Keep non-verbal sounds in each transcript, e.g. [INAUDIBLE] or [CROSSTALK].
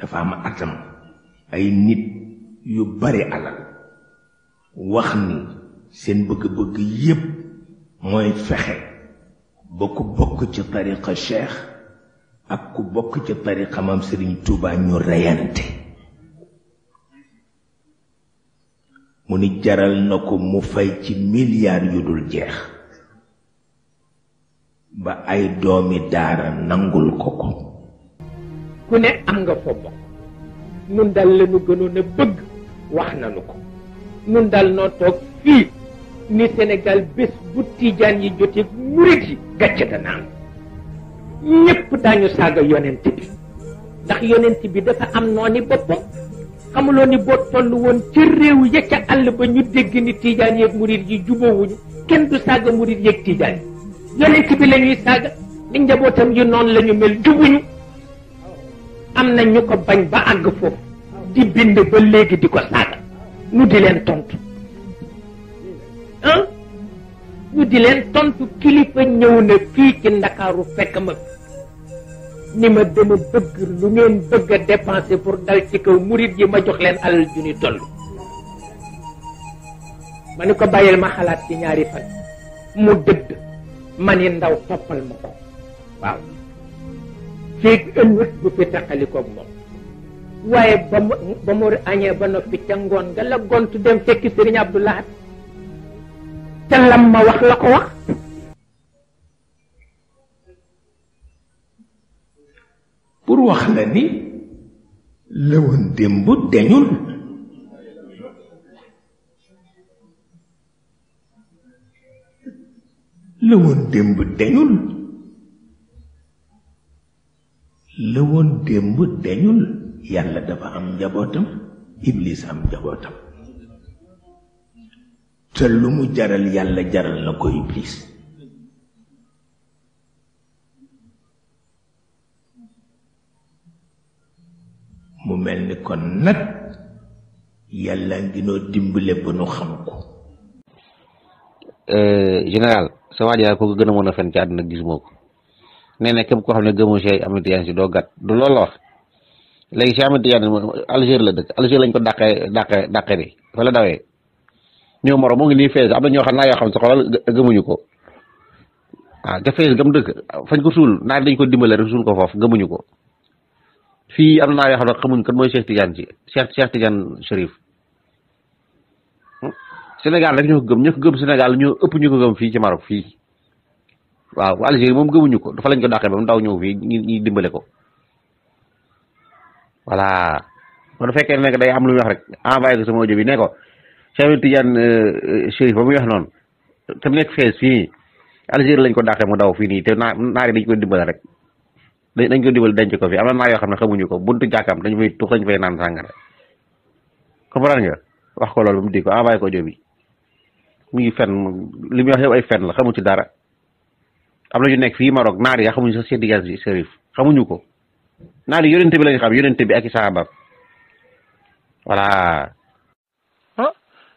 dafa am atam ay nit yu bare alal wax ni seen bëgg-bëgg yépp mooy fexe ba ku bokk ci tariqa cheikh ak ku bokk ci tariqa maam Sëriñ Tuubaa ñu reyante mu ni jaral na ko mu fay ci milliards yu dul jeex ba ay doomi daara nangul ko ko ku ne am nga fa bokk nun daal la ñu gënoon a bëgg wax nañu ko nun daal noo toog fii ni Sénégal bés bu tiijaan yi joteeg murit yi gàcce dana am ñëpp daañu saaga yonent bi ndax yonent bi dafa am nooni boppam xamuloo ni boo toll woon ca réew ya ca àll ba ñu dégg ni tiijaan yeeg murit yi jubóowuñu kenn du saaga murit yeeg tiijaan yi yonent bi la saaga ni njabootam yi noonu la ñu mel jubuñu am na ñu ko bañ ba àgg foofu di bind ba léegi di ko saaga ñu di leen tontu ah ñu di leen tontu kilifa ñëw na fii ci ndakaaru fekk ma ni ma dama bëgg lu ngeen bëgg a pour dal ci kaw murit yi ma jox leen alal ju ni toll ma ni ko bàyyil ma xalaat ci ñaari fan mu dëdd ma ni ndaw toppal ma ko waaw feeg ëllëg bu fi taqalikoog moom waaye ba mu ba mu añee ba noppi ca ngoon nga la gont dem fekki sëriñ Abdoulahat te lam ma wax la ko wax pour wax la ni lëwoon démb deñul lëwoon démb deñul la woon démb deñul yàlla dafa am njabootam iblis am njabootam te lu mu jaral yàlla jaral na ko iblis mu mel ni kon nag yàlla ngi noo dimbale ba nu xam euh, général sa waaj ko gën a mën a fen ci àdduna gis moo nee na képp koo xam ne gëmoo Cheikh Ahmed Tidiane si doo gàtt du loolu la wax léegi la dëkk lañ ko dàqee dàqee dàqee ni fa ñoo moroom mu ngi nii fees ñoo xam naa yoo xam ne sa xoolal gëmuñu ko waaw ah, te fees gam dëkk ko suul naa dañ ko dimbale rek suul ko foofu gëmuñu ko fii am naa yoo xam ne xamuñ kan mooy Cheikh Tidiane si Cheikh Cheikh hmm? Sénégal rek ñoo ko gëm ñoo gëm Sénégal ñoo ëpp ñu ko gëm fii ci Maroc fii waaw Algérie moom gëmuñu ko dafa lañ ko dàqee ba mu daw ñëw fii ñi dimbale ko voilà kon fekkee ne day am lu weex rek envoyé ko sama bi ne ko Cheikh Tidiane euh, euh, Chérif ba muy wax noonu te mu fii Algérie lañ ko dàqee mu daw fii nii te naa dañ ko dimbale rek dañ ko dimbale denc ko fi am na naar yoo xam ne xamuñu ko buntu jàkkam dañ fay tux dañ fay naan sàngara comprendre nga wax ko loolu ba mu ko envoyé ko bi muy fen li muy wax yëpp fen la xamu ci dara am na ñu nekk fii Maroc naar yi xamuñu sax Seydi Gassama Cherif xamuñu ko naar yi yonente bi lañ xam yonente bi ak i saxaabam voilà. Ah,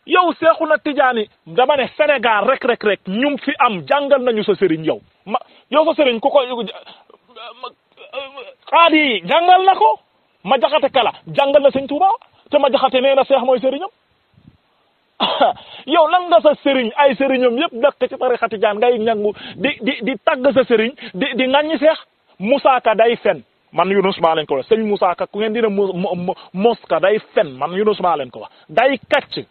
yow Seexuna Tijaani dama ne Sénégal rek rek rek ñum fi am jàngal nañu sa seriñ yow ma yow sa sëriñ ku ko eh, eh, xaadi jàngal na ko ma jaxate kala jàngal na seex mooy sëriñam. [LAUGHS] yow lan nga sa sëriñ ay sëriñam yëpp dëkk ci tarixa tijaan ngay ñangu di di di tagg sa sëriñ di di ŋàññi seex Moussa Ka day fen man Yunus maa leen ko wax sëñ Moussa ku ngeen dina mos ka day fen man Yunus maa leen ko wax day kàcc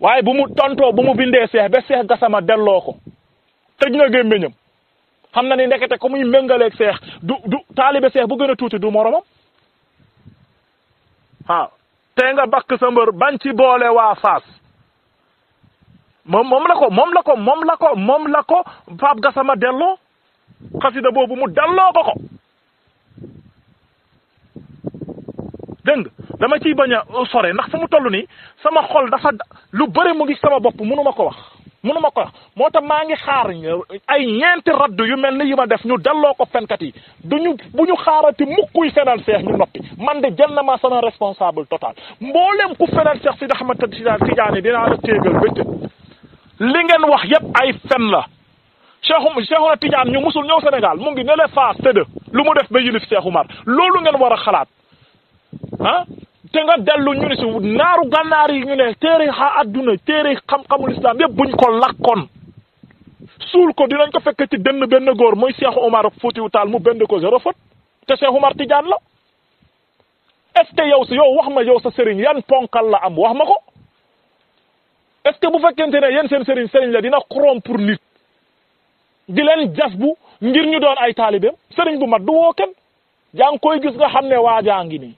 waaye bu mu tontoo bu mu bindee seex ba seex gasama delloo ko tëj na gémmiñam xam na ni ndekete ko muy méngaleeg seex du du taalibe seex bu gën a tuuti du moromam waaw te nga bakk sa mbër bañ ci boole waa Fass moom moom la ko moom la ko moom la ko moom la ko Pape Gassama delloo xasida boobu mu delloo ko ko dëng dama ciy bañ a sore ndax fu mu toll nii sama xol dafa lu bëri mu ngi sama bopp mënuma ko wax. mënuma ko moo tax maa ngi xaar ay ñeenti radd yu mel ni yi ma def ñu delloo ko fenkat yi duñu bu ñu xaarati mukkuy fenal seex ñu noppi man de jël na ma sama responsable total mboolem ku fenal seex si daxama tëdd si daal tijaani dinaa la li ngeen wax yépp ay fen la Cheikh Cheikh Oumar Tidiane ñu musul ñëw Sénégal mu ngi ne le phase lu mu def ba yilif Cheikh Oumar loolu ngeen war a xalaat ah te nga dellu ñu si naaru gànnaar yi ñu ne téere xa adduna téere xam-xamul islam yëpp buñ ko lakkoon suul ko dinañ ko fekk ti dënn benn góor mooy Seexu Umar Fuutiyu Taal mu benn ko zéro faute te Seexu Umar Tijaan la est ce yow si yow wax ma yow sa sëriñ yan ponkal la am wax ma ko est ce que bu fekkente ne yéen seen sëriñ sëriñ la dina corrompre pour nit di leen jas bu ngir ñu doon ay taalibeem sëriñ bu mat du woo kenn yaa koy gis nga xam ne waajaa ngi nii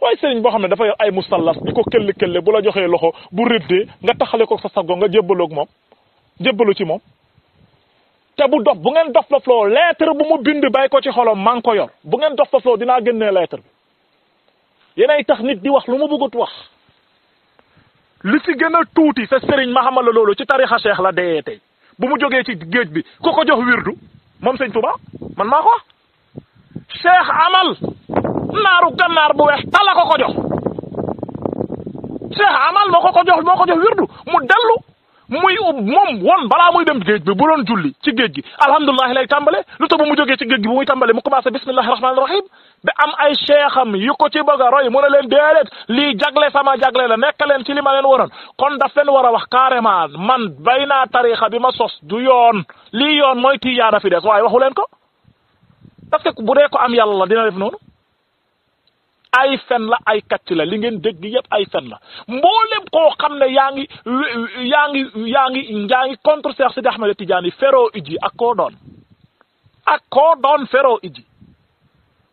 waaye sëriñ boo xam ne dafa yor ay musallas di ko këll këlle bu la joxee loxo bu rëddee nga taxale ko sa sago nga jébbaloog moom jébbalu ci moom te bu dof bu ngeen dof loo lettre bu mu bind bàyyi ko ci xolom maa ngi ko yor bu ngeen dof loo dinaa génnee lettre bi yéenay tax nit di wax lu mu bëggut wax li ci gën a tuuti sa sëriñ ma xamal la loolu ci tarixa cheikh la deyee tey bu mu jógee ci géej bi ko ko jox wirdu moom sëñ Touba man maa ko wax cheikh amal naaru gànnaar bu weex tala ko ko jox Cheikh Amal moo ko ko jox moo ko jox wirdu mu dellu muy moom won balaa muy dem géej bi bu doon julli ci géej gi alhamdulilah lay tàmbale lu tax bu mu jógee ci géej gi bu muy tàmbale mu commencé bismillahi rahmaani rahim ba am ay seexam yu ko ci bëgg a roy mu ne leen déedéet lii jagle sama jagle la nekk leen ci li ma leen kon daf leen war a wax carrément man bay naa tarixa bi ma sos du yoon lii yoon mooy tiijaan a fi des waaye waxu leen ko parce bu dee ko am yàlla dina def noonu. ay fen la ay kàcc la li ngeen dégg yëpp ay fen la mboolem koo xam ne yaa ngi yaa ngi yaa ngi yaa ngi contre Cheikh Sidi Ahmed Tidiane feroo iji ak koo doon ak koo doon feroo iji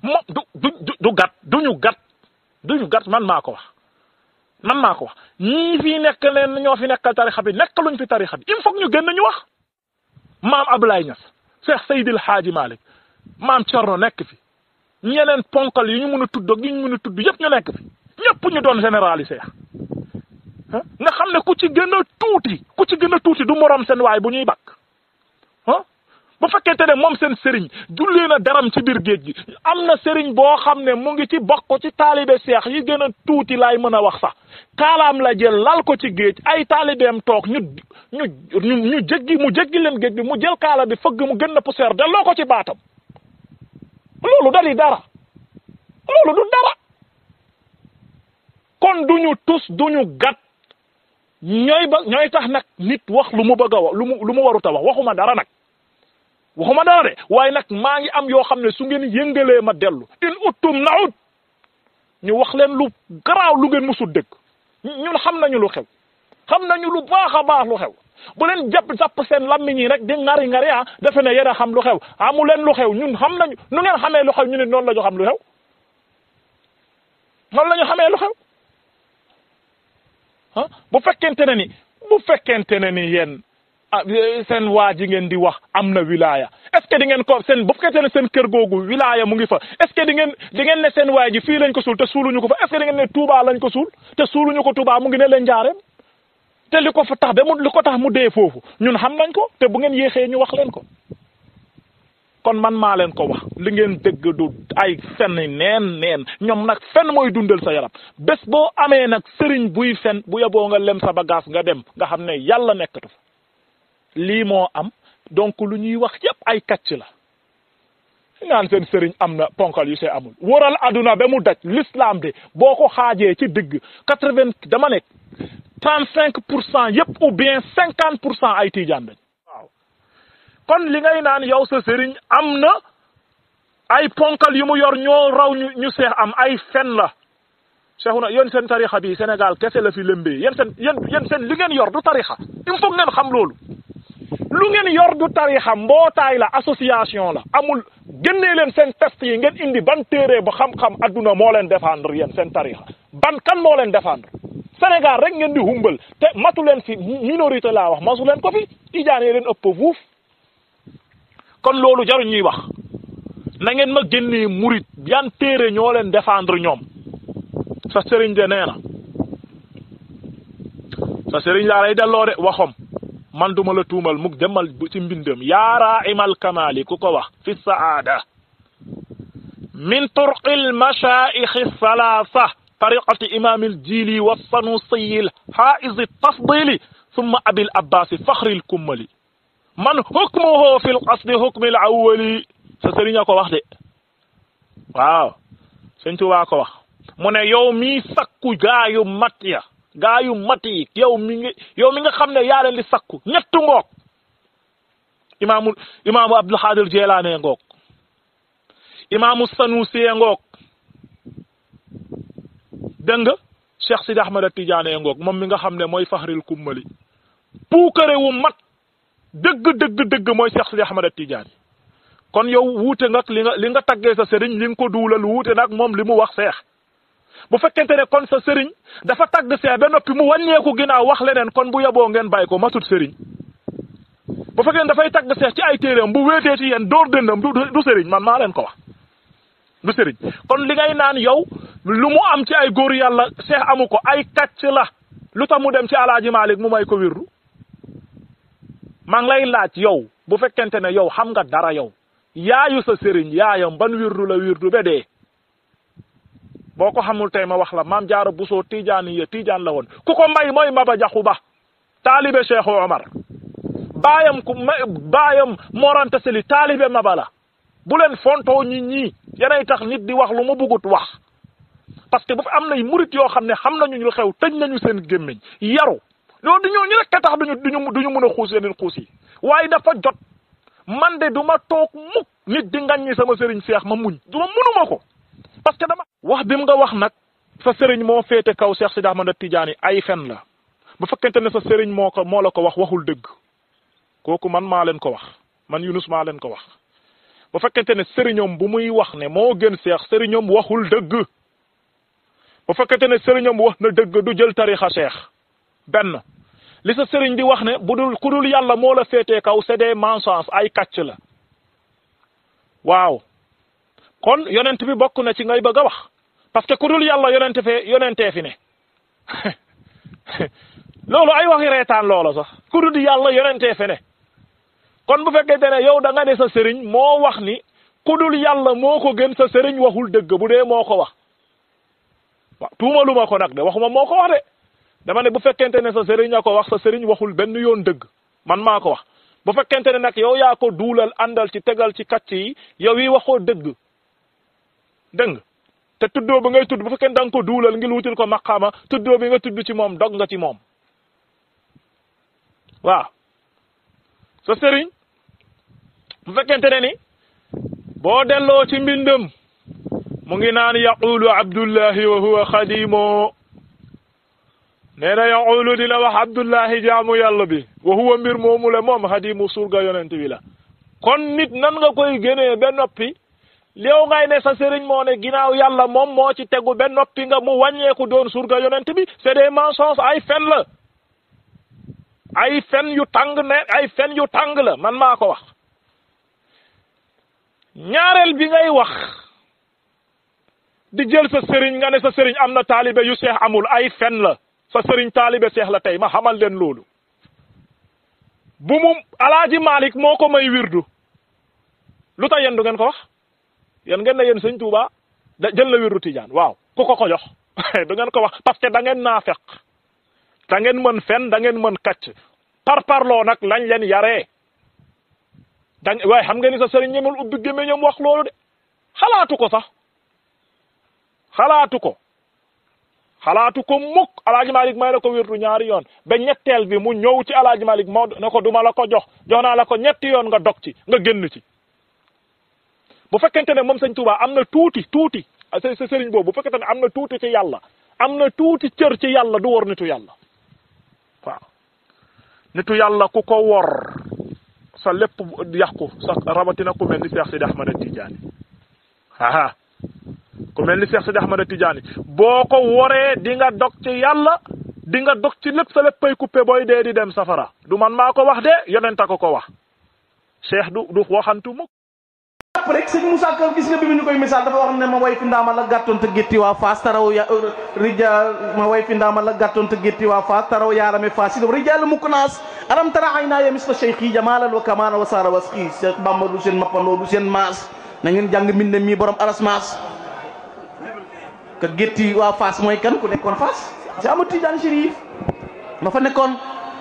mo du du du gat du ñu gat du ñu gat man maa ko wax man maa ko wax ñii fii nekk leen ñoo fi nekkal tarixa bi nekkaluñ fi tarixa bi il faut ñu génn ñu wax maam Ablaye Niass Cheikh Seydil Hadji Malick maam Thierno nekk fi. ñeneen ponkal yi ñu mën a tudd ak yi ñu mën a tudd yëpp ñu nekk fi ñëpp ñu doon généraliser nga xam ne ku ci gën a tuuti ku ci gën a tuuti du morom seen waay bu ñuy bakk ah bu fekkente ne moom seen sëriñ jullee na daram ci biir géej gi am na sëriñ boo xam ne mu ngi ci bokk ci taalibe seex yi gën a tuuti laay mën a wax sax kaalaam la jël lal ko ci géej ay taalibeem toog ñu ñu ñu jéggi mu jëggi leen géej bi mu jël kaala bi fëgg mu gën a poussière delloo ko ci baatam. lu loolu dali dara loolu du dara kon duñu tus duñu gàtt ñooy ba ñooy tax nag nit wax lu mu bëgg a wax lu mu lu wax waxuma dara nag waxuma dara de waaye nag maa ngi am yoo xam ne su ngeen yëngalee ma dellu in uttum naut ñu wax leen lu garaaw lu ngeen musul dégg ñun xam nañu lu xew xam nañu lu baax a baax lu xew bu leen jàpp jàpp seen lammiñ yi rek di ngari ngari ah defe ne yéen a xam lu xew amu leen lu xew ñun xam nañu nu ngeen xamee lu xew ñu ne noonu la ñu xam lu xew noonu la ñu xamee ah, bu fekkente ne ni bu fekkente ne ni yéen ah, seen waa ji ngeen di wax am na wilaya est-ce que di ngeen ko seen bu fekkente ne seen kër googu wilaya mu ngi fa est-ce que di ngeen di ngeen ne seen waa ji fii lañ ko suul te suuluñu ko fa est di ngeen ne Touba lañ ko suul te suuluñu ko Touba mu ngi ne leen njaareem te li ko fa tax ba mu li ko tax mu dee foofu ñun xam nañ ko te bu ngeen yéexee ñu wax leen ko kon man maa leen ko wax li ngeen dëgg du ay fen neen neen ñoom nag fen mooy dundal sa yaram bés boo amee nag sëriñ buy fen bu yeboo nga lem sa bagage nga dem nga xam ne yàlla nekkatu lii moo am donc lu ñuy wax yépp ay kàcc la naan seen sëriñ am na ponkal yu se amul waral aduna ba mu daj l'islam de boo ko xaajee ci digg quatre-vingt dama nekk trente cinq pour cent yëpp ou bien cinquante pour cent ay tiijaan lañ waaw kon li ngay naan yow sa sëriñ am na ay ponkal yu mu yor ñoo raw ñu ñu seex am ay sen la se na yéen seen tarixa bi Sénégal kese la fi lëmbee yéen seen yéen seen li ngeen yor du tarixa il faut ngeen xam loolu lu ngeen yor du tarixa mbootaay la association la amul génnee leen seen test yi ngeen indi ban téere ba xam-xam adduna moo leen défendre yéen seen tarixa ban kan moo leen défendre Sénégal rek ngeen di humbal te matu leen fi minorité laa wax masu leen ko fi tijaane leen ëpp fuuf kon loolu jaru ñuy wax na ngeen ma génnee murit yan téere ñoo leen défendre ñoom sa sëriñ de nee na sa sëriñ laa lay waxom man duma la tuumal muk demal ci mbindam yaaraa imal kamaali ko wax fi saada min turqil mashaayixi salaasa tariqati imaamil jiili wa sanusiyi haa'izi tafdili summa abil abbaasi faxril kummali man hukmuhu fil qasdi hukmil awwali sa sëriñ a ko wax de waaw sëñ Tuubaa ko wax mu ne yow mii sakku gaayu mat ya gaayu mat yi yow mi ngi yow mi nga xam ne yaa leen di sakku ñettu ngoog imaamu imaamu Abdul Xaadir Jeelaane ngoog imaamu Sanusi ngoog dégg nga Cheikh Sidi Ahmad Tidiane ngoog moom mi nga xam ne mooy faxril kummali puukare wu mat dëgg dëgg dëgg mooy Cheikh Sidi Ahmad tiijaan kon yow wuute nga li nga li nga taggee sa sëriñ li nga ko duulal wuute nag moom li mu wax seex bu fekkente ne kon sa sëriñ dafa tagg seex ba noppi mu wàññeeku ginnaaw wax leneen kon bu yeboo ngeen bàyyi ko matut sëriñ bu fekkee dafay tagg seex ci ay téeréem bu wéetee ti yéen door dëndam du sëriñ man maa leen ko wax du sëriñ lu mu am ci ay góor yàlla seex amu ko ay kàcc la lu tax mu dem ci alaaji Malick mu may ko wirru maa lay laaj yow bu fekkente ne yow xam nga dara yow yaayu sa sëriñ yaayam ban wirdu la wirdu be dee boo ko xamul tey ma wax la maam jaara busoo tijaani ya tijaan la woon ku ko may mooy maba jaxu ba taalibe cheikhu omar baayam ku ma baayam taalibe maba la bu leen fontoo ñi ñii yenay tax nit di wax lu mu bugut wax parce que bu am nay murit yoo xam ne xam nañu ñu xew tëj nañu seen gémmiñ yaru loolu du ñu rek tax duñu duñu duñu mën a xuus yeneen xuus yi waaye dafa jot man de du ma toog mukk nit di ngaññi sama sëriñ seex ma muñ du ma mënuma ko parce que dama. wax bi mu nga wax nag sa sëriñ moo féete kaw Seex si daax Sidi Ahmad Tijaani ay fen la bu fekkente ne sa sëriñ moo ko moo la ko wax waxul dëgg kooku man maa leen ko wax man Yunus maa leen ko wax bu fekkente ne wax ne moo bu fekkente ne sëriñam wax na dëgg du jël tarixa cheikh benn li sa sëriñ di wax ne bu dul ku dul yàlla moo la féetee kaw c'est des mensonges ay kacc la waaw kon yonent bi bokk na ci ngay bëgg a wax parce que ku dul yàlla yonente fee yonentee fi ne [LAUGHS] loolu ay waxi reetaan loola sax ku dul yàlla yonentee fi ne kon bu fekkete ne yow da nga sa sëriñ moo wax ni ku dul yàlla moo ko gën sa sëriñ waxul dëgg bu dee moo ko wax waaw tuumalu ma ko nag de ma moo ko wa de dama bu fekkente ne sa sëriñ a ko wax sa sëriñ waxul benn yoon dëgg man maa ko wax bu fekkente ne nag yow yaa ko duulal àndal ci tegal ci kàcc yi yow yi waxoo dëgg dëng te tuddoo ba ngay tudd bu fekkee da nga ko duulal ngir wutil ko maqaama tuddoo bi nga tudd ci moom dogg nga ci moom waaw sa sëriñ bu fekkente ne ni boo delloo ci mbindam mu ngi naan yaqulu abdullahi wa huwa xadimo nee na yaqulu di la wax abdullahi jaamu yàlla bi wa huwa mbir moomu la moom xadimu surga yonent bi la kon nit nan nga koy génnee ba noppi léew ngay ne sa sëriñ moo ne ginnaaw yàlla moom moo ci tegu ba noppi nga mu wàññeeku doon surga yonent bi c'est des mensonges ay fen la ay fen yu tàng ay fen yu tàng la man maa ko wax ñaareel bi ngay wax di jël sa sëriñ nga ne sa sëriñ am na taalibe yu seex amul ay fen la sa sëriñ taalibe seex la tey ma xamal leen loolu bu mu alaaji Malick moo ko may wirdu lu tax yéen du ngeen ko wax yen ngeen ne yéen sëñ Touba da jël la wirdu Tijaan waaw ku ko ko jox [LAUGHS] du ngeen ko wax parce que da ngeen naa feq da ngeen mën fen da ngeen mën kàcc par parloo nag lañ leen yaree da waaye xam nga ni sa sëriñ ñemul ubbi gémmiñam wax loolu de xalaatu ko sax xalaatu ko xalaatu ko mukk alaaji malik may na ko wirdu ñaari yoon ba ñetteel bi mu ñëw ci alaaji malik moo ne ko duma la ko jox jox naa la ko ñetti yoon nga dog ci nga génn ci bu fekkente ne moom sëñ Tuubaa am na tuuti tuuti ah, sa boobu bu fekkente ne am na tuuti ci yàlla am na tuuti cër ci yàlla du wor nitu yàlla waaw nitu yàlla ku ko wor sa lépp yàqu sa rawatina ku mel ni Seex Sidi Ahmad Tijaani aa ku mel ni Cheikh Sidi Ahmada Tidiane boo ko woree di nga dog ci yàlla di nga dog ci lépp sa léppay coupé booy dee di dem safara du man maa ko wax de yonent a ko ko wax cheikh du du waxantu mukk jàpp rek sëñ Moussa Ka gis nga bi mu ñu koy misaal dafa wax ne ma way fi ndaama la gàttoon te gétti waa faas taraw ya euh, rija ma way fi ndaama la gàttoon te gétti waa faas taraw yaarame faas yi rijal mukk naas aram tara ay naa yemis ko cheikh yi jamaalal wa kamaana wa saara was xii Cheikh Bamba du seen mappanoo du seen maas na ngeen jàng mbindam mi borom aras maas ka gétti waa Fass mooy kan ku nekkoon Fass si Amadou Tidiane Chérif ma fa nekkoon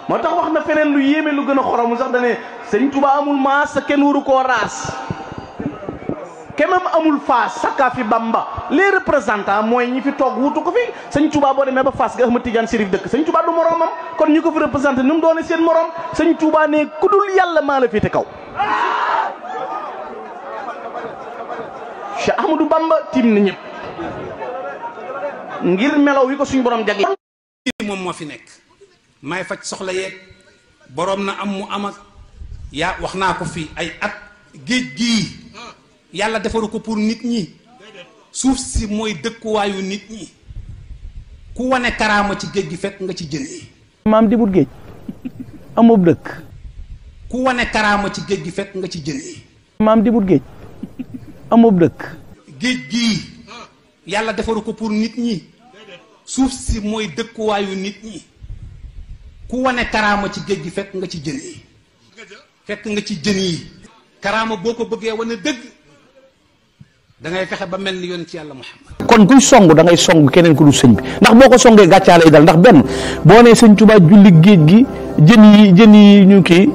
moo tax wax na feneen lu yéeme lu gën a xoromu sax dane sëñ Tuba amul maas sa kenn waru koo raas kemam amul Fass sakkaa fi Bamba les représentants mooy ñi fi toog wutu ko fi sëñ Tuba boo demee ba Fass ga Ahmad Tidiane Chérif dëkk sëñ Tuba du moroomam kon ñu ko fi représenté nu mu doone seen morom sëñ Tuba ne kudul yàlla maa la féete kaw Cheikh Ahmadou Bamba tiim ngir melow wi ko suñu borom jagle moom moo fi nekk may faj soxla yeeg boroom na am mu amag ak yaa wax naa ko fii ay at géej gii yàlla defaru ko pour nit ñi suuf si mooy dëkkuwaayu nit ñi ku wane karaama ci géej gi fekk nga ci jën yi maam di mut géej amub dëkk ku wane karaama ci géej gi fekk nga ci jën yi maam géej amub yàlla defaru ko pour nit ñi suuf si mooy dëkkuwaayu nit ñi ku wane karaama ci géej gi fekk nga ci jën yi nga ci jën yi karaama boo ko bëggee wane dëgg dangay ngay fexe ba mel ni yoon ci yàlla Muhammad kon kuy song da ngay song keneen ku du sëñ bi ndax boo ko songee gàccaa lay dal ndax benn boo nee sëñ Tuubaa julli géej gi jën yi jën yi ñu kii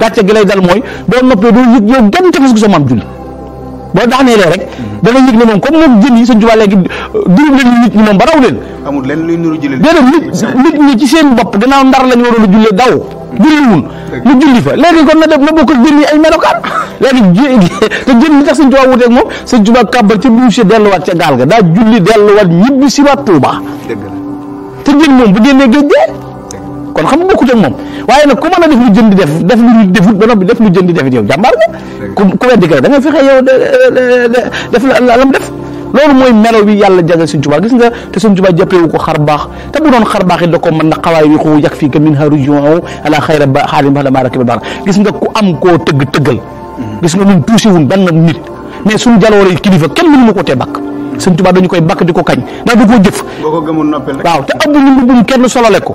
gàcce gi lay dal mooy boo noppee doo yëg yow genn tefes gu sa maam julli boo daaneelee rek da nga ne moom comme moom jën yi Sëñ Tuubaa léegi euh, durum leen nit ñi moom ba raw leen amul leen luy nuru julli déedéet nit nit ci seen bopp gannaaw ndar lañu waroon a jullee daw julliwul mu julli fa léegi kon na def na bokk ak jën yi ay melokaan [LAUGHS] léegi [LAUGHS] te jën ñi tax Sëñ Tuubaa wuteeg moom Sëñ Tuubaa kàbbar ca boucher delluwaat ca gaal ga daa julli delluwaat ñibbi si waat Tuubaa te jën moom bu génnee géej kon xam nga bokkut ak moom waaye na ku mën a def lu jënd def def lu ñu defut ba noppi def lu jëndi defit yow jàmbaar nga ku ku weddi da nga fexe def la lam def loolu mooy melo bi yàlla jagal Sëñ Tuubaa gis nga te Sëñ Tuubaa jàppewu ko xar baax te bu doon xar baax it ko mën na xawaay wi ko yàq fii ka min harujon ala xayra ba xaalim ba la maa rakiba baax gis nga ku am koo tëgg tëggal gis nga ñun touché wuñ benn nit mais suñ jaloore kilifa kenn mënu ma ko tee bakk Sëñ Tuubaa dañu koy bakk di ko kañ ko jëf waaw te abdu ñu mbubum ko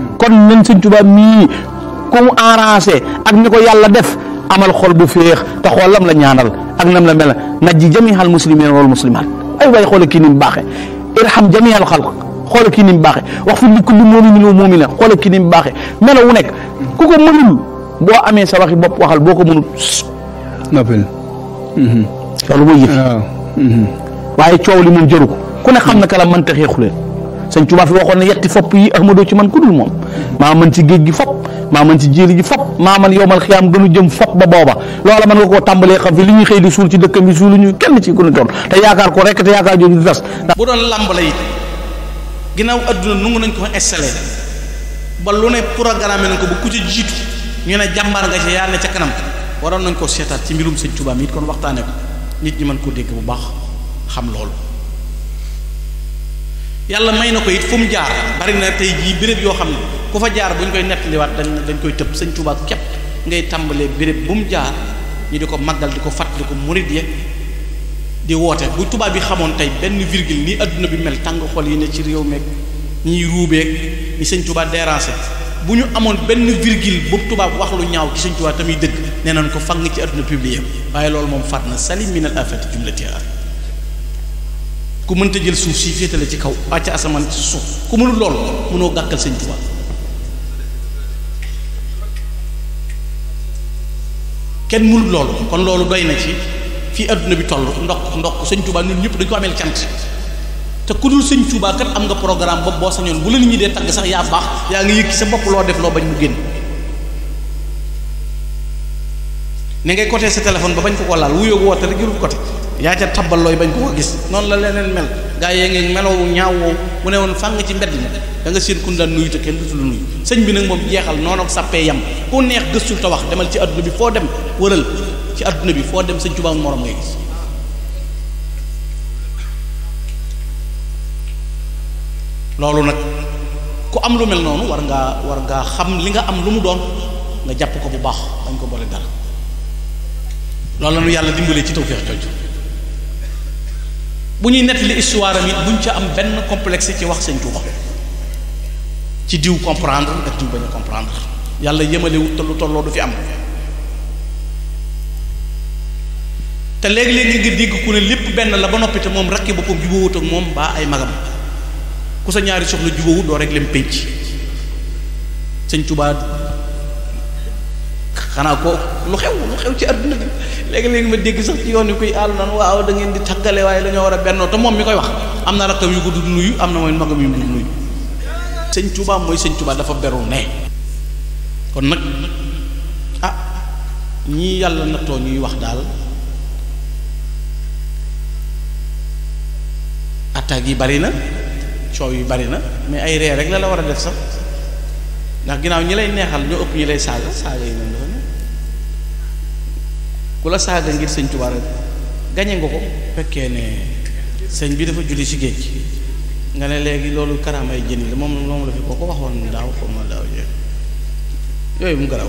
kon nañ sëñ Tuubaa mii ku mu ak ni ko yàlla def amal xol bu féex te xool lam la ñaanal ak nam la mel na ji jamihal muslimin wal muslimaat ay waay xoola kii ni mu baaxe irham jamihal xalq xoola kii ni mu baaxe wax fi li kulli mu'minin wa mu'mina xoola kii ni mu baaxe melo wu nekk ku ko mënul boo amee sa waxi bopp waxal boo ko mënul noppil loolu mooy yëf mm-hmm. waaye coow li moom jëru ko ku ne xam na kala mënta xeexuleen sëñ Tuubaa fi waxoon ne yetti fopp yi Ahmadou ci man ku moom maa man ci géej gi fopp maa man ci jéeri ji fopp maa man yowmal xiyaam gënu jëm fopp ba booba loola man nga koo tàmbalee xam fi li ñuy xëy di suul ci dëkkam bi suulu ñu kenn ci ku ne toll te yaakaar ko rek te yaakaar jooju du tas bu doon làmb la it ginnaaw adduna nungu nañ ko installé ba lu ne programme nañ ko bu ku ci jiitu ñu ne jàmbaar nga ca yàlla ne ca kanam waroon nañ koo seetaat ci mbirum sëñ Tuubaa mi kon waxtaane nit ñi mën koo dégg bu baax xam loolu yàlla may na ko it fu jaar bari na tey jii béréb yoo xam ne ku fa jaar bu ñu koy nettaliwaat dañ dañ koy tëb sëñ Tuubaa képp ngay tàmbalee béréb bu mu jaar ñu di ko màggal di ko fàttali ko murid ya di woote bu tubaab bi xamoon tey benn virgule nii adduna bi mel tàng xol yi ne ci réew meeg ñiy ruubeeg ñi sëñ Tuubaa déranger bu ñu amoon benn virgule boobu tubaab wax lu ñaaw ci sëñ Tuubaa tamit dëgg nee nañ ko fang ci adduna publier waaye loolu moom faat na salim min al afati jumlatiha ku mënta jël suuf si la ci kaw wàcc asamaan asaman suuf ku mënul lool mënoo gàkkal sëñ Tuubaa kenn mënul loolu kon loolu doy na ci fii adduna bi toll ndox ndokk sëñ Tuubaa ñun ñëpp dañ ko ameel cant te ku dul sëñ Tuubaa kat am nga programme boobu boo sañoon bu la nit ñi dee tagg sax yaa baax yaa ngi yëkki sa bopp loo def loo bañ mu génn ni ngay côté sa téléphone ba bañ ko ko laal wuyoo woote rek jëlul côté yaa ca tabbal looy bañ koo gis noonu la leneen mel gaa yee ngeen melow ñaaw woow mu ne woon fàng ci mbedd mi da nga seen kun daan te kenn dutu lu nuyu sëñ bi nag moom jeexal noonu ak sàppee yam ku neex gëstul te wax demal ci adduna bi foo dem wëral ci àdduna bi foo dem sëñ Tuubaa morom ngay gis loolu nag ku am lu mel noonu war ngaa war ngaa xam li nga am lu mu doon nga jàpp ko bu baax dañ ko boole dara loolu la nu yàlla dimbalee ci tawfeex jooju bu ñuy nettali histoire am it buñ ca am benn complexe ci wax sëñ Tuuba ci diw comprendre ak diw bañ comprendre yàlla yëmalewut te lu tolloo du fi am te léegi-léegi nga dégg ku ne lépp benn la ba noppi te moom rakki boppam jubawut ak moom baa ay magam ku sa ñaari soxla jubawut doo rek lem pénc sëñ Tuuba xanaa ko lu xew lu xew ci àdduna bi léegi-léegi ma dégg sax ci yoon yu koy àll naan waaw da ngeen di taggale waaye dañoo war a bennoo te moom mi koy wax am na rakkam yu ko dul nuyu am na mooy magam yu dul nuyu sëñ Tuubaa mooy sëñ Tuubaa dafa beru ne kon nag ah ñii yàlla nattoo ñuy wax daal attaques yi bari na coow yi bari na mais ay ree rek la la war a def sax ndax ginnaaw ñi lay neexal ñoo ëpp ñi lay saaga saaga yi noonu ku la saaga ngir sëñ Tuubaa rek gañe nga ko fekkee ne sëñ bi dafa julli ci géej nga ne léegi loolu karaamay jën la moom moom la fi ko ko waxoon daaw xaw ma daaw yooyu yooyu mu garaw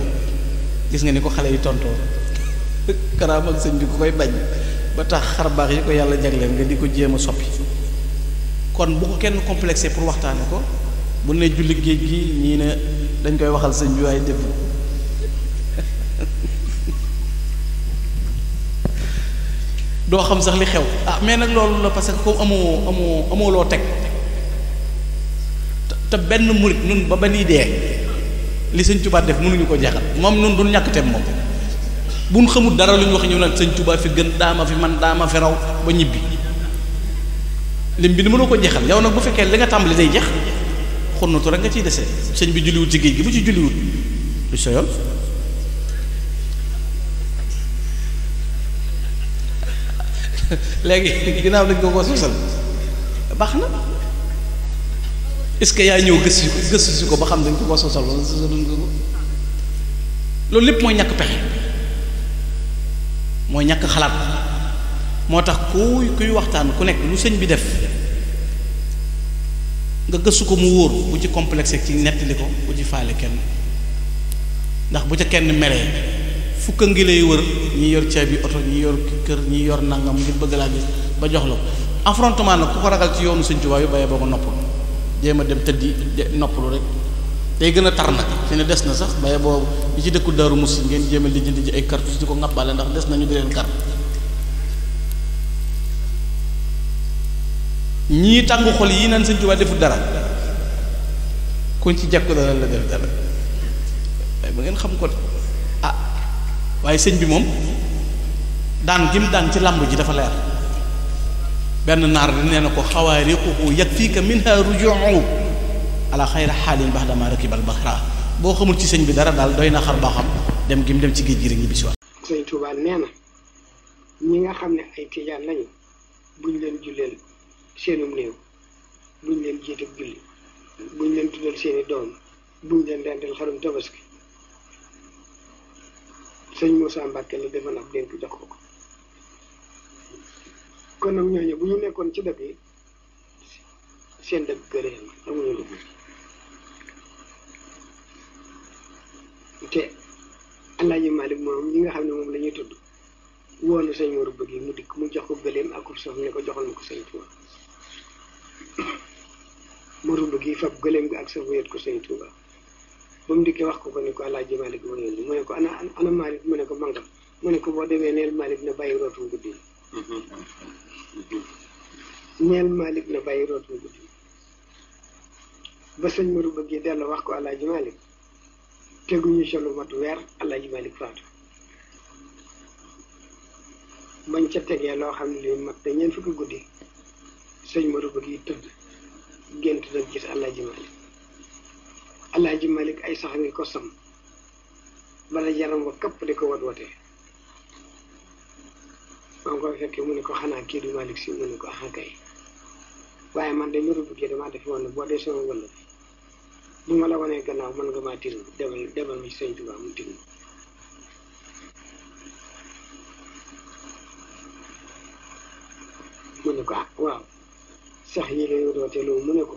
gis nga ni ko xale yi tontoo [LAUGHS] karaam sëñ bi ku koy bañ ba tax xar baax yi ko yàlla jagleen nga di ko jéem a soppi kon bu ko kenn complexé pour waxtaane ko bu ne julli géej gi ñii ne dañ koy waxal sëñ bi waaye def doo xam sax li xew ah mais nag loolu la parce que comme amoo amoo amoo loo teg te benn murit nun ba ba nii dee li sëñ Tuubaa def mënuñu ko jeexal moom nun du ñàkk tem moom buñ xamul dara lu ñu wax ñëw naan sëñ Tuubaa fi gën daama fi man daama fi raw ba ñibbi lim bi ni mënu ko jeexal yow nag bu fekkee li nga tàmbali day jeex xonnatu rek nga ciy desee sëñ bi julliwut ci géej gi bu ci julliwut lu sa [LAUGHS] léegi ginaaw dañ ko ko sosal baax na est-ce que yaa ñëw gëstu gëstu si ko ba xam dañ ko ko sosal wala sosaluñ ko ko loolu lépp mooy ñàkk pexe mooy ñàkk xalaat moo tax kuy kuy waxtaan ku nekk lu sëñ bi def nga gëstu ko mu wóor bu ci complexe ci nettali ko bu ci faale kenn ndax bu ca kenn meree fukka ngi lay wër ñi yor bi oto ñi yor kër ñi yor nangam ngir bëgg laa gis ba jox la affrontement nag ku ko ragal ci yoonu Sëñ Tuubaa yu bàyyee boo ko noppalu jéem a dem tëddi noppalu day gën a tar nag ne des na sax bàyyee boobu li ci dëkku Daaru Musi ngeen jéem a lijjanti ji ay cartouche di ko ŋàppale ndax des nañu di leen kar ñii tàngu xol yi naan deful dara kuñ ci jàkku dana la def dara waaye ba ngeen xam ko waaye sëñ bi moom daan gim daan ci làmb ji dafa leer benn naar di nee na ko xawaariquhu yakfiika minha rujuu ala xayra xaalin bax dama rakibal baxra boo xamul ci sëñ bi dara daal doy na xar baaxam dem gim dem ci géej gi rek ñibbisi waat sëñ Tuubaa nee na ñi nga xam ne ay tijaan lañu buñ leen julleel seenum néew buñ leen jiitab julli leen tuddal seeni doom buñ leen rendil xarum tabaski sëñ Moussa Mbacke la defal ab dénk jox ko kon nag ñooñu bu ñu nekkoon ci dëkk yi seen dëkk gëree na amuñu lu te Alaaji Malik moom ñi nga xam ne moom lañuy ñuy tudd woonu sëñ waru bëgg yi mu dikk mu jox ko gëleem ak sof ne ko joxal ma ko sëñ Tuuba waru bëgg yi fab gëleem gi ak sof wéet ko sëñ Tuuba ba mu dikkee wax ko ko ne ko alaaji Malick moo yónni mu ne ko ana ana Malick mu ne ko mangam mu ne ko boo demee neel Malick na bàyyi rootum guddi neel Malick na bàyyi rootum guddi ba sëñ Maodo bëggee dellu wax ko alaaji Malick teguñu ci lu matu weer alaaji Malick faatu bañ ca tegee loo xam ne li mat te ñeent fukki guddi sëñ Maodo bëgg yi tëdd gént nag gis alaaji Malick alaaji malik ay sax ngi ko sam bala yaram wa kapp di ko watwate maa ngi koy fekkee mu ne ko xanaa kii du malik si mu ne ko ah man de mbiru buggee damaa defe woon ne ma la wanee gannaaw maa tirim demal demal mi sëñ Tuubaa mu tirim mu ah, waaw sax yi la yoo loolu mu ne ko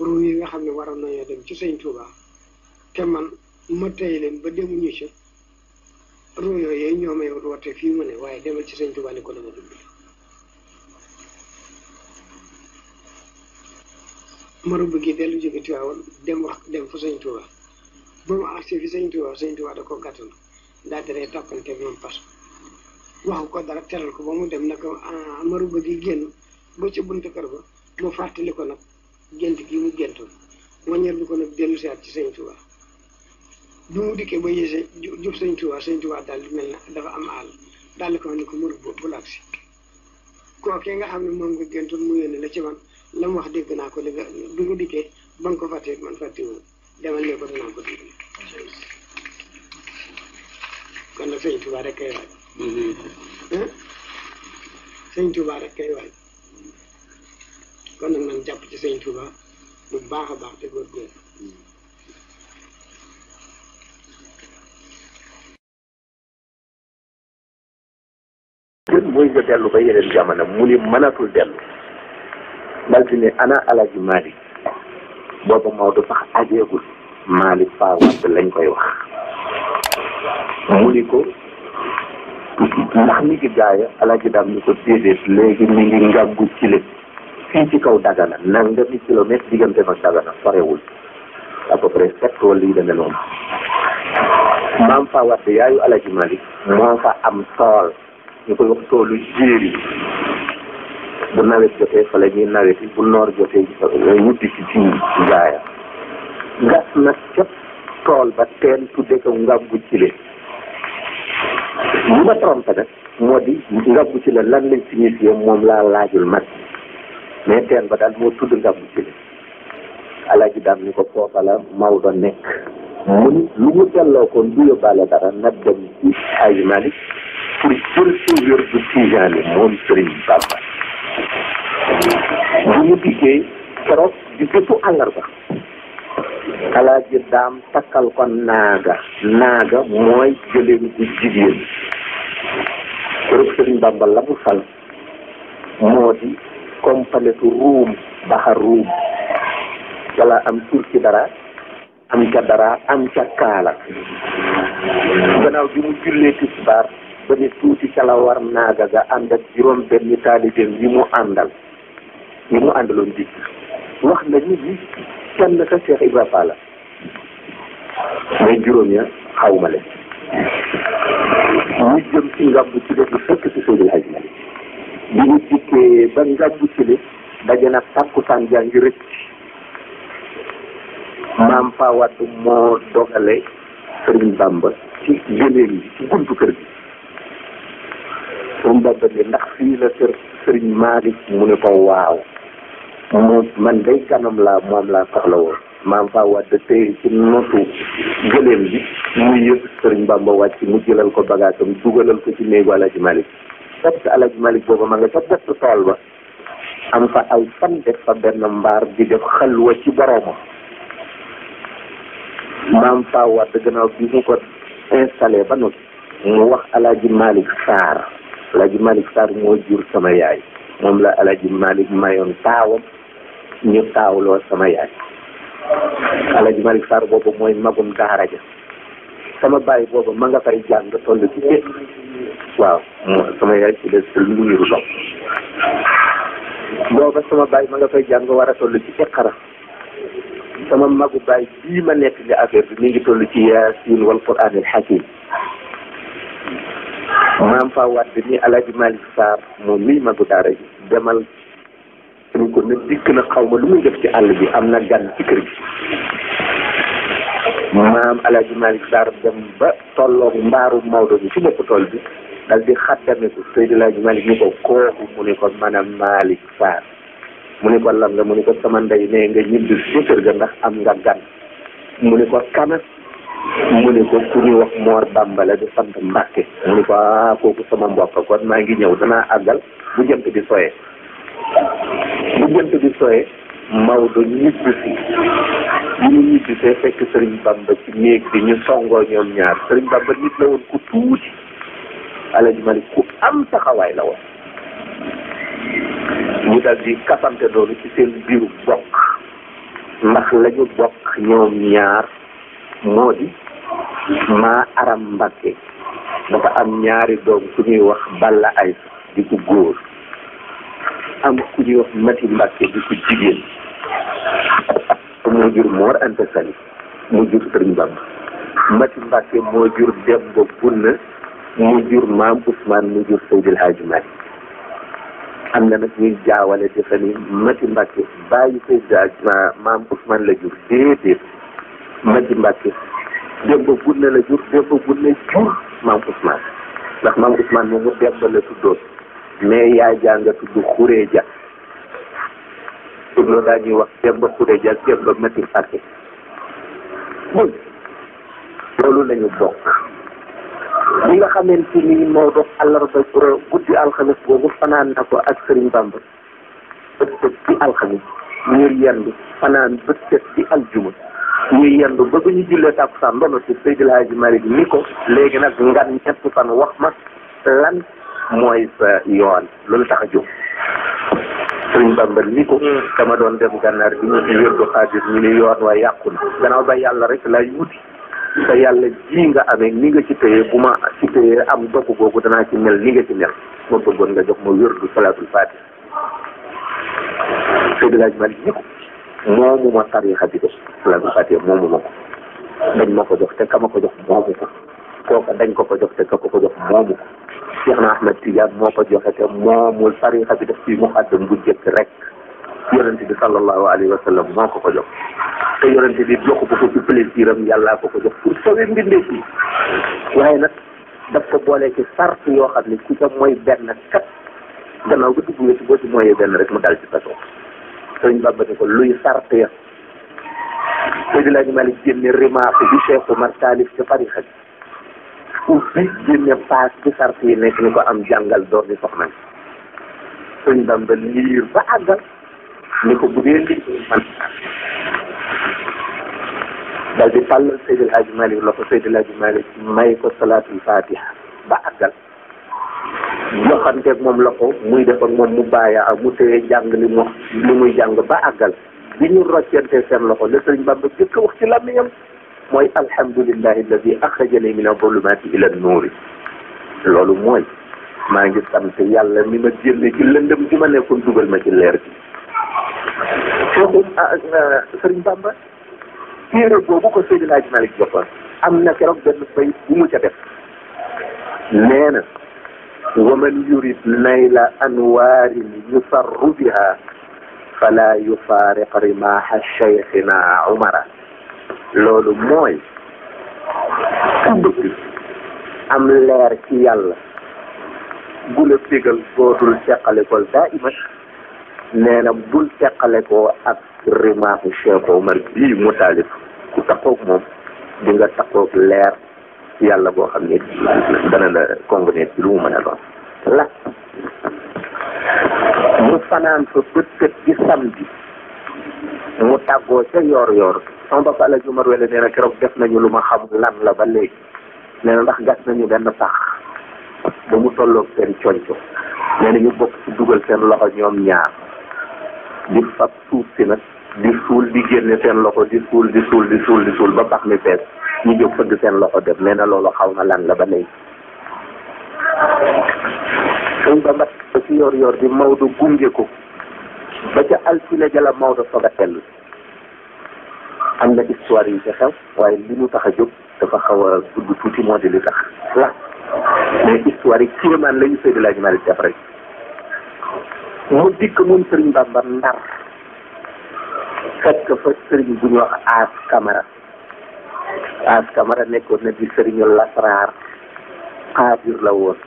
ruu yi nga xam ne waroon nañoo dem ci sëñ Touba te man ma tey leen ba demuñu ci ruu yooyu ñoo may woote fii mu ne waaye demal ci sëñ Touba ni ko dama dund. gi dellu jóge Tiwaawan dem wax dem fa sëñ Touba ba mu àgsi fi sëñ Touba sëñ Touba da ko gàttal daa di rey tàppante moom parce waxu ko dara teral ko ba mu dem nag marubu gi génn ba ci buntu kër ba mu fàttali ko nag. gént gi mu géntoon waññeer bi ko nag dellu si ci sëñ Tuubaa bi mu dikkee ba yéese jub sëñ Tuubaa sëñ Tuubaa daal di mel na dafa am àll daal di ko ni ko mur bu laag si kookee nga xam ne moom nga géntoon mu yónni la ci man la mu wax dégg naa ko li nga bi mu dikkee ba nga ko fàttee man fàttewul demal ne ko dinaa ko dégg kon nag sëñ Tuubaa rek kay waaj mm-hmm. sëñ Tuubaa rek kay waaj kon nag nañ mooy nga dellu ba yeneen jamono mu ni mënatul dellu dal di ne ana alaji Malick booba Maodo sax ajeegul Malick Faa Wàdd lañ koy wax mu ni ko ndax mi ngi gaaya alaji daam ni ko déedéet léegi mi ngi ngàggu ci lépp fii ci kaw Dagana nangami kilomètre diggante ak Dagana sorewul à peu près sept wala yu demee maam fa watte yaayu alaji moo fa am tool ñu koy wax toolu jéeri bu nawet jotee fa la ñuy naweti bu noor jotee wuti ci ci gaaya ngas nag cap tool ba teen tudde ko ngàmbu ci le li ma trompé nag moo di ngàmbu ci le lan lañ signifié moom laa laajul mag mais teen ba daal moo tudd ngam ci li alaaji daam ni ko foofa la Maodo nekk mun lu mu delloo kon du yóbbaale dara na dem ci Aji Malick pour poursuivre du Tijaani moom Sëriñ Bamba bu ñu dikkee keroog di bésu àllarba alaaji daam takkal ko naaga naaga mooy jëleen bu jigéen keroog Sëriñ Bamba la mu fal moo di comme palette ruum baxar ruum wala am turki dara am ca dara am ca kaala gannaaw bi mu jullee tisbaar ba ne tuuti ca la war naaga ga ànd ak juróom benn taalibeem yi mu àndal yi mu àndaloon dikk wax na nit ñi kenn ka Cheikh Ibrahima la mais juróom ya xawma leen ñu jëm ci ngàbb ci def fekk ci Seydil Hadji Malick bi ñu dikkee ba ngàggu tili daje na takkusaan jaa ngi rëcc maam Paa Wàdd moo dogale Sëriñ Bàmba ci gëneel yi ci buntu kër gi fii la kër Sëriñ mu ne ko waaw moo man day kanam laa moom laa soxla woon maam Paa Wàdd tey ci notu gëneel bi muy yëpp Sëriñ Bàmba wàcc mu jëlal ko bagaasam dugalal ko ci néegu Alaaji Maalik fekk alaji malik booba ma nga ca bett tool ba am fa ay fan def fa benn mbaar di def xalwa ci boroomam maam fa wadd gannaaw bi mu ko installé ba noppi mu wax alaji malik saar alaji malik saar moo jur sama yaay moom la alaji malik mayoon taawam ñu taawloo sama yaay alaji malik saar boobu mooy magum daara ja sama baay boobu ma nga fay jàng toll ci géej waaw sama yaay ci des lu mu niru lool booba sama baay ma nga fay jàng war a toll ci iqara sama magu bàyyi bii ma nekk li affaire bi mi ngi toll ci yaasin wal quraan al hakim maam fa wàdd ni alaaji Malick Sarr moom mii magu daara ji demal suñ ko ne dikk na xaw ma lu muy def ci àll bi am na gan ci kër maam El Hadj Malick Sarr dem ba tolloog mbaaru Maodo bi ci bopp tool bi dal di xàttameku ko kooku mu mu ne ko lan mu ne ko sama ndey nee nga ñibbi su kër ga ndax am nga gan mu ne ko kana mu ne ko ku ñuy wax Mor Bambala di sant Mbàkke mu ne ko ah, kooku sama mbokk kon maa ngi ñëw danaa àggal bu jant bi soyee bu jant bi soyee Maodo ñibbi si ñu ñibbi fekk Sëriñ Bamba ci néeg bi ñu songoo ñoom ñaar Sëriñ Bamba nit la woon ku tuuti Alaji Malik ku am taxawaay la woon ñu dal di kasante doonu ci seen biiru bokk ndax lañu bokk ñoom ñaar moo di maa aram Mbàkke dafa am ñaari doom ku ñuy wax Balla Aysa di góor am ku ñuy wax Mati Mbàkke di jigéen moo jur Mor Anta Sali mu jur Sëriñ Bamba Mati Mbàkke moo jur Demba Bunna mu jur Maam Ousmane mu jur Seydil Hadji am na nag ñuy jaawale defe Mati Mbàkke bàyyi Seydil ma Maam Ousmane la jur déedéet Mati Mbàkke Demba Bunna la jur Demba Bunna jur Maam Ousmane ndax Maam Ousmane moomu Demba la tuddoon mais yaa nga tudd Xureeja subloo daañuy wax dem ba xude jal dem ba métti fàtte ñun loolu lañu bokk li nga xamante ni moo dox guddi alxames boobu fanaan na ko ak Sëriñ Bamba bët set ci alxames ñuy yendu fanaan bët set ci aljuma ñuy yendu ba bu ñu jullee tàkkusaan ndono si Seydil Hadji Malick ni ko léegi nag ngan ñett fan wax ma lan mooy sa yoon loolu tax a jóg sëriñ Bamba ni ko sama mm. doon dem gànnaar di ñu ci wérdu xaadir ñu ni yoon waa yàqu na ba yàlla rek laay wuti te yàlla ji nga amee ni nga ci téye bu ma ci téye am dopp googu danaa ci mel ni nga ci mel ma bëggoon nga jox ma wérdu salaatul faati Seydi Laaj Malik ni ko moomu ma tariixa bi de salaatul faati moomu ma ko dañ ma ko jox te kama ko jox moomu ko kooku dañ ko ko jox te ko ko jox moomu Cheikh na Ahmed Tidiane moo ko joxe te moomul tarixa bi def ci muqaddam bu jëkk rek yonente bi sallallahu alayhi wa sallam moo ko ko jox te yonente bi joxu ko ko ci plaisir am yàllaa ko ko jox pour sauver mbindeef yi waaye nag daf ko boolee ci sart yoo xam ni ku ca mooy benn kat gannaaw ba dugg nga ci boo ci mooyee benn rek mu dal ci kaso sëriñ Bàmba ne ko luy sart ya Seydi Laaji Malik génne rimaaq bi Cheikh Oumar taalif ci tarixa pour béy génne paas ci sart yi nekk ñu ko am jàngal door di soxna sëñ Bamba liir ba àggal ni ko bu dee lii man dal di fàll Seydi El Hadji Malick la ko Seydi El Hadji Malick may ko salaatul fatiha ba àggal joxanteeg moom la ko muy def ak moom mu bàyyi ak mu téye jàng li mu li muy jàng ba àggal bi ñu roccante seen loxo la sëñ Bamba jëkk wax ci làmmiñam mooy alhamdulillahi alladi axrajani min adulumati ila nuuri loolu mooy maa ngi sant yàlla mi ma jëlee ci lëndëm gi ma nekkoon dugal ma ci leer bi foofu sëriñ Bamba téere boobu ko Seydi El Hadji Malick joppoon am na keroog benn bayit bu mu ca def nee na waman yurid nayla anwaarin yusarru biha fala yufaariq rimaha cheikhina umara loolu mooy kaddu bi am leer ci yàlla gula fégal dootul teqale ko daa imat nee na bul teqale ko ak rimaaxu Cheikh Omar bii mu taalif ku takkoog moom di nga leer yàlla boo xam ne dana la convenir ci lu mu mën a la mu fanaan fa bët ci samedi mu tàggoo ca yoor yoor sama bopp El Hadj Umar Wele nee na keroog def nañu lu ma xam lan la ba léegi nee na ndax gas nañu benn pax ba mu tolloog sen conco nee na ñu bokk ci dugal seen loxo ñoom ñaar di fab suuf si nag di suul di génne seen loxo di suul di suul di suul di suul ba pax mi fees ñu jóg fëgg seen loxo dem nee na loolu xaw ma lan la ba léegi. sëñ ba mbat ba ci yor-yor bi Maodo gunge ba ca altine jala Maodo soog a am na histoire yu ci xew waaye li ñu tax a jóg dafa xaw a gudd tuuti moo di li tax la mais histoire yi kéemaan lañu Seydi El Hadji Malick rek mu dikk moom Serigne Bamba Ndar fekk fa Serigne bu ñu wax As Camara As Camara nekkoon na di Serigne Lasraar xaajur la woon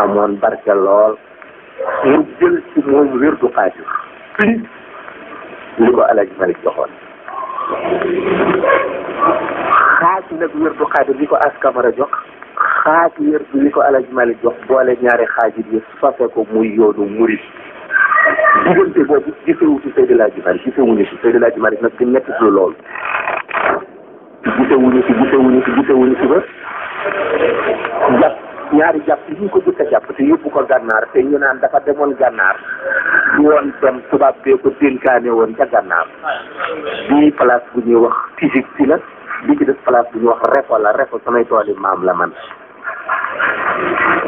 amoon barke lool mu jël ci moom wér du xaajur li ko El Hadji joxoon xaaj nag wérdu xaadir bi ko askamara jox xaaj wérdu bi ko alaj jox boole ñaari xaaj yi fase ko muy yoonu murit diggante boobu gisewu ci Seydi Laaji Malik gisewuñu ci nag di loolu gisewuñu ci gisewuñu ci gisewuñu ci ba jàpp ñaari jàpp yi ñu ko jëkk a jàpp te yóbbu ko gànnaar te ñu naan dafa demoon gànnaar du woon dem tubaab bee ko dénkaane woon ca gànnaar bii place bu ñuy wax Tijib si la bi ci def place bu ñuy wax Refo la Refo samay tooli maam la man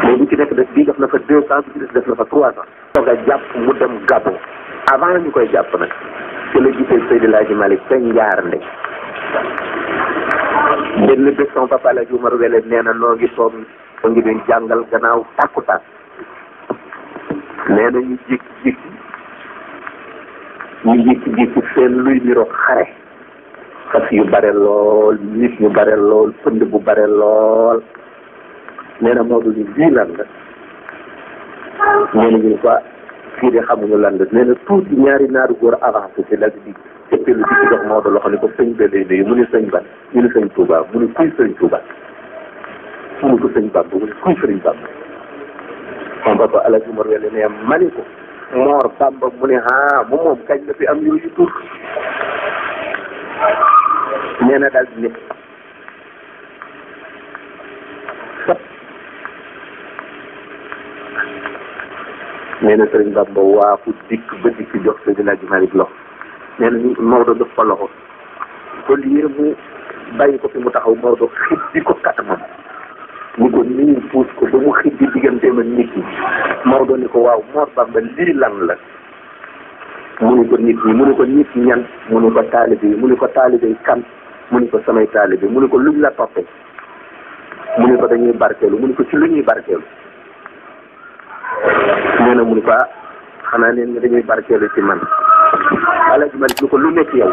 mais bi ci nekk def bii def na fa deux cent bi ci def def na fa trois cent soog a jàpp mu dem Gabon avant ñu koy jàpp nag ci la gisee Seydi Laaji Malick ca Njaar nde benn bés sama Umar Wele nee na noo ngi ba ngi doon jàngal gannaaw tàkkutaan nee na ñu jékki-jékki ñu jékki-jékki seen luy niroog xare fas yu bare lool nit ñu bare lool pënd bu bare lool nee na Maodo ñu bii lan la nee na ñu ah, fii de xamuñu lan la nee na tuuti ñaari naaru góor avancé si lal bi cëppeelu di ci jox Maodo loxo ni ko sëñ ba lay mu ni sëñ ban ñu ni sëñ Touba mu ni kuy sëñ Touba amul ko sëñ Bàmba wala kuy sëriñ Bàmba moom Bàmba Alaaji Umar wele ne mani ko moor Bàmba mu ne ah moom moom kañ la fi am yooyu tur nee na daal di ñëpp sëriñ Bàmba waa ku dikk ba dikk jox sëñ El Hadj Malick loxo nee na Maodo jox ko loxo ko lii mu bàyyi ko fi mu taxaw Maodo xib bi ko katamam ni ko nii puus ko ba mu xijji diggante ak nit ñi Maodo ni ko waaw Mor Bamba lii lan la mu ni ko nit ñi mu ne ko nit ñan mu ni ko taalibe mu ni ko taalibe yi kan mu ni ko samay taalibe mu ni ko luñ la toppee mu dañuy barkeelu mu ni ko ci lu ñuy barkeelu nee na mu ni ko ah xanaa neen nga dañuy barkeelu ci man alaji malik ni ko lu nekk yow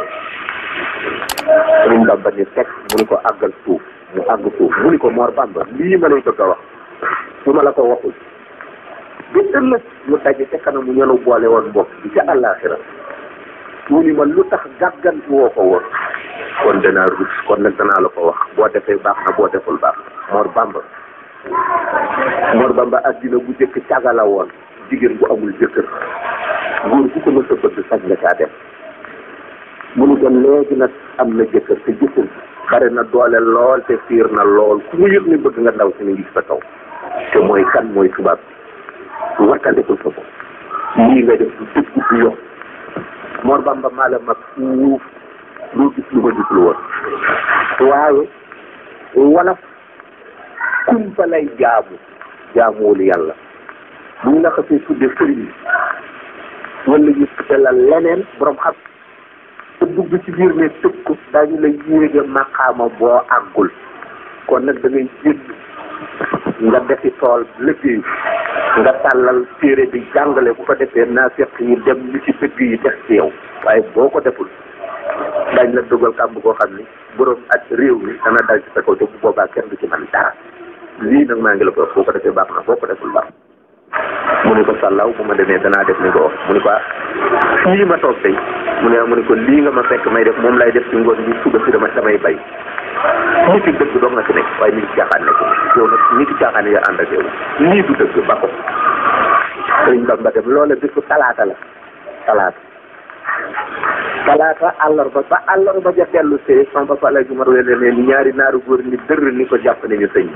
sëriñ teg mu ni ko àggal suuf mu àgg suuf mu ni ko Mor Bamba lii ma lay bëgg a wax su ma la ko waxul bi ëllëg mu daje ca kanamu ñenu boole woon mbokk bi ca àllaaxira mu ni ma lu tax gàgganti woo ko woon kon danaa rus kon nag danaa la ko wax boo defee baax na boo deful baax na Mor Bamba Mor Bamba addina bu jëkk cagala woon jigéen bu amul jëkkër góor bu ko mës a bëgg sañ nga caa dem mu ni ko léegi nag am na jëkkër te jëkkër bare na doole lool te fiir na lool ku mu yëg ni bëgg nga ndaw si ni ngi sa kaw te mooy kan mooy tubaab bi wattandikul sa bopp lii nga def du dëgg du yoon Mor Bamba maa mag fuuf loo gis lu ma gisul woon waaye wolof kumpa lay jaamu jaamuwul yàlla bu ñu la xasee tudde sëriñ wala ñu tudde la leneen borom xam dugg ci biir ne tëg ko daañu la yéege maqaama boo àggul kon nag da ngay jégg nga defi tool liggéey nga tàllal téere bi jàngale bu ko defee naafeq yi dem li ci dëgg yi def ci yow waaye boo ko deful daañ la dugal kàmb koo xam ni borom ak réew mi dana dal ci sa kaw te bu boobaa kenn du ci man dara lii nag maa ngi la ko boo ko defee baax na boo ko deful baax mu ne ko sàllaw bu ma demee danaa def ni ko wax mu ne ah, ma toog tey mu ne mu ne ko lii nga ma fekk may def moom lay def ci ngoon bi suba si dama may bay nit yi dëgg doog na fi nekk waaye nit yi caaxaan nekk yow nag nit yi caaxaan yi ànd ak yow lii du dëgg ba ko sëriñ Bamba dem loola bisu talaata la talaata talaata ba ja dellu see samba fa lay juma wele ne ñaari naaru góor ni dër ni ko jàpp ne ñu sëñ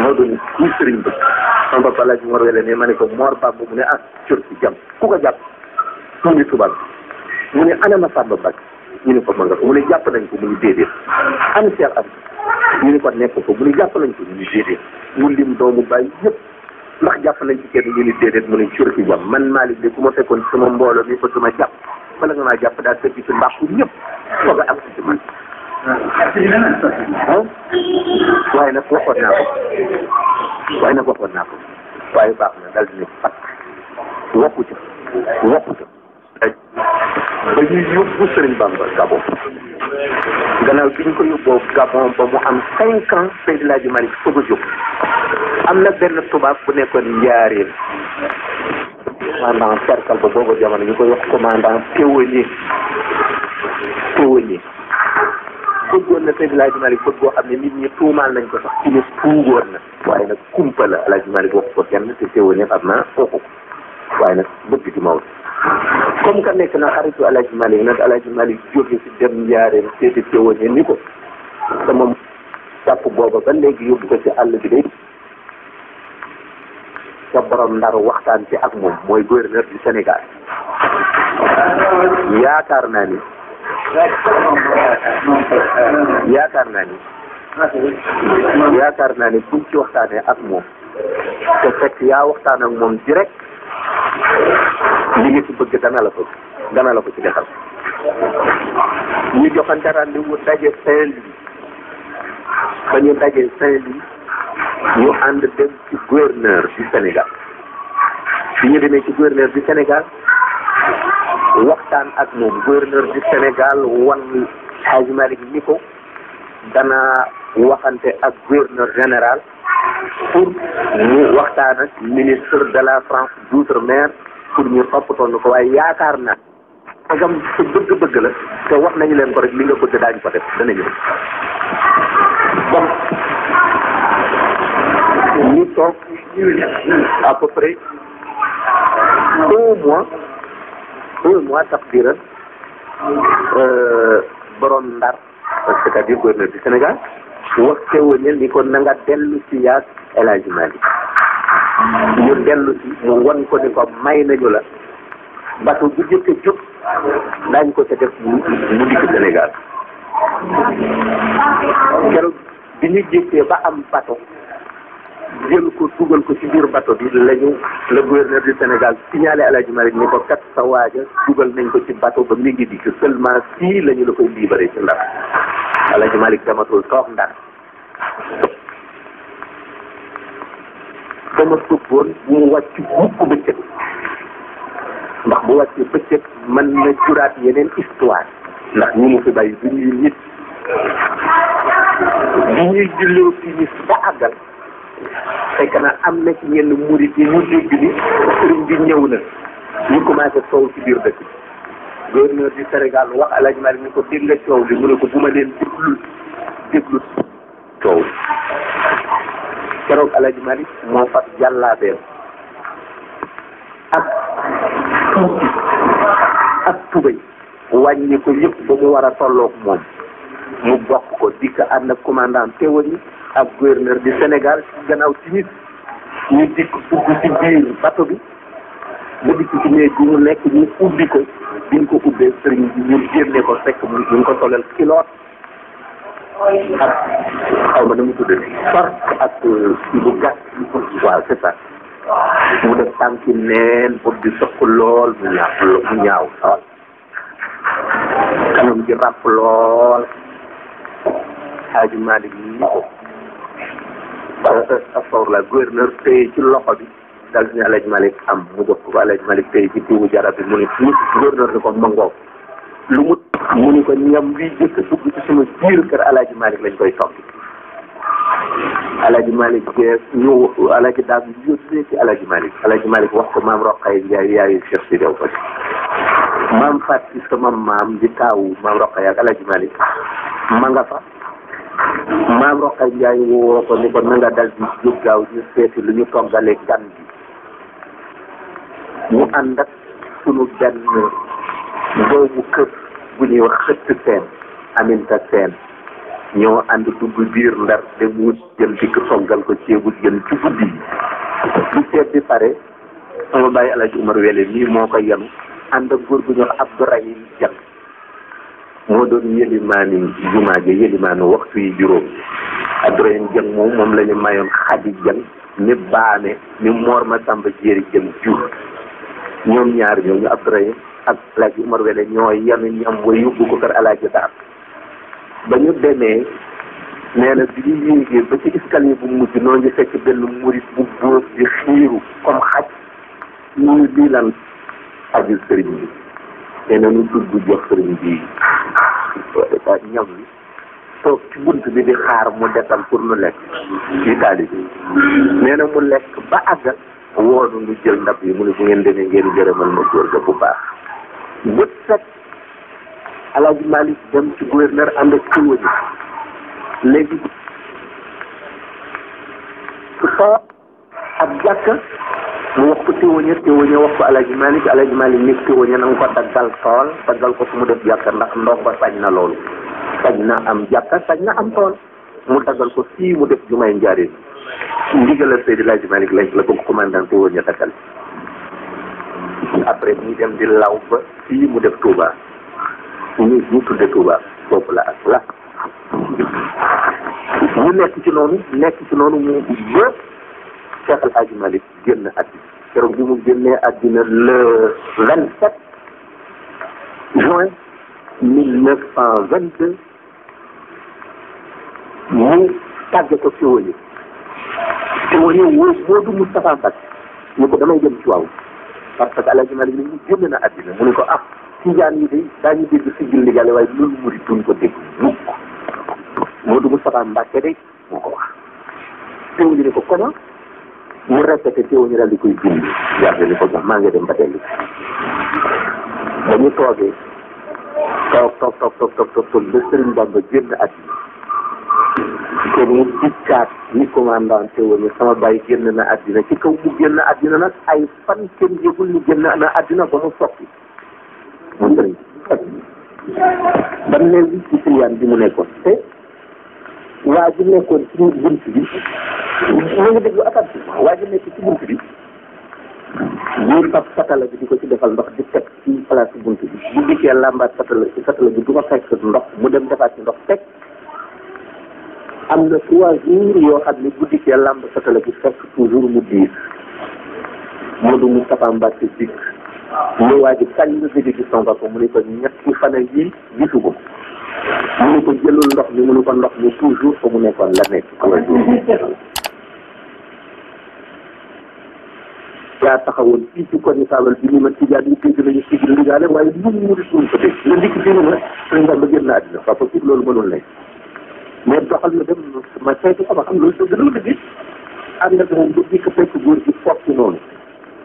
moo doon kii sëriñ bi sama papa laaj Mor wele ne ma ne ko Mor Ba mu ne ah cur ci jàmm ku ko jàpp tuuti tubaab mu ne ana Masamba Mbacke ñu ni ko ma nga ko mu ne jàpp nañ ko mu ne déedéet ana Cheikh Abdou ñu ni ko nekk ko mu ne jàpp nañ ko mu ne déedéet mu lim doomu bàyyi yëpp ndax jàpp nañ ci kenn ñu ne déedéet mu ne cur ci jàmm man Malick de ku ma fekkoon sama mbooloo mi ko duma jàpp bala nga maa jàpp daal fekk ci mbaaxu ñëpp foog a am ci man. ah waaye nag waxoon naa ko na nag waxoon naa ko waaye baax na daal di ne pat wokku ca wokku ca ba ñuy yóbbu Serigne Bamba Gabon gannaaw bi ñu ko yóbboo Gabon ba mu am cinq ans Seydi Laaji Malick soog a jóg am na benn tubaab bu nekkoon njaareel commandant cercle ba boobu jamono ñu koy wax commandant Théonier Théonier bëggoon na Seydou El Hadj Malick bët boo xam ne nit ñi tuumaal nañ ko sax ci tuugoon na waaye nag kumpa la El Hadj Malick ko kenn te teewoo ne am na kooku waaye nag bëgg ci Maodo comme que nekk na xaritu El Hadj Malick nag El Hadj Malick jóge ci dem njaareem ni ko sama jàpp booba ba léegi yóbbu ko ci àll bi day sa borom ndar waxtaan ci ak moom mooy gouverneur du Sénégal yaakaar naa ni yaakaar naa ni yaakaar naa ni buñ ci waxtaanee ak moom te fekk yaa waxtaan ak moom direct li nga bëgg dana la ko dana la ko ci defal ñu joxante rendez-vous daje Saint-Louis ba ñu daje Saint-Louis ñu ànd dem ci gouverneur du Sénégal bi ñu demee ci gouverneur du Sénégal waxtaan ak moom gouverneur du Sénégal wan Hadj Malick ni ko dana waxante ak gouverneur général pour ñu waxtaan ak ministre de la France d'outre-mer pour ñu toppatoo ñu ko waaye yaakaar naa agam su bëgg-bëgg la te wax nañu leen ko rek li nga bëgg daañu ko def dana bon ñu toog à peu près deux mois pour moi taqdiran euh, borom ndar c'est-à-dire Sénégal waxte woñel ni ko na dellu si yaag El Hadji dellu si mu won ko ni ko may nañu la bato bu jëkk a jóg daañ ko ca def mu dikk Sénégal bi ñu jëkkee ba am bato jël ko dugal ko ci biir bato bi lañu la gouverneur du Sénégal signalé El Hadj Malick ni ko kat sa waaja dugal nañ ko ci bato ba mi ngi dikk seulement fii la ñu la koy libéré ci ndar El Hadj Malick dematul toog ndar dama bëggoon bu mu wàcc mukk bëccëg ndax bu wàccee bëccëg mën na juraat yeneen histoire ndax ñu mu fi bàyyi du ñuy nit bi ñuy jullee ba àggal fekk na am na ci ñenn murit yi mu dégg ni sëriñ bi ñëw na ñu commencé soow ci biir dëkk gouverneur du Sénégal wax Alaaji ni ko dégg nga coow li mu ne ko bu ma leen déglul déglu coow keroog Alaaji moo fas jàllaabeem ak tuuti wàññi ko yëpp ba mu war a tolloog moom mu bokk ko dikk ànd ak commandant teewal yi ab gouverneur du Sénégal ci gannaaw timis ñu dikk dugg ci biir bato bi ba dikk ci néeg bi mu nekk ñu ubbi ko biñ ko ubbee sëriñ bi ñu génne ko fekk mu ñu ko solal kiloot ak xaw ma nu mu tuddee sort ak si euh, bu gàtt waaw c'est ça mu def tànki neen bët bi sëq lool mu ñaaw mu ñaaw lool kanam gi ràpp lool xaaju Malick ni ko astafurlah gouverneur ci loxo bi dal di ne El Hadj Malick am mu jox ko El Hadj Malick ci tiwu jarab bi mu ne fii gouverneur ni ko mangoo lu mu ni ko ñam wi jëkk dugg ci suma biir kër El Hadj lañ koy soppi El Hadj Malick gees ñu El Hadj daam wax ko maam Roqaye yaayu Cheikh si dew ko maam Fatou Cissé sama maam di taawu maam Roqaye ak El Hadj ma nga fa maam Roqay Njaay woo ko ni ko na dal di jóg ñu seeti lu ñu toggalee gan bi mu ànd ak sunu benn boobu kër bu ñuy wax xëtt seen aminta seen ñoo ànd dugg biir ndar te mu jël dikk toggal ko ceebu jën ci guddi yi lu ceeb bi pare sama bàyyi alaji Umar Wele mii moo ko yenu ànd ak góor gu ñuy wax Abdourahim moo doon yëlimaani jumaa ja yëlimaanu waxtu yi juróom Abdourahim Jang moom moom la ñu mayoon Xadi Jang ni baane ni Mor Masamba Jéeri Jang jur ñoom ñaar ñooñu Abdourahim ak El Hadj Umar Wele ñoo yanu ñam wa yóbbu ko kër El Hadj Daar ba ñu demee nee na bi ñu yéegee ba ci escalier bu mujj noo ngi fekk benn murit bu bóos di xiiru comme xaj ñu lii lan xajul sëriñ bi te nañu tudd jox sëriñ bi ñam bi toog ci bunt bi di xaar mu desal pour lu lekk ci taali bi mu lekk ba àggal woonu lu jël ndab yi mu ne bu ngeen demee ngeen gërëmal ma góor ga bu baax bët set Alaaji Malick dem ci gouverneur ànd ak kiwa ji léegi su ak jàkka mu wax ko témoigné témoigné wax ko Alaaji Malik Alaaji Malik ni ko daggal tool daggal ko fu mu def jàkka ndax ndongo sañ na loolu sañ na am jàkka sañ na am tol mu daggal ko fii mu def jumaay njaareen ndigalal Seydi Alaaji Malik lañ la ko commandant témoigné daggal après ñuy dem di law ba fii mu def Touba ñu ñu tudde Touba la ak la ñu nekk ci noonu nekk ci noonu mu ba Cheikh El Hadj Malick génn àddina keroog bi mu génnee àddina le vingt sept juin mille neuf cent vingt deux mu tàgge ko témoigné témoigné woo Moodu Moustapha Mbacké ñu ko damay dem ci waaw parce que El Hadj Malick ni mu génn na àddina mu ne ko ah, mu répététéw ñu daal di koy bind yàlla ni ko jox maa ngi dem ba dellu ba ñu toogee toog toog toog toog toog toog toog ba Sëriñ Bamba génn at yi kon mu ni commandant teewoon ne sama bàyyi génn na àddina ci kaw mu génn àddina nag ay fan kenn yëgul ni génn na àddina ba mu soppi mu sëriñ ban ci Siriyaane bi mu nekkoon te waa ji nekkoon ci bunt bi mu ngi déglu attaque bi waa ji nekk ci bunt bi muy fab satala bi ko ci defal ndox di teg ci place bunt bi bu dikkee làmbaat bi ndox mu dem defaat ci ndox teg am na trois jours yoo xam ne bu dikkee làmb satala toujours mu diir Modou Moustapha Mbacké dikk mu waa ji kañ la a mu ne ko ñetti fan a yii gisu ko mu ne ko jëlul ndox mi mu ne ko ndox mi toujours fa mu nekkoon la nekk kala [LAUGHS] yaa taxawoon fii ci koni saabal bi ni ma ci jaadu kii la ñu ci ndigaale waaye lu mu la ndikk fii ma suñ nga loolu mënul nekk mais doxal na dem ma saytu ko ba xam loolu dëgg loolu dëgg ànd ak moom ba dikk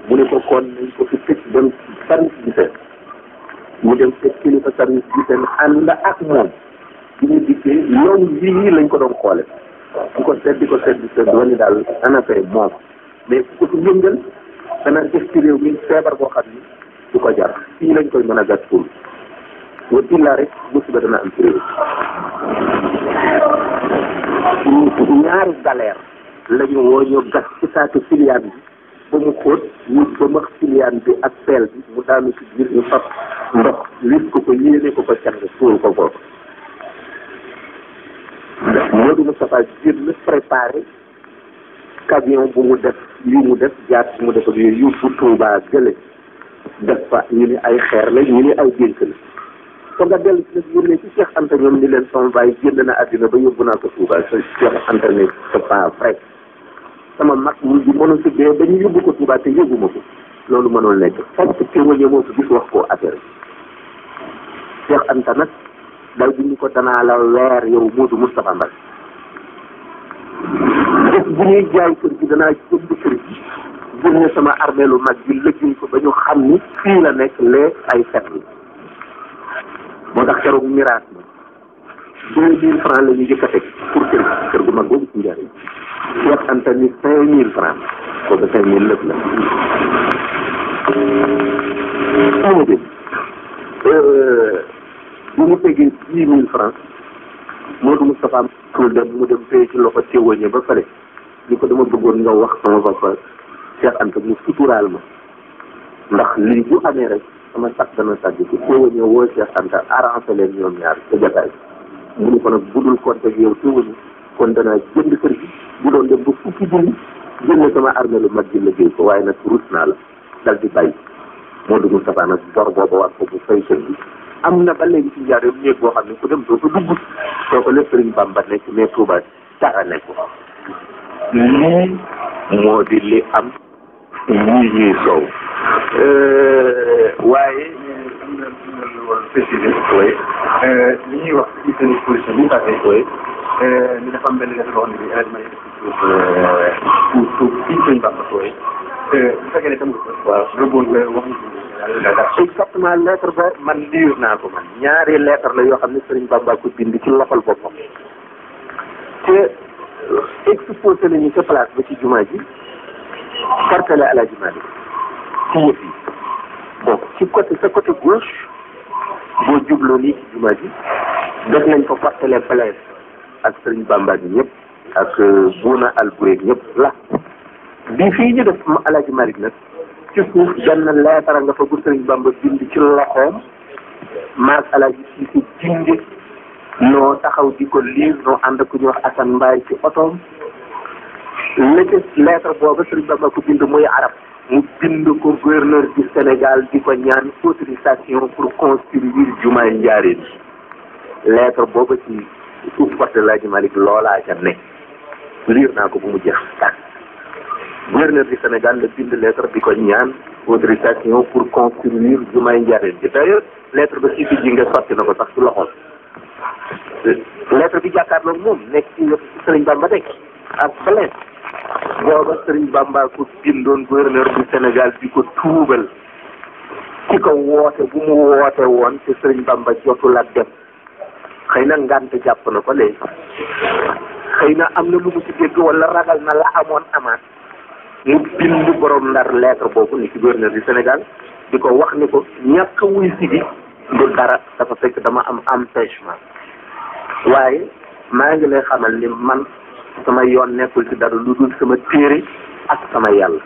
mu ne ko kon nañ ko fi tëj dem ban gisee mu dem fekk kilifa service bi seen ànd ak moom bi ñu dikkee yoon yii lañ ko doon xoole di ko seet ko seet di seet dooni daal anafee moom mais ku ko fi yëngal dana def réew mi feebar boo xam ni du ko jar fii lañ koy mën a gas pour wa illaa rek musiba dana am ci réew ñaari galère la ñu gas ci saatu filière bi ba mu xóot ñu ba max siliyaan bi ak peel bi mu daanu ci biir ñu fab ndox wis ko ko yéene ko ko càng suul ko foofu ndax Modou Moustapha jël la préparé camion bu mu def yu mu def jaar bu mu defal yooyu yóbbu Touba gële def fa ñu ni ay xeer la ñu ni ay génk la ko nga dellu ci nag yónnee ci Cheikh Anta ñoom ni leen sama génn na àddina ba yóbbu naa ko Touba Cheikh Anta ne c'est pas vrai sama mag mu ji mën a tuddee dañu yóbbu ko Touba te yóbbu ma ko loolu mënul nekk fekk témoigné moo ko wax koo affaire nag daw di ko danaa la yow Modou Moustapha Mbacké def bu ñuy jaay kër gi sama armeelu mag bi lëggéey ko ba ñu xam ni la nekk lee ay fet la moo tax keroog miraas ma deux la a teg pour kër gu mag boobu ci njariñ Cheikh Anta ni cinq mille franc kooku cinq mille lëf la ama dé euh, bu mu tegee six mille franc Modou Moustapha tul dem mu dem téye ci loxo téwoñe ba fale ñu ko dama bëggoon nga wax sama papa Cheikh Anta mu suturaal ma ndax lii bu amee rek sama sag dana sag ci téwoñe woo Cheikh Anta arrangé leen ñoom ñaar te jataay mu ne ko nag budul konte yow téwoñe kon danaa jënd kër gi bu doon dem ba fukki junni génne sama armée lu mag ji liggéey ko waaye nag rus naa la dal di bàyyi moo dugul safaa nag bor booba war ko bu fay sëñ am na ba léegi ci jaar yëpp néeg boo xam ne ko dugg soo ko lépp Sëriñ Bamba nekk mais Touba dara nekk ko moo di li am yii ñuy sow euh, waaye euh, ñuy wax ci pour pour fii exactement lettre ba man liir naa ko man ñaari lettre la yoo xam ne Serigne Bamba ko bind ci loxol boppam te exposé nañu ca place ba ci jumaa ji kartale Alaaji Maalik ci yëf yi bon ci côté sa côté gauche boo jubloo nii ci jumaa ji def nañ ko kartale place ak Serigne Bamba bi ñëpp ak euh, Bouna Alboury ñëpp la bi fii ñu def mu Alaaji Malick nag ci suuf benn leetara nga fa bu Sëriñ Bamba bind ci loxoom maag Alaaji Siise jinde noo taxaw di ko liir noo ànd ak ku ñuy wax Assane Mbaye ci otoom la booba Sëriñ Bamba ko bind muy arab mu bind ko gouverneur du Sénégal di ko ñaan autorisation pour construire jumaay Njaaréem booba ci suuf porte Alaaji Malick loolaa ca ne liir naa ko bu mu jeex tàkk gouverneur Sénégal la bind lettre bi ko ñaan autorisation pour construire jumaay njaareen ji d'ailleurs lettre ba si bi ji nga sotti na ko sax ci loxoom lettre bi jàkkaarloog moom nekk ci wetu Sëriñ Bamba nekk ak fële booba Sëriñ Bamba ko bindoon gouverneur du Sénégal di ko tuubal ci ko woote bu mu woote woon te Sëriñ bàmba jotul ak dem xëy na ngànt jàpp na ko léegi xëy na am na lu mu ci dégg wala ragal na la amoon amaat mu bind borom ndar lettre boobu ni gouverneur du Sénégal di ko wax ni ko ñàkk wuy si bi du dara dafa fekk dama am empêchement waaye maa ngi lay xamal ni man sama yoon nekkul ci dara lu dul sama téere ak sama yàlla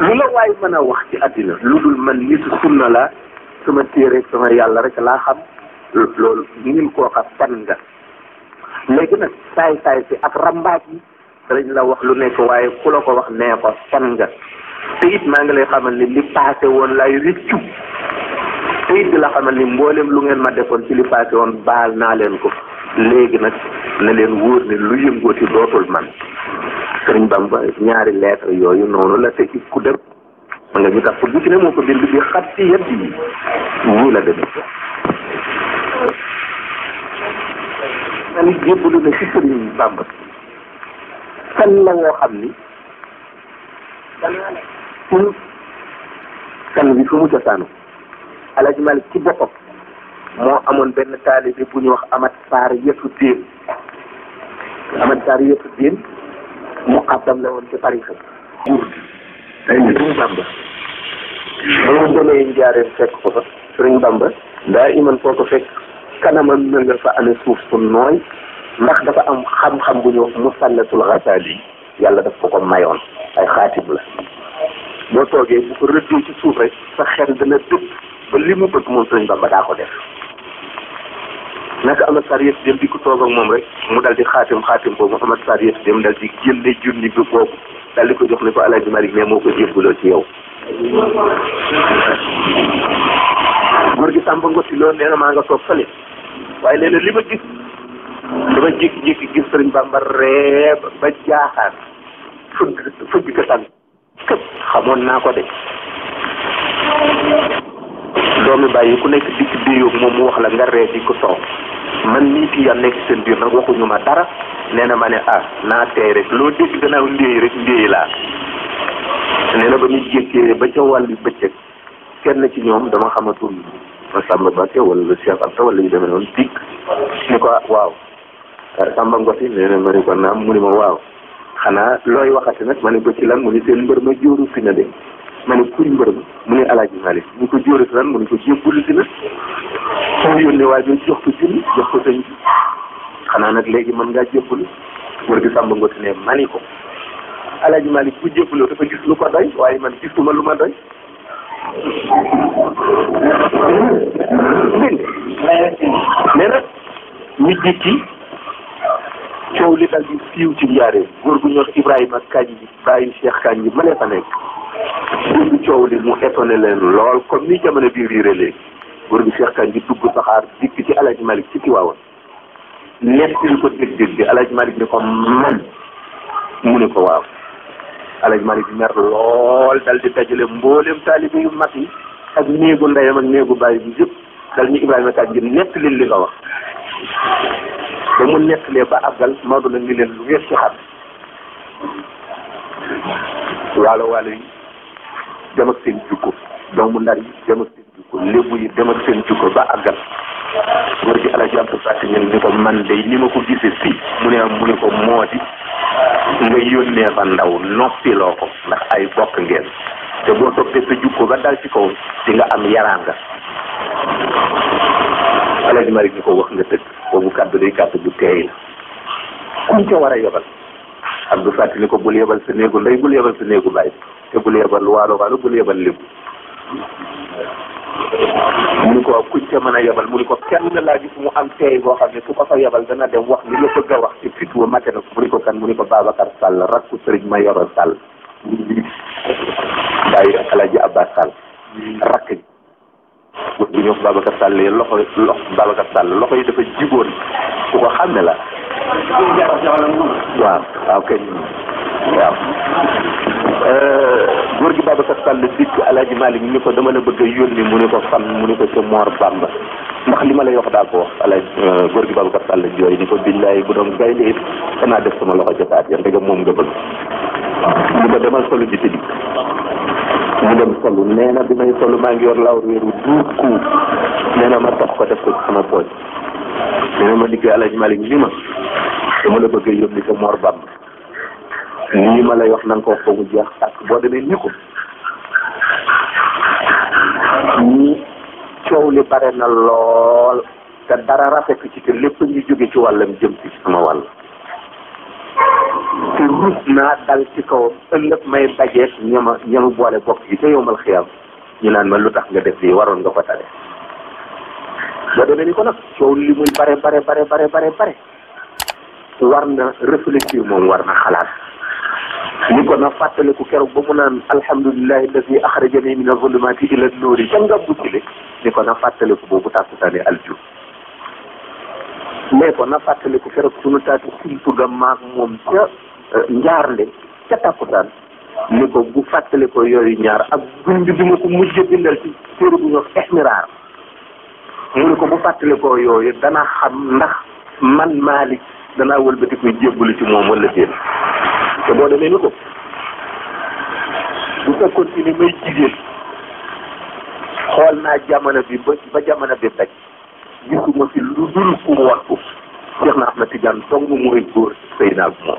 lu la waay mën a wax ci àddina lu dul man nitu sunna la sama téere ak sama yàlla rek laa xam loolu ñu ngi koo xam fan nga léegi nag saay-saay si ak rambaat yi danañ la wax lu nekk waaye ku la ko wax nee ko fen nga te it maa ngi lay xamal ni li passé woon lay rëccu te it di la xamal ni mboolem lu ngeen ma defoon ci li passé woon baal naa leen ko léegi nag na leen wóor ne lu yëngooti dootul man sëriñ Bamba ñaari lettre yooyu noonu la te it ku dem nga ñu tax ko bu ci ne moo ko bind bi xat ci yëpp yi nii la demee tamit jébbalu na ci sëriñ Bàmba san la woo xam ni san bi fu mu cosaanu Alaaji ci boppam moo amoon benn taalibe bu ñu wax Amat Saar Yëtu Diin Amat Saar Yëtu Diin muqaddam la woon ci tarixa buur ay sëriñ Bàmba ba mu demee njaareem fekk ko fa sëriñ Bàmba daa iman foo ko fekk kanamam na nga fa amee suuf su nooy ndax dafa am xam-xam bu ñu wax musallatul xasaali yàlla daf ko ko mayoon ay xaatib la boo toogee bu ko rëddee ci suuf rek sa xel dana dëpp ba li mu bëgg moom sëñ Bamba daa ko def naka amat sariyet dem di ko toog ak moom rek mu dal di xaatim xaatim boobu amat sariyet dem dal di génne junni bi boobu dal di ko jox ne ko Alaaji Malik ne moo ko jébbaloo ci yow góor gi Samba Ngotti loolu maa nga toog fële waaye léeg-léeg li ma gis dama jékki-jékki gis sëriñ Bamba ree ba jaaxaar fëgg fëgg ko tànn képp xamoon naa ko de doomi bàyyi ku nekk dikk déyoog moom mu wax la nga ree di ko soow man nii tiyaan nekk seen biir nag waxuñu ma dara nee na ma ne ah naa tey rek loo dégg gannaaw ndéey rek ndéey laa nee na ba ñu jékkee ba ca wàllu bëccëg kenn ci ñoom dama xamatul Samba Mbacké wala Cheikh Anta wala ñu demee noonu tig ni ko waaw euh, Samba Ngosi nee na ma ne ko naam mu ni ma waaw xanaa looy waxati nag ma ne ko ci lan mu ni seen mbër ma jóoru fi na de ma ne kuñ mbër ma mu ne alaaji Malick mu ko jóoru fi lan mu ne ko jébbul si na mu yónnee waaye bi jox ko junni jox ko sëñ bi xanaa nag léegi mën ngaa jébbul wër gi Samba Ngosi ne ma ni ko alaaji Malick bu jébbaloo dafa gis lu ko doy waaye man gisuma lu ma doy dégg nee na ñu jikki coow li dal di siiw ci njaaree góor gu ñuy wax Ibrahima Kandji bàyyi Cheikh Kandji ma ne fa nekk dégg coow li mu étonné leen lool comme ni jamono bii riire léegi góor gu Cheikh Kandji dugg saxaar dikk ci Alaaji Malick ci Tiwaawan nekk li ko dégg-dégg bi Alaaji Malick ni ko man mu ne ko waaw Alaaji Malick mer lool dal di dajale mboolem taalibe yu mag yi ak néegu ndeyam ak néegu baay bi yëpp dal ñu Ibrahima Kañ gi nett li nga wax ba mu nettalee ba àggal Maodo la ngi leen lu ngeen ci xam waalo waalo yi dem ak seen jukko doomu ndar dem ak seen jukko lébu dem ak seen jukko ba àggal góor gi alaji abdou fati ñun ni ko man de ni ma ko gise fii mu ne mu ne ko moo di nga yónnee fa ndaw noppiloo ko ndax ay bokk ngeen te boo toppee sa jukko ba dal ci kaw di nga am yaraan nga alaji malik ni ko wax nga dëgg boobu kàddu day kàddu bu teey la kum ca war a yobal abdou fati ni ko bul yebal sa néegu ndey ne yebal sa néegu bàyyi te bul yebal waalo waalo mu ni ko kuñ ca mën a yebal mu ni ko kenn laa gis mu am teey boo xam ne su ko fa yebal dana dem wax li la bëgg a wax ci fit wa mate na mu ni ko kan mu ni ko Babacar Sall rakk ji bu ñu wax Babacar Sall loxo loxo Babacar Sall loxo yi dafa jiboon ku ko xam ne la waaw waaw kay waaw Euh, góor gi Babacar Sall dikk Alaaji Malick ñu ko dama la bëgg a yónni mu ne ko fan mu ne ko ca Mor Bamba ndax li ma lay wax daa ko wax Alaaji euh, góor gi Babacar Sall jooy ni ko billaay bu doon gaynde it danaa def sama loxo ca baat ya ndegam moom nga bëgg mu ko demal solu ji dikk mu dem solu nee na bi may solu maa ngi yor laaw wéeru duut kuu nee na ma tax ko def ko ci sama pooj nee na ma dikkee Alaaji Malick li dama la bëgg a yónni ca Mor Bamba lii ma lay wax na nga ko wax ba mu jeex parce que boo demee ni ko coow li bare na lool te dara rafet ci te lépp ngi jóge ci wàllam jëm ci sama wàll te ruus naa dal ci kaw ëllëg may dajeeg ñama ñama boole bopp yi te yombal xiyam ñu naan ma lu tax nga def lii waroon nga ko tale boo demee ni ko nag coow li muy bare bare bare bare bare bare war na réfléchir moom war na xalaat li ko na fàttaliku keroog ba mu naan alhamdulilahi alladi axrajani min azulumati ila noori ca nga bukkile ni ko na fàttaliku boobu tàkkusaane alju mais ko na fàttaliku keroog sunu taati siltu ga maag moom ca eh, njaarnde ca tàkkusaan ni ko bu fàttaliko yooyu ñaar ak bind bi ma ko mujj bindal ci téere bu ñu wax Ihmiraar mu ne ko bu fàttalikoo yooyu dana xam ndax man Maalik danaa wëlbati koy jébbalu ci moom wala déet te boo demee ni ko bu fekkoon ci ni may jigéen xool naa jamono bi ba ba jamono bi teg gisuma fi lu dul ku mu wattu Cheikh na Ahmed Tidiane dong mooy góor sëy naa ak moom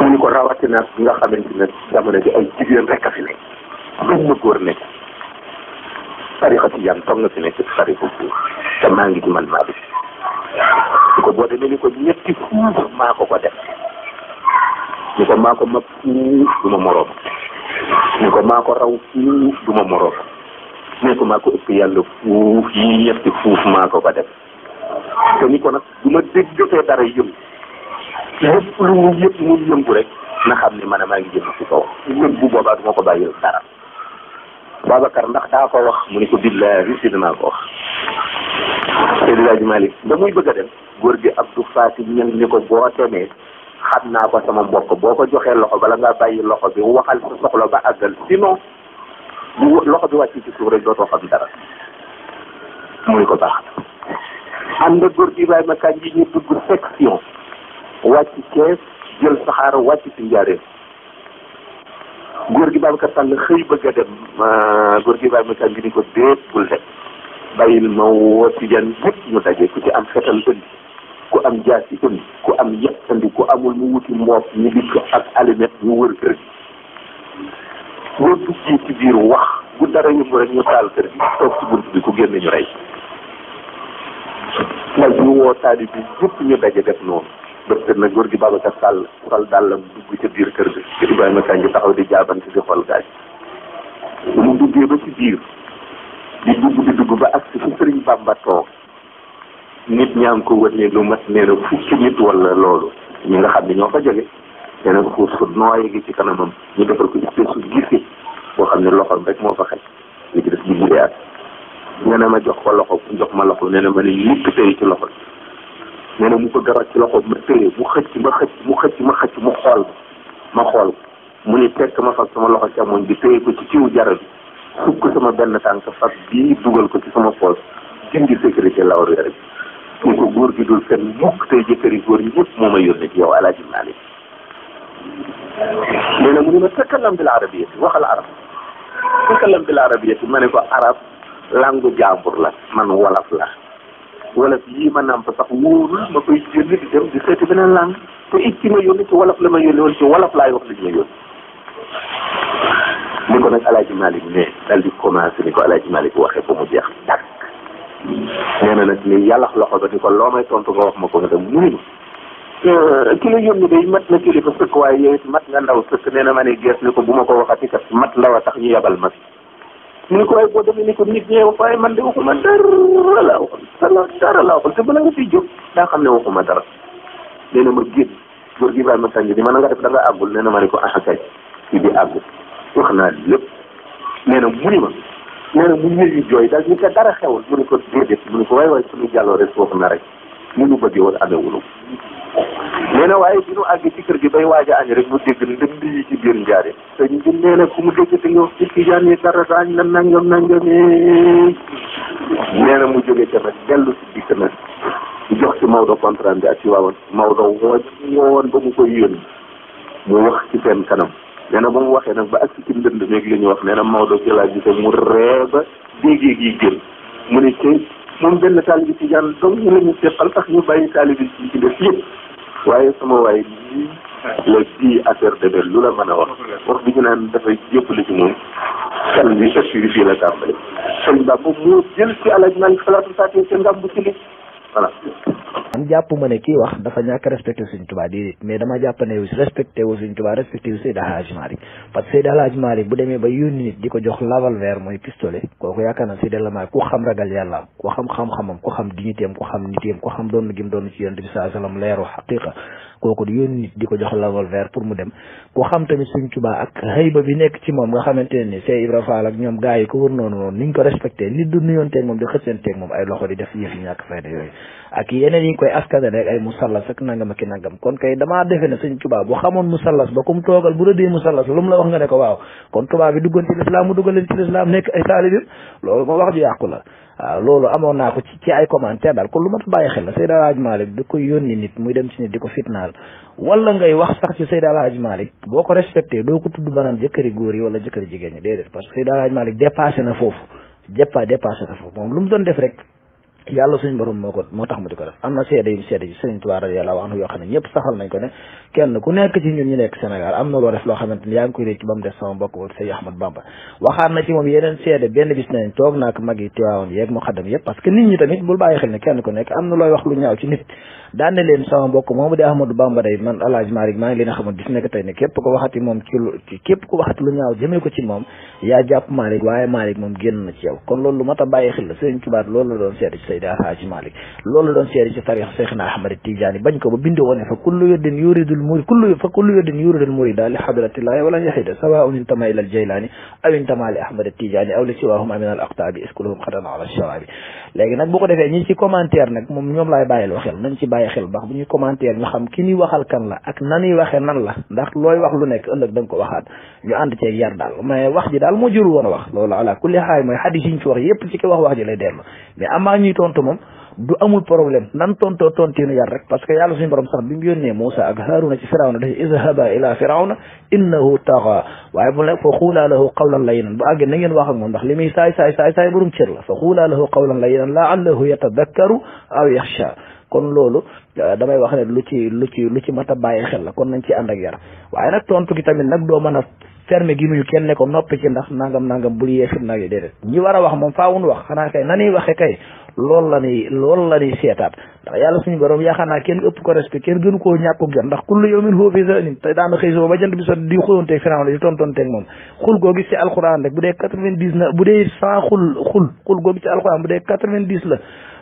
mu ni ko rawatina bi nga xamante ne jamono bi ay jigéen rek a fi nekk benn góor nekk tarixa Tidiane dong nga fi nekk tarixa góor te maa ngi ci man maa bi ñu ko boo demee ni ko ñetti fuuf maa ko ko def ñu ko maa ko mag fuuf du ma moroom ñu ko maa ko raw fuuf du ma moroom ne ko maa ko ëpp yàlla fuuf yi ñetti fuuf maa ko ko ni ko nag du ma dégg jotee dara lu mu yëpp mu yëngu rek na xam ne man a maa ngi jëm ci kaw yëm bu boobaa du ma ko bàyyil Babacar ndax daa ko wax mu ne ko billaahi si dinaa ko wax Seydi Hadji Malick ba muy bëgg a dem góor gi Abdou Faty ñan ni ko boo demee xam naa ko sama mbokk boo ko joxee loxo bala ngaa bàyyi loxo bi waxal sa soxla ba àggal sinon bu loxo bi wàcc ci suuf rek dootoo xam dara mu ne ko baax ànd góor gi Ibrahima Kane yi ñu dugg section wàcc Thiès jël saxaar wàcc ci Njaaréem góor gi Babacar Sall xëy bëgg a dem góor gi Babacar ngi ni ko déet bul dem bàyyil ma woo tijaan yëpp ñu daje ku ci am fetal ëndi ku am jaasi ëndi ku ku amul mu wuti mboos ñu di ak alimet ñu wër kër gi boo duggee ci biir wax bu dara yëngu rek ñu taal kër gi toog ci bi ku génn ñu rey lay ñu woo taali bi yëpp ñu daje def noonu docteur nag góor gi Babacar Sall sol dàllam dugg ca biir kër bi te Ibrahima Kanji taxaw di jaabante di xool gaañ mu duggee ba ci biir di dugg di dugg ba ak si fu Sëriñ Bàmba toog nit ñaam ko wër ne lu mat nee na fukki nit loolu ñi nga xam ne ñoo fa jóge nee na xuus fu nooy gi ci kanamam ñu defal ko espèce su gisee boo xam ne loxoom rek moo fa xaj li ci def di budee nee ma jox ko loxo jox ma loxo nee na ma ne yëpp tey ci loxo nee na mu ko garab ci loxo mu téye mu xëcc ma xëcc mu xëcc ma xëcc mu xool ma xool mu ni tekk ma fas sama loxo càmmoñ bi téye ko ci ciw jara bi ko sama benn tànk fas bii dugal ko ci sama poos gi sécurité lawreer bi mu ko góor gi dul fen mukk tey jëkkëri góor ñëpp moo ma yónni ci yow alaaji Maalik nee na mu ni ma takallam arabiyati waxal arab takallam bil arabiyati ma ne ko arab langu jàmbur la man wolof la wala yii ma nàmp sax wóorul ma koy yónni di dem di seeti beneen langue te it ci ma yónni ci wolof la ma yónni woon ci wolof laay wax li ñu ni ko nag alaaji Malick ne daal di commencé ni ko alaaji Malick waxee ba mu jeex tàkk nee na nag ni yàlla loxo ba ni ko loo may tontu nga wax ma ko nga dem mu euh, ki la yónni day mat na kilifa sëkk waaye yow mat nga ndaw sëkk nee na ma ne gees ni ko bu ma ko waxati kat mat ndaw a tax ñu yabal ma mu ko waaye boo demee ni ko nit ñee wax waaye man de waxuma dara laa waxoon dara laa waxoon te bala nga fiy jóg daa xam ne waxuma dara nee na ma génn góor gi Ibrahima Sanji bi ma na nga def da nga àggul nee ma ne ko ah kay fii di àggul wax naa lépp nee na mu ni ma nee na mu ñëw jooy daal ñu ko dara xewul mu ko déedéet mu ne ko waay waay suñu jàlloo rek foofu na rek mu ñu bëggee woon amewulu nee na waaye dinu àgg ci kër gi bay waaj a añ rek mu dégg ndënd yi ci biir njaare sëñ bi nee na ku mu dégg te nga wax ci tijaan yi dara daañ la nangam nangam nee na mu jóge ca nag dellu jox ci Maodo contrat bi ak ci waawoon Maodo woo ba mu koy yónni mu kanam nee na mu waxee nag ba ak ci ndënd ñu wax nee Maodo ci laa gisee mu mu ne tey moom benn taalibi tijaan dong ñu seqal tax ñu bàyyi def yëpp waaye sama waay lii la kii affaire de lu la mën a wax wax bi ñu naan dafay jébbali ci moom kan bi assuré bi fii la tàmbali sëñ Ba boobu moo jël ci alaaj maa ngi sa fàttee ca ngam bu ci li voilà man jàpp ma ne kii wax dafa ñàkk respecté Sëriñ Tuubaa déedéet mais dama jàpp ne respecté wu Sëriñ Tuubaa respecté wu Seydi Hadji Malick parce que Seydi Hadji Malick bu demee ba yónni nit di ko jox revolver mooy pistolet kooku yaakaar naa Seydi Hadji Malick ku xam ragal yàllaam ku xam xam-xamam ku xam dignitéem ku xam nitéem ku xam doon gim doon ci yonent bi sallallahu alayhi wasallam leeru xaqiqa kooku di yónni nit di ko jox revolver pour mu dem ku xam tamit Sëriñ Tuubaa ak xëyba bi nekk ci moom nga xamante ne ni Seydi Ibra Fall ak ñoom gars yi ko wër noonu noonu niñ ko respecté nit du nuyoonteeg moom di xëccanteeg moom ay loxo di def yëf yi ñàkk fayda yooyu ak yeneen yi ko koy askane rek ay ak nangam nangam kon kay damaa defe ne sëñ tubaab bu xamoon musallas ba kum toogal bu rëddee musallas lu mu la wax nga ne ko waaw kon tubaab bi duggal leen la waaw loolu amoon naa ko ci ci ay commentaire daal kon lu mat bàyyi xel la ko yónni nit muy dem ci nit di ko fitnaal wala ngay wax sax ci Seydi Alhaji Malick boo ko respecté doo ko tudd maanaam jëkkëri góor yi wala jëkkëri jigéen ñi déedéet parce que Seydi Alhaji Malick dépassé na foofu jëppa na foofu moom lu mu doon def rek yàlla suñ borom moo ko moo tax mu di ko def am na seede yu seede ci Sëriñ Tuubaa radiyallaahu anhu yoo xam ne ñëpp saxal nañ ko ne kenn ku nekk ci ñun ñu nekk Sénégal am na loo def loo xamante ni yaa ngi koy toog naak mag yi Tiwaawoon yeeg mu xaddam yëpp parce que nit ñi tamit bul bàyyi xel ne kenn ku nekk am na looy wax lu ñaaw ci nit daan na leen sama mbokk moomu di Ahmadou Bamba day man El Hadj leen a xamal gis nekk tey ko waxati moom ci ko waxati lu ñaaw jëmee ko ci moom yaa jàpp Malick waaye Malick moom génn ci yow kon loolu lu mat a bàyyi xel Ahmad Tijaani bañ ko ba bindoo woon fa kullu yurdin yuridul muri kullu fa kullu yurdin yuridul muri daal li xadratillahi ila al Jaylaani aw intama li Ahmad Tijaani aw li siwaahum min al aqtaabi iskuluhum xatan ala shawabi léegi nag bu nag bàyyi xel baax bu ñuy commentaire ñu xam ki ñuy waxal kan la ak na ñuy waxee nan la ndax looy wax lu nekk ëllëg da nga ko waxaat ñu ànd ceeg yar daal mais wax ji daal moo jëru woon a wax loolu ala kulli xaay mooy xadis yi ñu ci wax yépp ci ki wax wax ji lay dellu mais amaa ñuy tontu moom du amul problème nan tontoo tontiinu yar rek parce que yàlla suñu borom sax bi mu yónnee Moussa ak Haaruna ci firawna dafa izhaba ila firawna innahu taxa waaye bu ne fa xuulaa lahu qawlan layyinan bu àggee na ngeen wax ak moom ndax li muy saay saay saay saay borom cër la fa xuulaa lahu qawlan layyinan la'allahu yatadakkaru aw yaxsha kon loolu euh, damay wax ne lu ci lu ci lu ci mat a bàyyi xel la kon nañ ci ànd ak yar waaye nag tontu gi tamit nag doo mën a ferme gi nuyu kenn ne ko noppi ci ndax nangam nangam bu yee fitna yi déedéet ñi war a wax moom faawun wax xanaa kay nanuy waxe kay loolu la ñuy loolu la ñuy seetaat ndax yàlla suñu borom yaakaar naa kenn ëpp ko respect kenn gënu koo ñàkk ko jot ndax kullu yawmin huwa fii sha'nin te daana xëy suba ba jant bi so di xulonteeg Firawna di tontonteeg moom xul goo rek bu dee quatre-vingt-dix na bu dee cent xul xul xul goo gis la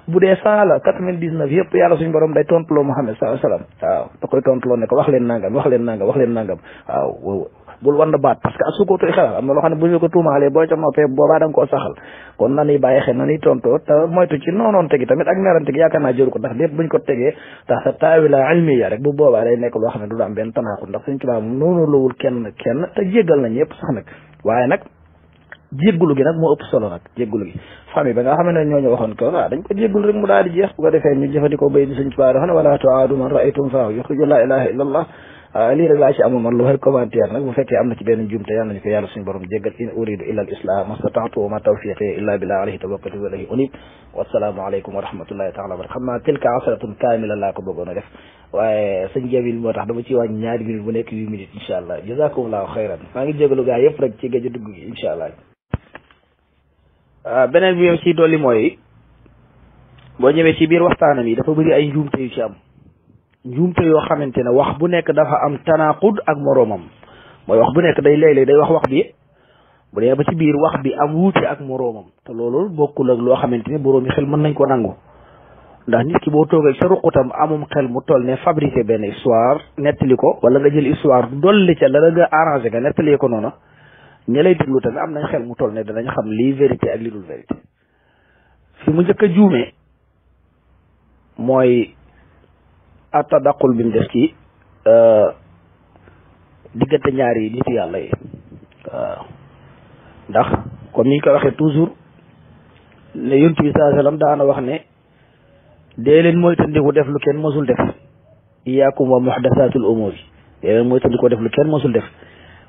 bu dee cent la quatre-vingt-dix-neuf yëpp yàlla suñu borom day tontuloo Muhammad sallallahu alayhi wa koy tontuloo ne ko wax leen nangam wax leen nangam wax leen nangam waaw bul wan baat parce que asukootu xelal am na loo xam ne bu ñu ko tuumaalee boo ca noppee boobaa da nga kon nanuy bàyyi xel nanuy tontoo te moytu ci noonoon tegi tamit ak merante yaakaar naa jëru ko ndax lépp ko tegee tax sa taawila ilmiya rek day nekk loo xam ne du am benn tanaaxut ndax suñ tubaab moom noonu lawul kenn kenn te jéggal na ñëpp sax nag waaye nag jéggulu gi nag moo ëpp solo nag jéggulu gi famille ba nga xam ne ñooñu waxoon ko waaw dañ ko jéggul mu daal di jeex bu ko defee ñu jëfandikoo bay di suñ tubaa dafa ne wala tuaadu man raaytum faaw yuxriju laa ilaha illa allah ah, lii rek laa man lu may commentaire nag bu fekkee am na ci benn jumte yàlla in uridu illa al islam mastata'tu wa ma tawfiqi illa billah alayhi tawakkaltu wa ilayhi unib wasalaamu aleykum wa rahmatullahi taala tilka asratun kaamila laa ko bëggoon a def waaye sëñ Jabil moo tax dama ci wàññi ñaari minute bu nekk huit minutes incha allah jazakumullahu maa ngi jégalu gaa yëpp rek a dugg Euh, beneen bi ñëw ci dolli mooy boo ñëwee ci biir waxtaanam yi dafa bëri ay njuumte yu ci am njuumte yoo xamante ne wax bu nekk dafa am tanaqud ak moroomam mooy wax bu nekk day léeg-léeg day wax wax bi bu dee ba ci biir wax bi am wuute ak moroomam te loolu bokkul ak loo xamante ne boroomi xel mën nañ ko nangu ndax nit ki boo toogee sa ruqutam amum xel mu toll ne fabriqué benn histoire nettali ko wala nga jël histoire dolli ca la la nga arrangé nga nettali ko noonu ñi lay déglu tamit am nañ xel mu toll ne danañ xam lii vérité ak li dul vérité fi mu njëkk a juumee mooy attadaqul bi mu def ci euh, diggante ñaari nit yàlla yi waaw ndax comme ni ñu waxee toujours ne yonent bi saa sallam daana wax ne dee leen mooy tandiku def lu kenn mosul def iyaakum wa muhdasatul umuri dee leen mooy ko def lu kenn mosul def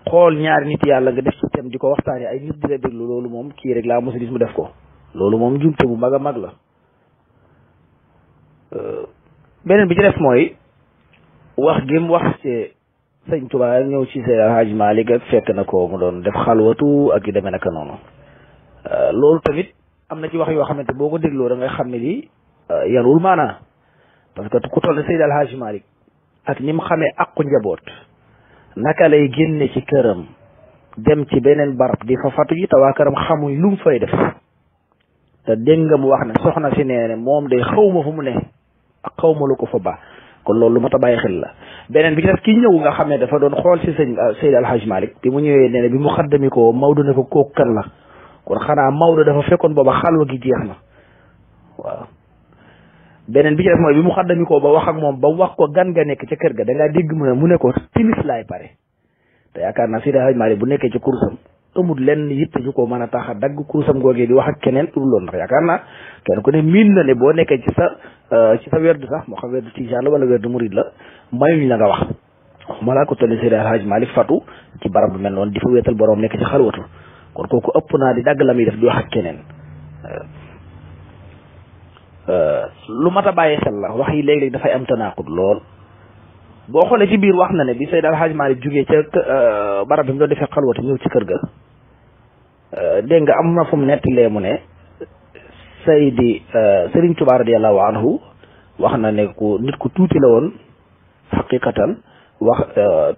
xool ñaari nit yàlla nga def ci thème di ko waxtaanee ay nit di la déglu loolu moom kii rek laa mos a mu def ko loolu moom njumte bu mag a mag la euh, beneen bi ci def mooy wax gi mu wax ci sëñ Tuubaa ñëw ci Seydi Alhaji Malick ak fekk na ko mu doon def xalwatu ak yu demee euh, loolu tamit am na ci wax yoo xamante boo ko dégloo da xam ne lii euh, yarul maanaa parce que ku toll ne ak ni mu xamee àqu njaboot naka lay génne ci këram dem ci beneen barab di fa fatu ji te waa këram xamuñ lu mu fay def te dégg nga mu wax ne soxna si nee moom day xaw ma mu ne ak xaw ma lu ko fa ba kon loolu lu ma bàyyi xel la beneen bi ci def ki ñëw nga xam ne dafa doon xool si sëñ ah, Seydi Alhaj Malick bi mu ñëwee nee bi mu xaddami ko Maodo ne ko kooku kan la kon xanaa Maodo dafa fekkoon booba xalwa gi jeex na waaw beneen bi ci def mooy bi mu xaddami ko ba wax ak moom ba wax ko gan nga nekk ca kër ga da ngaa dégg mu ne mu ne ko timis laay pare te yaakaar naa Seydi Hajji Maalik bu nekkee ci kursam amul lenn yitte ju ko mën a tax a dagg kursam googee di wax ak keneen pour loolu ndax yaakaar naa kenn ku ne miin na ne boo nekkee ci sa euh, ci sa werdu sax moo xam werdu tijaan la wala werdu murid la mayuñ la nga wax waxumala ko tolli Seydi Hajji maali fatu ci barab bu mel noonu di fa wéetal borom nekk ci kon kooku ëpp naa di dagg la muy def di wax ak keneen Euh, lu mat a bàyyi xel la wax yi léegi léeg dafay am tanaaqud lool boo xoolee ci biir wax na ne bi Seydi El Hadj Malick jógee ca euh, barab bi mu doon defee xalwatu ñëw ci kër ga euh, dégg nga am na fu mu nettalee mu ne Seydi Serigne Touba radiyallahu anhu wax na ne ku nit ku tuuti la woon xaqiqatan wax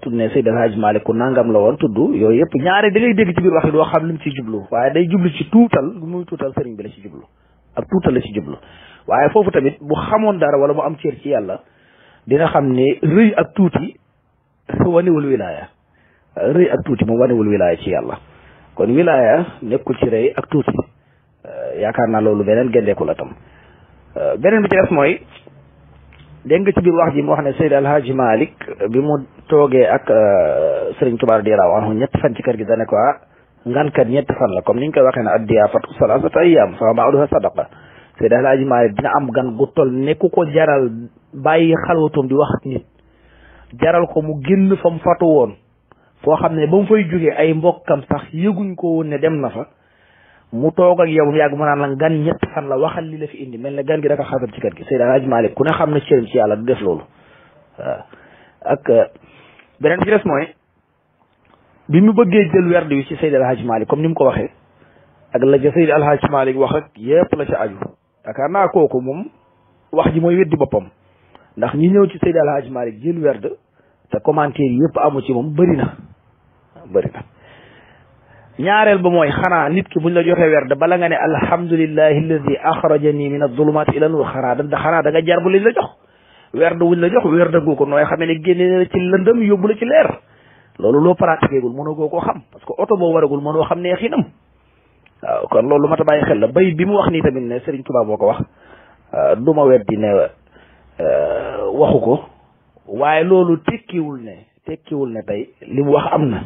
tudd ne Seydi El Hadj Malick ku nangam la woon tudd yooyu yëpp ñaare da ngay dégg ci biir wax yi doo xam li mu ciy jublu waaye day jublu ci tuutal lu muy tuutal sëriñ bi la ci jublu ak tuutal la ci jublu waaye foofu tamit bu xamoon dara wala mu am cër ci yàlla dina xam ni rëy ak tuuti wanewul wilaaya rëy ak tuuti moom wanewul wilaaya ci yàlla kon wilaaya nekkul ci rëy ak tuuti euh, yaakaar naa loolu beneen gendeeku la euh, beneen bi ci des mooy dégg nga ci biir wax ji mu wax ne Seydi Alhaaji Malik euh, bi mu toogee ak Sëriñ Tuubaa radiyallaahu anhu ñetti fan ci kër gi dane ko ah, ngan kat ñetti fan la comme niñ koy waxee ne ad-diyaafatu salaasatu ayyaam fa ma'aduha sadaqa Seydi Alaaji Maalik dina am gan gu toll ne ku ko jaral bàyyi xalwatam di wax ak nit jaral ko mu génn fa mu fatu woon foo xam ne ba mu fay jógee ay mbokkam sax yëguñ ko woon ne dem na fa mu toog ak yow yàgg mu naan gan ñett fan la waxal li la fi indi mel ne gan gi dafa xasal ci kër gi Seydi Alaaji Maalik ku ne xam ne cëram ci yàlla du def loolu waaw ak euh, beneen bi des mooy bi mu bëggee jël werd wi ci Seydi Alaaji Maalik comme ni mu ko waxee ak la ca Seydi Alaaji wax ak yépp la ca aju yaakaar naa kooku moom wax ji mooy weddi boppam ndax ñi ñëw ci Seydi Alhaaj Malick jël werd te commentaire yi yëpp amu ci moom bëri na bëri na ba mooy xanaa nit ki buñ la joxe werd bala nga ne alhamdulillahi alladi axrajani min adulumat ila nur xanaa da xanaa da nga jar bu liñ la jox werd wuñ la jox werd goo ko nooy xamee ne génne la ci lëndëm yóbbu la ci leer loolu loo pratiqué gul mënoo koo ko xam parce que oto boo waragul mënoo xam neexinam waaw kon loolu lu mat a bàyyi xel la bay bi mu wax nii tamit ne Serigne Touba boo ko wax euh, du ma weddi ne euh, waxu ko waaye loolu tekkiwul ne tekkiwul ne tey li mu wax am na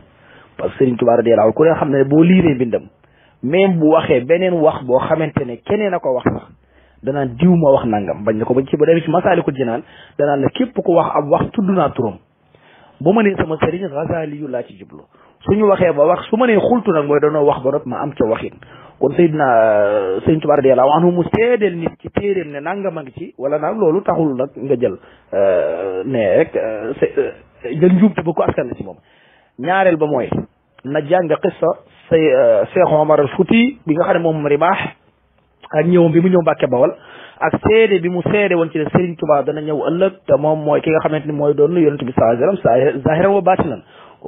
parce que Serigne Touba radiyallahu ku ne xam ne boo liiree bindam même bu waxee beneen wax boo xamante ne keneen a ko wax sax danaan diw ma wax nangam bañ na ko ba ci ba demee ci Masaalikul Jinaan danaan la képp ko wax ab wax tudd naa turam bu ma nee sama Serigne Ghazali yu laa ci jublu suñu waxee ba wax su ma nee xultu nag mooy danoo wax ba noppi ma am ca waxin kon Seydina euh, Sëñ Tuubaa radiyallaahu anhu mu seedeel nit ci téeréem ne nangam a ngi ci wala nag loolu taxul nag nga jël euh, ne rek jël euh, njuumte ba ko askan si moom ñaareel ba mooy na jàng xissa say Cheikh Omar al Fouti bi nga xam ne moom ribaax ak ñëwam bi mu ñëw Mbàkke Bawal ak seede bi mu seede woon ci ne Serigne Touba dana ñëw ëllëg te moom mooy ki nga xamante ni mooy doon yonent bi sallallahu alayhi wa sallam zahiran wa baatinan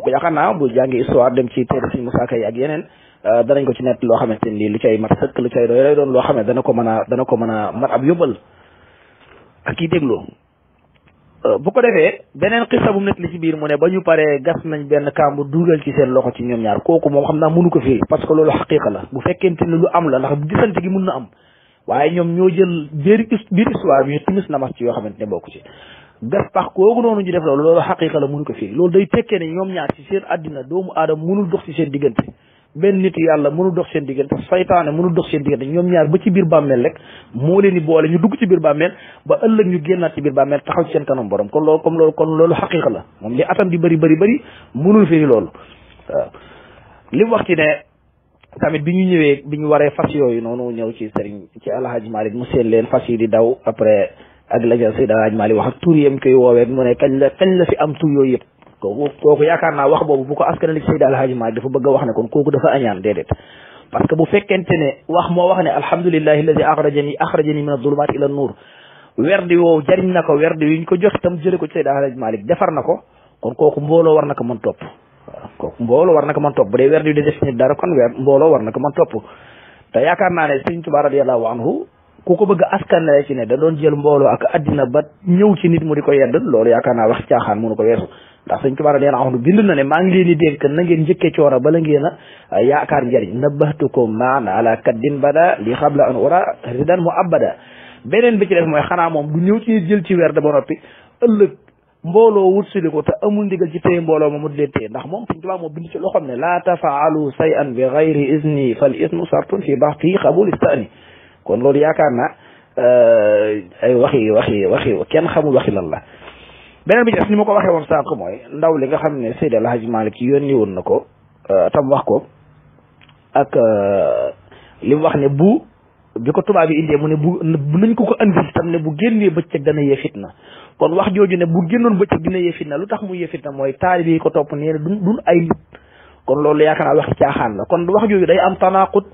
yaakaar naa bu jàngi histoire dem ci ak yeneen euh, ko ci nett loo xamante ni lu cay mat sëkk loo xam ne dana ko mën a dana ko mën a mat ab yóbbal ak kii dégloo euh, bu ko defee beneen xissa bu mu nekk li ne ba ñu paree gas nañ benn kàmb dugal ci seen loxo ci ñoom ñaar kooku moom xam naa mënu ko firi parce que loolu xaqiiqa la bu fekkente ne lu am la ndax gisante gi mun na am waaye ñoom ñoo jël biir biir histoire bi timis namas ci yoo xamante ne bokku ci gas pax kooku noonu ñu def loolu loolu xaqiqa la mënu ko firi loolu day tekkee ne ñoom ñaar ci seen àddina doomu aadama mënul dox ci seen diggante benn nit yàlla mënul dox seen diggante saytaane mënul dox seen diggante ñoom ñaar ba ci biir bàmmeel rek moo leen di boole ñu dugg ci biir bàmmeel ba ëllëg ñu génnaat ci biir bàmmeel taxaw ci seen kanam borom kon loolu comme loolu kon loolu xaqiqa la moom li atam di bëri bëri bëri mënul firi loolu waaw li wax ci ne tamit bi ñu ñëwee bi ñu waree fas yooyu noonu ñëw ci sëriñ ci alhaji Malick mu seen leen fas yi di daw après ak la ca Seydi Hadji Malick wax ak koy woowee mu ne kañ fi am tur yooyu yëpp kooku kooku yaakaar naa wax boobu bu ko askanale ci Seydi Hadji que bu fekkente ne wax moo wax ne alhamdulillahi alladi axrajani axrajani min adulumat ila na ko werdi wiñ ko ko ci Seydi Hadji defar na ko kon kooku mbooloo war na ko mën topp waaw kooku mbooloo war na ko mën topp bu dee werdi wi di def nit dara kon na ko mën ku ko bëgg askan la ci ne da doon jël mbooloo ak addina ba ñëw ci nit mu di ko yedd loolu yaakaar naa wax caaxaan mënu ko weesu ndax sëñ a nee na wax bind na ne maa ngi leen di dénk na ngeen njëkkee coono bala ngeen a yaakaar njëriñ nabahtukum maan ala kaddin bada li xabla an ura ridan mu abada beneen bi ci mooy xanaa moom du ñëw ci jël ci weer da ba noppi ëllëg mbooloo wut si ko te amul ndigal ci téye mbooloo ma mu di leen ndax moom sëñ Tuubaa moo bind loo xam ne laa tafaalu say an bi gayri izni fal ismu sartun fi baxti qabul kon loolu yaakaar na euh, ay waxi waxi waxi kenn xamul waxi lan la beneen bi ci des ni ma ko waxee woon sànq mooy ndaw li nga xam ne Seydi El Hadji Malick yónni woon na ko euh, tam wax ko ak euh, li mu wax ne bu bi ko tubaab yi indee mu ne bu nañ ko ko indi tam ne bu génnee bëccëg dana yee na kon wax jooju ne bu génnoon bëccëg dina yee na lu tax mu yee fitna mooy taalibe yi ko topp nee na duñ ay nit kon loolu yaakaar naa wax caaxaan la kon wax jooju day am tanaaqut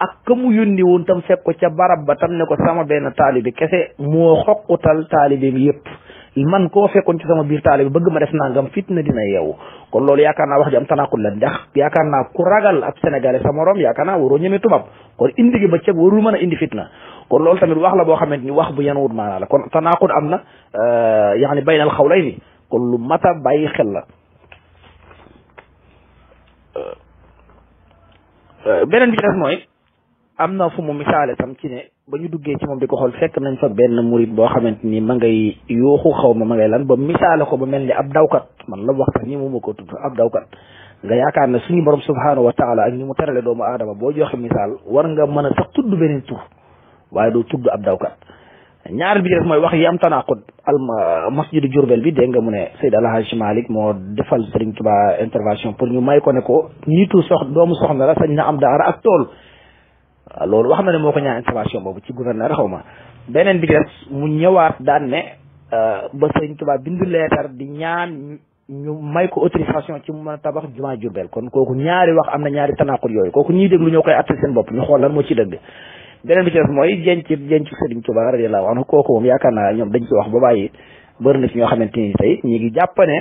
ak ka mu yónni woon tam fekk ko ca barab ba tam ne ko sama benn taalibi kese moo xoqutal taalibeem yëpp man koo fekkoon ci sama biir taalibi bëgg ma def nangam fitna dina yeewu kon loolu yaakaar naa wax ji am tanaakul la ndax yaakaar naa ku ragal ab sénégalais sa morom yaakaar naa waroo ñeme tubaab kon indi gi ba ceeb warul mën a indi fitna kon loolu tamit wax la boo xamante ni wax bu yanuwut maanaa la kon tanaakul am na euh, yaani baynal xawlay ni kon lu mata bàyyi xel la euh, euh, beneen mooy am na fu mu misaale tam ci ne ba ñu duggee ci moom di ko xool fekk nañ fa benn murit boo xamante ni ma ngay yooxu xaw ma ma ngay lan ba misaale ko ba mel ni ab dawkat man la waxtaan ni mu ma ko tudd ab dawkat nga yaakaar ne suñu borom subhaanahu wa taala ak ni mu terale doomu aadama boo joxe misaal war nga mën a sax tudd beneen tur waaye doo tudd ab dawkat ñaar bi def mooy wax yi am tanaqud al masjidu Jurbel bi dégg nga mu ne Seyd Alhaji Malick moo defal Serigne Touba intervention pour ñu may ko ne ko nitu sox doomu soxna la sañ na am daara ak tool loolu wax na ne moo ko ñaan intervention boobu ci a xaw ma beneen bi des mu ñëwaat daan ne euh, ba sëñ Tuubaa bindu leetar di ñaan ñu may ko autorisation ci mu mën a tabax jumaa Jurbel kon kooku ñaari wax am na ñaari tanaqul yooyu kooku ñiy déglu ñoo koy atte seen bopp ñu xool lan moo ci dëgg beneen bi ci des mooy jenc jenc sëriñ Tuubaa radiyallaahu anhu kooku moom yaakaar naa ñoom dañ ci wax ba bàyyi bëri na ci ñoo xamante ni tey ñi ngi jàpp ne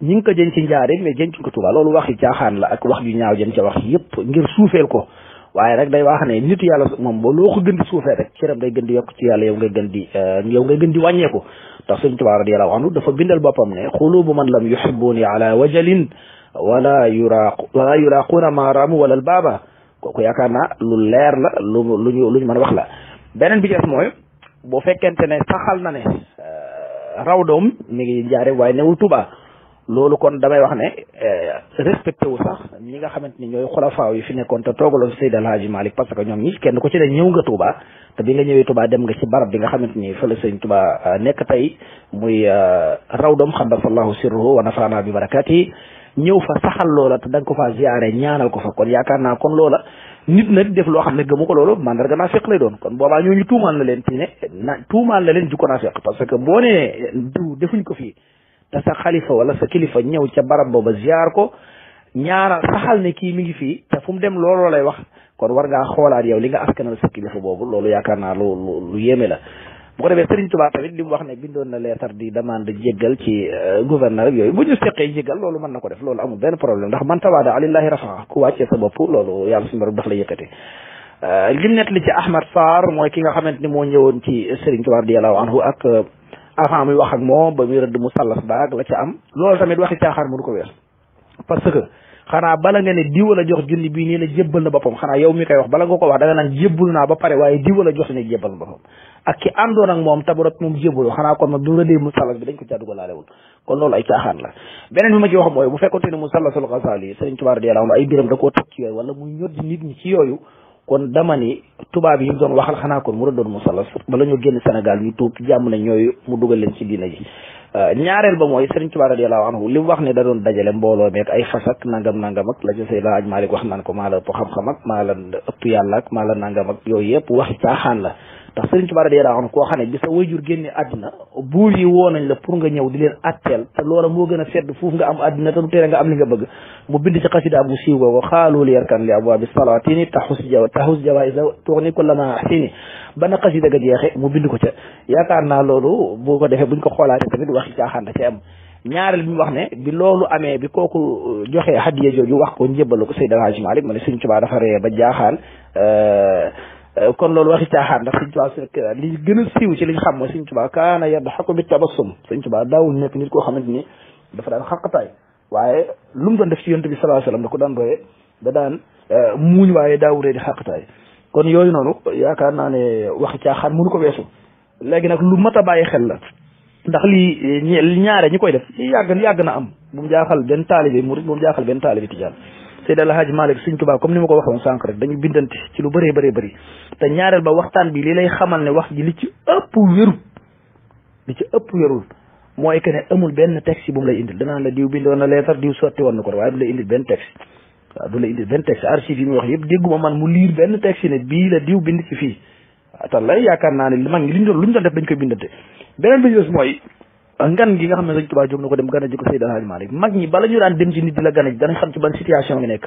ñi ngi ko jën ci njaare mais jëncuñ ko Tuubaa loolu waxi caaxaan la ak wax ju ñaaw jëm ca wax yëpp ngir suufeel ko waaye rek day waax ne nitu yàlla moom ba loo ko gën di suufee rek cëram day gën di yokk ci yàlla yow ngay gën di euh, yow ngay gën di wàññeeku ndax Sëriñ Tuubaa radiyallaahu anhu dafa bindal boppam ne xulubu man lam yuhibbuni yu wajalin wala yuraqu wala yuraquuna ma ramu wala baaba kooku yaakaar naa lu leer la lu lu ñu mën a wax la beneen bi ci des mooy bu fekkente ne saxal na ne euh, raw doom mi ngi jaare waaye newul Tuubaa loolu kon damay wax ne eh, respecté wu sax ñi nga xamante ni ñooy xolafaaw yi fi nekkoon te toog Seydi El Hadji Malick parce que ñoom ñi kenn ko ci ne ñëw nga Touba te bi nga ñëwee Touba dem nga ci barab bi nga xamante ni fa la sëñ Touba eh, nekk tey muy eh, rawdom xaddafallahu sirruhu wa nafaana bi barakaati ñëw fa saxal loola te da nga ko faa ziare ñaanal ko fa kon yaakaar naa kon loola nit nag def loo xam ne gëmu ko loolu mandarga naa fekk lay doon kon boobaa ñooñu leen leen jukko naa parce que boo nee du ko fii te sa xalifa wala sa kilifa ñëw ca barab booba ziar ko ñaara saxal ne kii mi ngi fii te fu mu dem looloo lay wax kon war ngaa xoolaat yow li nga askanal sa kilifa boobu loolu yaakaar naa lu lu yéeme la bu ko defee Serigne Touba tamit li mu wax ne bindoon na leetar di demande jéggal ci euh, gouverneur yooyu bu ñu seqee jéggal loolu mën na ko def loolu amul benn problème ndax man tawaada alillahi rafa ku wàccee sa bopp loolu yàlla suñu borom daf la yëkkate euh, li mu nett li ci Ahmad Sarr ki nga xamante ni moo ñëwoon ci Serigne Touba radiyallahu anhu ak euh, avant muy wax ak moom ba muy rëdd mu baag la ca am loolu tamit waxi caaxaan mënu ko wees parce que xanaa bala nga ne diwa a jox junni bii nii la na xanaa yow mi koy wax bala nga ko wax da nga naan ba pare waaye diwa la jox ne jébbal na boppam ak ki àndoon ak moom tabarat moom jébbalu xanaa kon nag du rëddee mu bi dañ ko caa dugalaalewul kon loolu ay caaxaan la beneen bi ma ci wax mooy bu fekkoonte ne mu sallasul xasaali Sëriñ Tuubaa radiyallaahu anhu ay biram da koo teg ci yooyu wala muy ñoddi yooyu kon dama ni tubaab yi ñu doon waxal xanaa kon mu doon doon musalas bala ñu génn Sénégal ñu tuub jàmm ne ñooyu mu dugal leen ci diina ji euh, ñaareel ba mooy Serigne Touba radiyallahu anhu li mu wax ne da doon dajale mbooloo meeg ay fas ak nangam nangam ak la ca Seydina Aj Malick wax naan ko maa la ëpp xam-xam ak maa la ëpp yàlla maa la nangam ak yooyu yëpp waxi caaxaan la ndax Sëriñ Tuubaa radiyallaahu koo xam ne bi sa wayjur génne àddina buur yi woo nañ la pour nga ñëw di leen atteel te loola moo gën a sedd foofu nga am àddina te du tere nga am li nga bëgg mu bind ci xasida bu siiw googu xaalu li yarkan li abwaabi salaatini taxus jawa taxus jawaisa tuxni kulla ma axsini bana xasida ga jeexe mu bind ko ca yaakaar naa loolu boo ko defee buñ ko xoolaatee tamit waxi caaxaan da ci am ñaareel bi mu wax ne bi loolu amee bi kooku uh, joxe hadiya jooju wax ko njëbbal ko Seydi El Hadji Malick ma ne Sëriñ Tuubaa dafa ree ba jaaxaan euh, Euh, kon loolu waxi caaxaan ndax sëñ tubaa euh, li gën a siiw ci liñ xam mooy sëñ tubaa kaana yadhaku bi tabassum sëñ tubaa daawul nekk nit koo xamante ni dafa daan xaqataay waaye lu mu doon def si yonent bi sallallahu alayhi da ko daan roye da daan euh, muuñ waaye daawu ree di xaqataay kon yooyu noonu yaakaar naa ne waxi caaxaan mënu ko weesu léegi nag lu mat a bàyyi xel la ndax lii ñaare ñi koy def yàgg yàgg na am bu mu jaaxal benn taalibi murid bu mu jaaxal benn taalibi tijaan Seydi El Hadj Malick Sëñ Tuubaa comme ni ma ko waxoon sànq rek dañu bindante ci lu bëree bëree bëri te ñaareel ba waxtaan bi li lay xamal ne wax ji li ci ëpp wérul li ci ëpp wérul moo que ne amul benn texte bu mu lay indil danaan la diw bindoon na leetar diw sotti woon na ko waaye du lay indil benn texte waaw du lay indil benn texte archive muy wax yëpp dégguma man mu liir benn texte ne bii la diw bind ci fii waaw te lay yaakaar naa ne mag ñi li ñu doon lu ñu doon def dañ koy bindante beneen bi mooy ngan gi nga xam ne Sëñ Tuubaa jóg na ko dem gana ji ko Seydi El Hadji Malick mag ñi bala ñu daan dem ci nit di la gana ji danañ xam ci ban situation nga nekk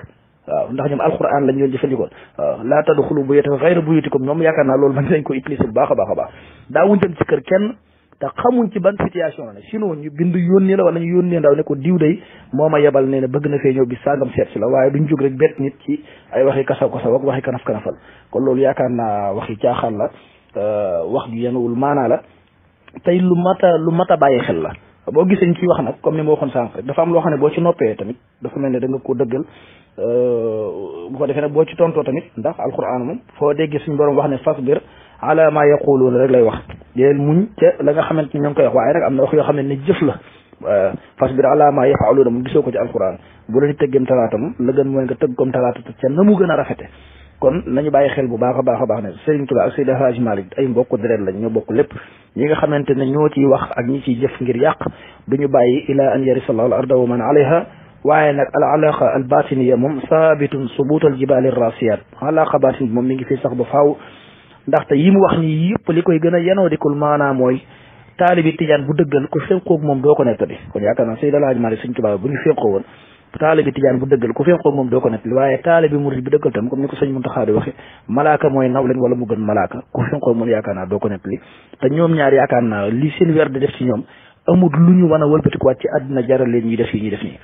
waaw ndax ñoom alquran lañ doon jëfandikoon waaw laa tadxulu ko utiliser bu baax a baax a baax daawuñ dem ci kër kenn te xamuñ ci ban situation la ne sinon ñu bind yónnee la wala ñu yónnee ndaw ne diw day moo ma yebal nee na bëgg na fee ñëw bi sàngam seet si la waaye duñ jóg rek bett nit ci ay waxi kasaw kasaw ak waxi kanaf kanafal kon loolu yaakaar naa waxi caaxaan la wax ju yenuwul maanaa la tey lu mat lu mata bàyyi xel la boo gisee ñu ciy wax nag comme ni ma waxoon sànq dafa am loo xam ne boo ci noppee tamit dafa mel ne da nga ko dëggal euh, bu defee boo ci tontoo tamit ndax alquran moom foo déggee suñu borom wax ne fasbir ala ma yaquluuna rek lay wax deel muñ ca la nga xamante ñoo ngi koy wax waaye nag am na wax yoo xam ne ne jëf la euh, fasbir ala ma yafaluuna moom gisoo ko ci alquran bu la nit tëggeem talaata moom la gën mooy nga tëgg comme talaata te mu gën a rafete kon nañu bàyyi xel bu baax a baax a baax ne Serigne Touba ak Seydi Hadji Malick ay mbokk deret lañ bokk lépp ñi nga xamante ne ñoo ciy wax ak ñi ciy jëf ngir yàq duñu bàyyi ila an yarisallahu al arda wa man alayha waaye nag al al batiniya moom saabitun subuutal jibaali rasiyat alaqa batin bi moom mi ngi fii sax ba faaw ndaxte yi mu wax nii yëpp li koy gën a yanoo dikul maanaam mooy taalibi tijaan bu dëggal ku fénqoog moom doo ko nettali kon yaakaar naa Seydi El Hadji Malick Sëñ bu ñu fénqoo woon taalibi tijaan bu dëggal ku fenqoo moom doo ko nettali waaye taalibi murid bi dëggal tam comme ni ko sëñ Muntaxa di waxe malaaka mooy naw leen wala mu gën malaaka ku fenqoo moom yaakaar naa doo ko nettali te ñoom ñaar yaakaar naa li seen weer di def ci ñoom amut lu ñu mën a wëlbatikuwaat ci àddina jaral leen ñuy def yi ñuy def nii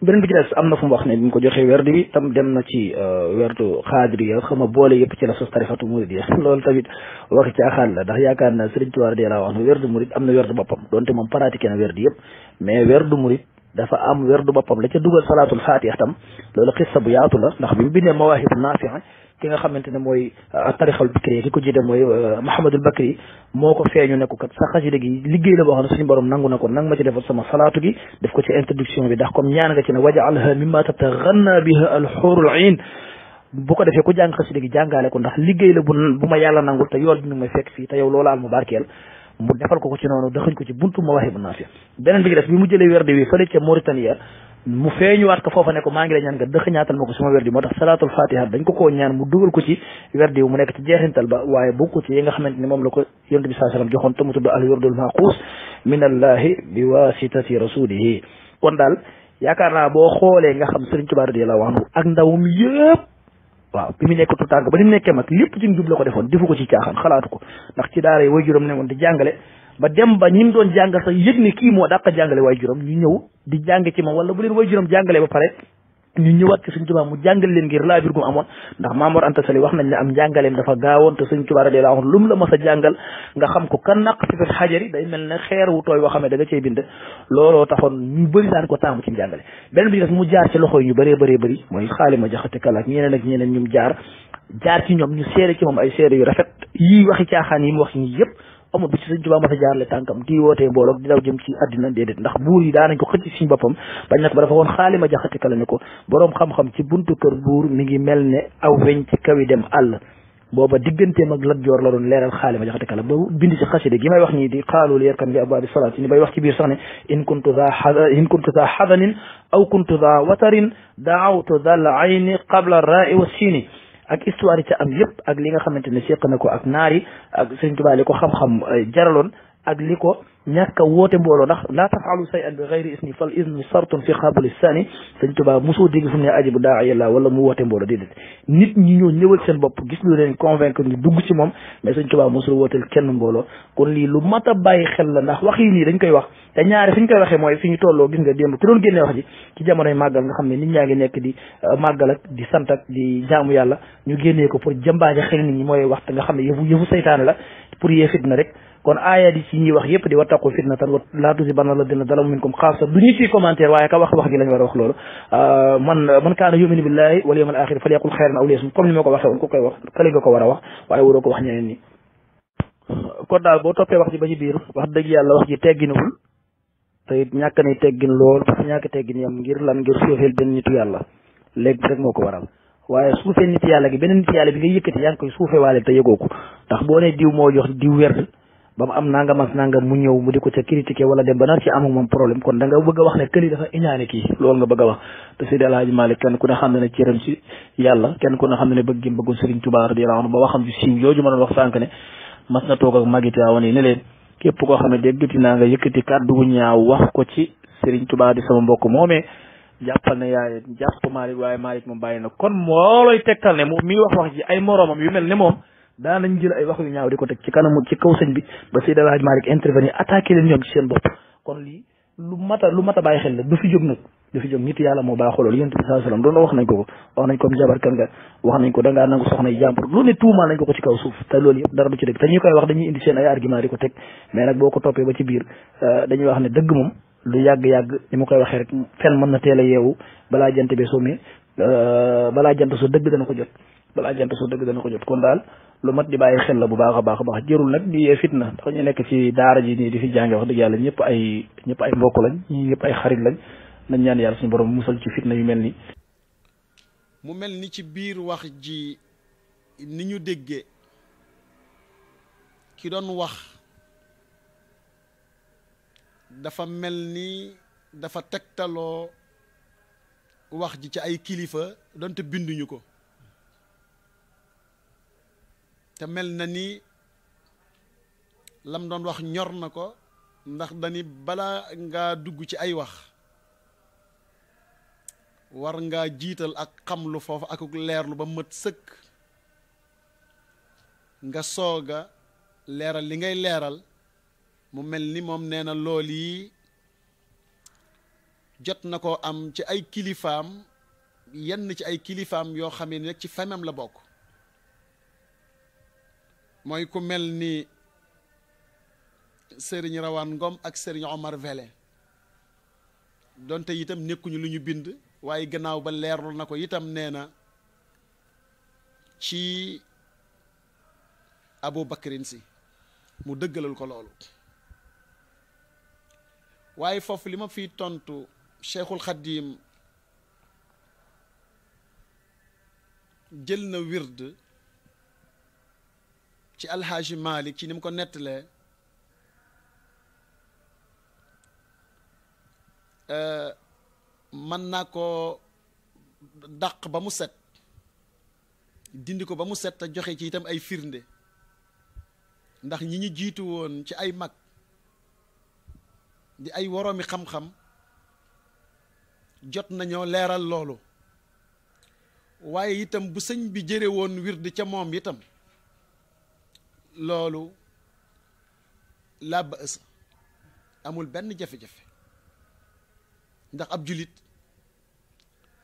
beneen bi ci des am na fu mu wax ne bi mu ko joxee werd bi tam dem na ci euh, werdu xaadiriya xama boole yëpp ci la sos tarifatu muridiya [LAUGHS] loolu tamit waxi ci axaan la ndax yaakaar na Sëriñ Tuubaa radiyallaahu anhu werdu murid am na werdu boppam donte moom pratiqué na werdu yëpp mais werdu murid dafa am werdu boppam la ca dugal salaatul fatiha tam loolu xissa bu yaatu la ndax bi mu bindee mawaahibu naafi'a ki nga xamante ne mooy euh, tarixal bikri ki ko jiite mooy euh, Mahamadul Bakri moo ko feeñu ne ko kat sa xasida gi liggéey la boo xam ne suñu nangu na ko nang ma ci defal sama salaatu gi def ko ci introduction bi ndax comme ñaan nga ci ne wajaalha mimma tataghanna biha alxurul ayn bu ko defee ku jàng xasida gi jàngaale ko ndax liggéey la bu bu ma yàlla nangul te yool bi mi ngi may fekk fii te yow loolaal mu barkeel mu defal ko ko ci noonu dëxañ ko ci buntu Mawaahibu Naafi beneen bi ngi def bi mu jëlee werdi wi fële ca Mauritania mu feeñuwaat ko foofa ne maa ngi la ñaan nga dëxañaatal ma ko suma werdi moo tax salaatul fatiha dañ ko koo ñaan mu dugal ko ci werdi wi mu nekk ci jeexintal ba waaye bokku yi nga xamante ni moom la ko yonent bi sallallahu alayhi wasallam joxoon te tudd al werdul maquus min allahi bi wasitati rasulihi kon daal yaakaar naa boo xoolee nga xam Sëriñ Tuubaa radiyallahu anhu ak ndawum waaw bi mu nekk tu tànk ba ni nekkee mag lépp ci njub la ko defoon defu ko ci caaxaan xalaatu ko ndax ci daara yi way juróom ne woon di jàngale ba dem ba ñi mu doon jàngal sax yëg ne kii moo dàq jàngale way juróom ñu ñëw di jàng ci moom wala bu leen way juróom jàngale ba pare ñu ñëwaat ci sëñ Tuubaa mu jàngal leen ngir laa bir gum amoon ndax Maamoor Anta Sali wax nañ ne am jàngaleem dafa gaawoon te sëñ Tuubaa radiyallaahu anhu lum la jàngal nga xam ko kan naq fi day mel ne xeer wu tooy woo xam ne da nga bind looloo taxoon ñu bëri daan ko taamu ci njàngale benn bi mu jaar ci loxo yi bëree bëree bëri mooy xaalima jaxate kala ak ñeneen ak ñeneen ñum jaar jaar ci ñoom ñu seere ci moom ay seere yu rafet yii waxi caaxaan yi mu wax ñi yëpp amul bi ci sëñ Tuubaa mas a jaarale tànkam di wootee mbooloo di daw jëm ci àddina déedéet ndax buur yi ko xëcc suñ boppam bañ na ko ba dafa woon xaalima jaxati kala ne ko xam-xam ci buntu kër mi ngi mel ne aw weñ ci kaw yi dem àll booba digganteem ak Lat Joor la doon leeral xaalima jaxati kala ba ci xaside gi may wax nii di xaaluu li yarkan bi abwaabi salaat ni bay wax ci biir sax ne in kuntu za in aw kuntu za watarin daawtu dal ayni qabla wa siini ak histoire yi ca am ak li nga xamante ne séq na ko ak naar yi ak Sëriñ ko xam-xam euh, jaraloon ak li ko ñàkk a woote mbooloo ndax laa tafaalu say an bi xayri isni fal isni sartun fi xabali sani sëñ Tuubaa mosoo dégg fu mu ne ajibu daa yàlla wala mu woote mbooloo déedéet nit ñi ñoo ñëwal seen bopp gis lu leen convaincre ñu dugg ci moom mais sëñ Tuubaa mosul wooteel kenn mbooloo kon lii lu mata a bàyyi xel la ndax wax yi nii dañ koy wax te ñaari fi ñu koy waxee mooy fi ñu tolloo gis nga démb ki doon génnee wax ji ci jamonoy màggal nga xam ne nit ñaa ngi nekk di euh, màggal ak di sant ak di yàlla ñu génnee ko pour jëmbaaje xel mooy wax nga xam ne yëfu yëfu la pour yee fitna rek kon aayat yi ci ñuy wax yépp di wattaqu fitnatan wa laa tusibanna alladina zalamu minkum xaasa du ñu ci commentaire waaye ka wax wax ji lañ war a wax loolu euh, man man kaana yuminu billahi wal yawmal axir falyaqul xayran aw liyasmut comme ko waxee wax kële war a wax waaye waroo ko wax ñeneen ñi kon daal boo toppee wax ji ba ci biir wax dëgg yàlla wax ji tegginuwul te it ñàkk nay teggin lool parce que ñàkk teggin yam ngir lan ngir suufeel benn nitu yàlla léegi rek moo ko waral waaye suufee nit yàlla gi beneen nit bi nga yëkkati ngi koy suufee waale te yëgoo ko ndax boo ne diw moo jox diw werd ba mu am nangam ak nangam mu ñëw mu di ko ca critiquer wala dem ba nar ci am moom problème kon danga nga bëgg a wax ne këli dafa iñaane kii loolu nga bëgg a wax te Seydi El Hadji Malick kenn ku ne xam ne ne cëram ci yàlla kenn ku ne xam ne ne bëgg gi bëggoon Serigne Touba radiyallahu anhu ba képp koo xam ne déggati naa nga yëkkati kàddu gu ñaaw wax ko ci Serigne Touba di sama mbokk moomee jàppal ne yaay jàpp Malick waaye Malick moom bàyyi na kon moo looy tegtal ne moom mi wax wax ji ay moroomam yu mel ne moom daan nañ jël ay wax yu ñaaw di ko teg ci kanamu ci kaw sëñ bi ba Seydi El seen bopp kon lu a lu mat a bàyyi xel la du fi yàlla moo baaxoo loolu yonent bi wax nañ ko ko wax nañ ko jabar kan nga wax nañ ko dangaa nangu soxna yi jàmbur lu ne tuumaal nañ ko ko ci wax ne dëgg moom lu yàgg-yàgg ni ma koy waxee rek fen mën na teel a yeewu balaa jant bi so mais euh, balaa jant so dëgg dana ko jot balaa jant so dëgg dana ko jot kon daal lu mat di bàyyi xel la bu baax a baax a baax jërul nag di yee fitna ndax ñu nekk ci daara ji nii di fi jànge wax dëgg yàlla ñëpp ay ñëpp ay mbokk lañ ñii ay xarit lañ nañ ñaan yàlla suñu borom musal ci fitna yu mel nii. mu mel ni ci biir wax ji ni ñu dégge ki doon wax dafa mel ni dafa tegtaloo wax ji ci ay kilifa donte binduñu ko. te mel na ni lam doon wax ñor na ko ndax dani balaa ngaa dugg ci ay wax war ngaa jiital ak xam lu foofu akuk leerlu ba mët sëkk nga sooga leeral li ngay leeral mu mel ni moom nee na lool yi jot na koo am ci ay kilifaam yenn ci ay kilifaam yoo xam ne rek ci famem la bokk mooy ku mel ni sëriñ Rawaan Ngom ak sëriñ Omar Vele donte itam nekkuñu lu ñu bind waaye gannaaw ba leerlu na ko itam nee na ci Abu Bakrin si mu dëggalal ko loolu waaye foofu li ma fiy tontu Cheikhul Xadim jël na wird ci alxaaji Malik ci ni mu ko nettalee euh, man naa ko dàq ba mu set dindi ko ba mu set a joxe ci itam ay firnde ndax ñi ñu jiitu woon ci ay mag di ay woroomi xam-xam jot nañoo leeral loolu waaye itam bu sëñ bi jëre woon wir di ca moom itam loolu làbb ës amul benn jafe-jafe ndax ab julit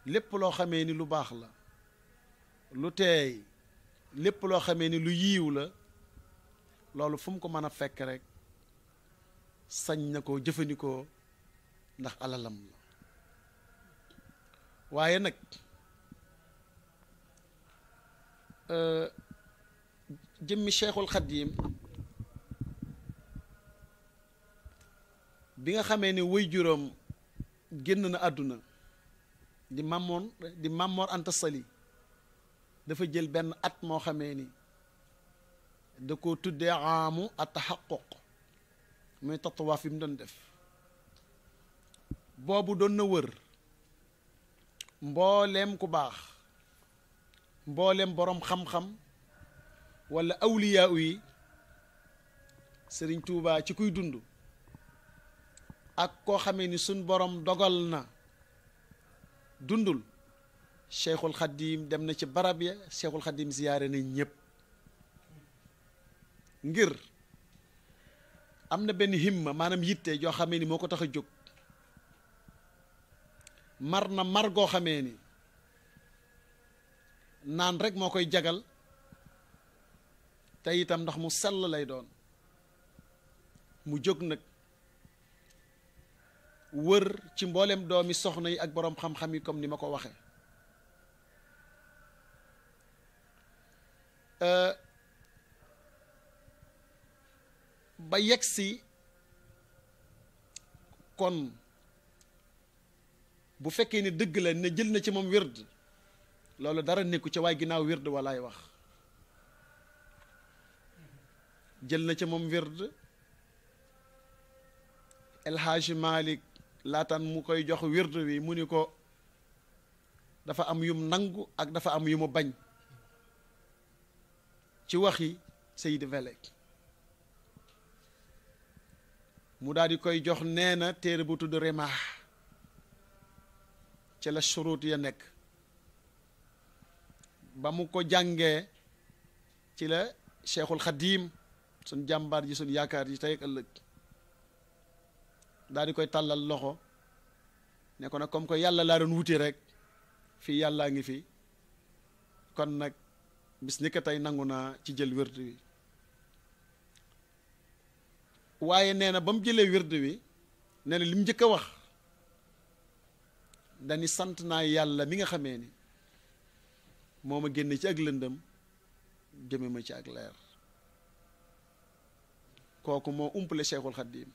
lépp loo xamee ni lu baax la lu teey lépp loo xamee ni lu yiiw la loolu fu mu ko mën a fekk rek sañ na ko jëfandikoo ndax alalam la waaye nag euh, jëmmi cheikhul xadim bi nga xamee ne way juróom génn na àdduna di mamoon di mamoor anta dafa jël benn at moo xamee ni da ko tuddee aamu at taxaquq muy tatawaaf yi mu doon def boobu doon na wër mbooleem ku baax mbooleem boroom xam-xam walla awliyaa yi sëriñ Tuubaa ci kuy dund ak koo xamee ni suñ borom dogal na dundul cheikhul xadim dem na ci barab ya cheikhul xadim ziyaare na ñëpp ngir am na benn himma maanam yitte joo xamee ni moo ko tax a jóg mar na mar goo xamee ni naan rek moo koy jagal tey itam ndox mu sell lay doon mu jóg nag wër ci mboolem doomi soxna yi ak boroom xam-xam yi comme ni ma ko waxe ba yegg si kon bu fekkee ni dëgg la ne jël na ci moom wird loolu dara nekku ci waaye ginnaaw wird wallaay wax jël na ca moom wird El Hadji Malick mu koy jox wird wi mu ni ko dafa am yum nangu ak dafa am yu mu bañ ci waxi Seydi Velek mu daldi koy jox nee na téere bu tudd Rimah ci la surut ya nekk ba mu ko jàngee ci la Cheikhul Xadim suñ jàmbaar ji suñ yaakaar ji tey ëllëg daal di koy tàllal loxo ne ko nag comme que yàlla laa doon wuti rek fii yàllaa ngi fi kon nag bis ni ko tey nangu naa ci jël wird wi waaye nee na ba mu jëlee wird wi ne na li mu njëkk a wax dañi sant naa yàlla mi nga xamee ni moo ma génne ci ak lëndëm jëme ma ci ak leer kooku moo umpale Cheikhul Khadim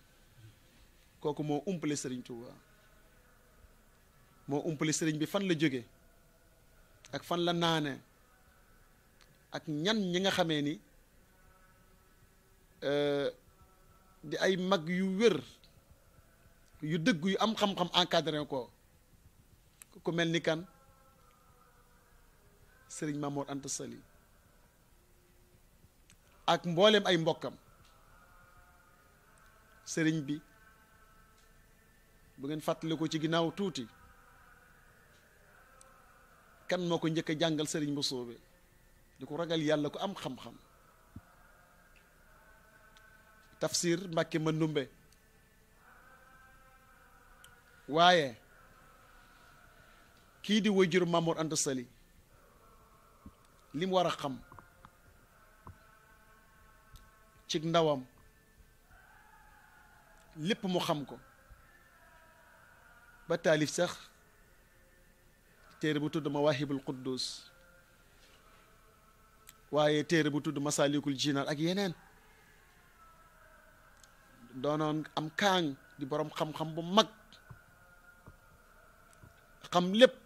kooku moo umpale Serigne Touba moo umpale Serigne bi fan la jóge ak fan la naane ak ñan ñi nga xamee ni euh, di ay mag yu wér yu dëgg yu am xam-xam encadré ko ku mel ni kan Serigne Mamour Anta Sali ak mbooleem ay mbokkam sëriñ bi bu ngeen fàttali ci ginnaaw tuuti kan moo ko njëkk jàngal sëriñ bu soobe di ko ragal yàlla ko am xam-xam tafsir mbàkke mandumbe waaye kii di wajur Mamour Anta Sali li mu war a xam ci ndawam lépp mu xam ko ba taalif sax téere bu tudd Mawaahibul Quddus waaye téere bu tudd Masaalikul Jinaan ak yeneen doonoon am kaang di boroom xam-xam bu mag xam lépp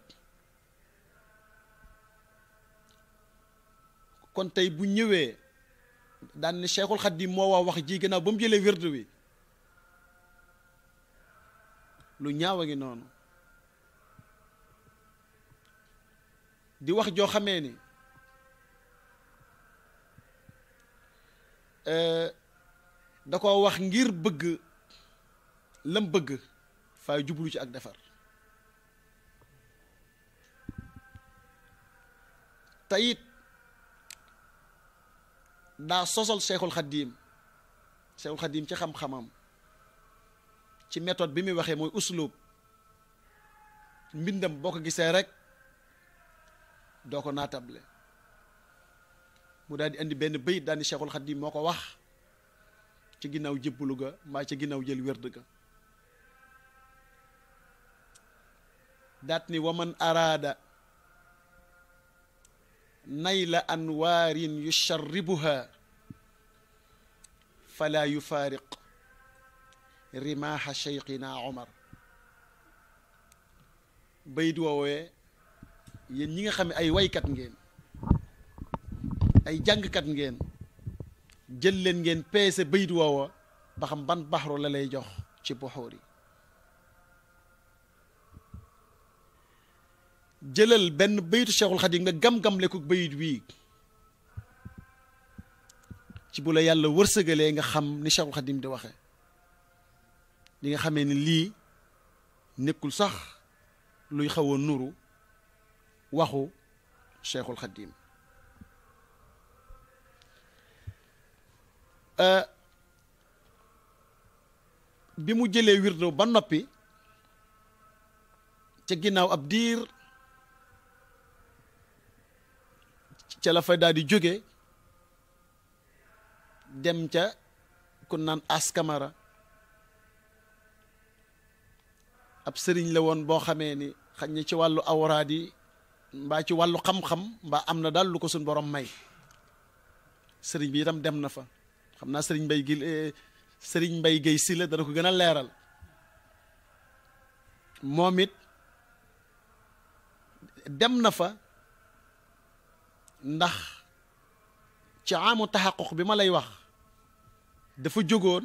kon tey bu ñëwee daan ne Cheikhul Xadim moo waa wax ji gannaaw ba mu jëlee wérdu wi lu ñaaw a ngi noonu di wax joo xamee ni euh, da ko wax ngir bëgg lam bëgg fay jublu ci ak defar te it daa sosal seexul xaddiim seexul xaddiim ci xam-xamam ci méthode bi muy waxee mooy uslub mbindam boo ko gisee rek doo ko naatable mu daal di indi benn bayit daal di Cheikhul Khadim moo ko wax ci ginnaaw jébbalu ga mbaa ci ginnaaw jël wérd ga daat ni waman araada nayla anwaarin yusharribuha fala yufaariq rimaaha cheyqina omar bayit woowee yéen ñi nga xam ay waykat ngeen ay jàngkat ngeen jël leen ngeen peese bayit woowa ba xam ban baxru la lay jox ci buxuur yi jëlal benn bayitu cheikhul xadim nga gam-gamle ko bayit wii ci bu la yàlla wërsëgalee nga xam ni cheikhul xadim di waxe li nga xamee ni lii nekkul sax luy xaw a nuru waxu cheikhul xadim euh, bi mu jëlee wirdo ba noppi ca ginnaaw ab diir ca la fay daal di jóge dem ca kon naan askamara ab sëriñ la woon boo xamee ni xañ na ci wàllu awraad yi mbaa ci wàllu xam-xam mbaa am na daal lu ko suñ boroom may sëriñ bi itam dem na fa xam naa sëriñ mbay gi eh, sëriñ mbay gay si la dana ko gën a leeral moom it dem na fa ndax ci amu taxaquq bi ma lay wax dafa jógoon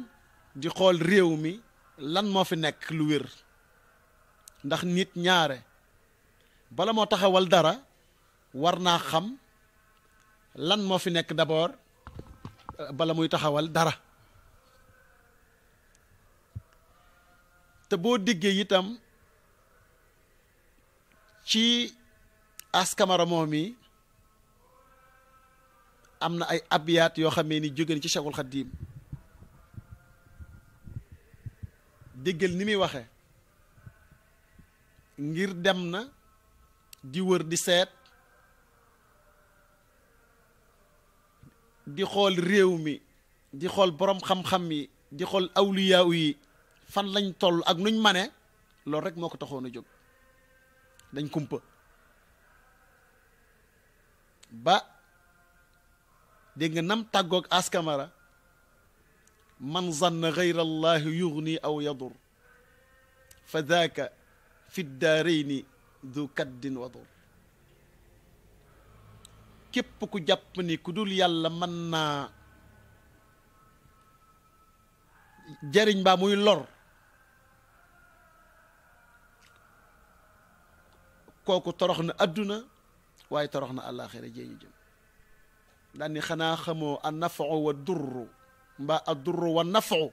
di xool réew mi lan moo fi nekk lu wér ndax nit ñaare bala moo taxawal dara war naa xam lan moo fi nekk d'abord euh, bala muy taxawal dara te boo diggee itam ci askamara moom yi am na ay abiyaat yoo xamee ni jóge ci Cheikhul Khadim déggal ni muy waxee ngir dem na di wër di seet di xool réew mi di xool boroom xam-xam yi di xool awliyaaw yi fan lañ toll ak nuñ mane loolu rek moo ko taxoon a jóg dañ kumpa ba dégg nga nam tàggook askamara man zanna gayra allahi yughni aw yadur fa daaka fi daarayni du kaddin wadur képp ku jàpp ni ku dul yàlla mën naa jëriñ baa muy lor kooku torox na adduna waaye torox na àllaaxira jéeñu jëm daan ni xanaa xamoo a nafau wa durru mbaa a durru wa nafau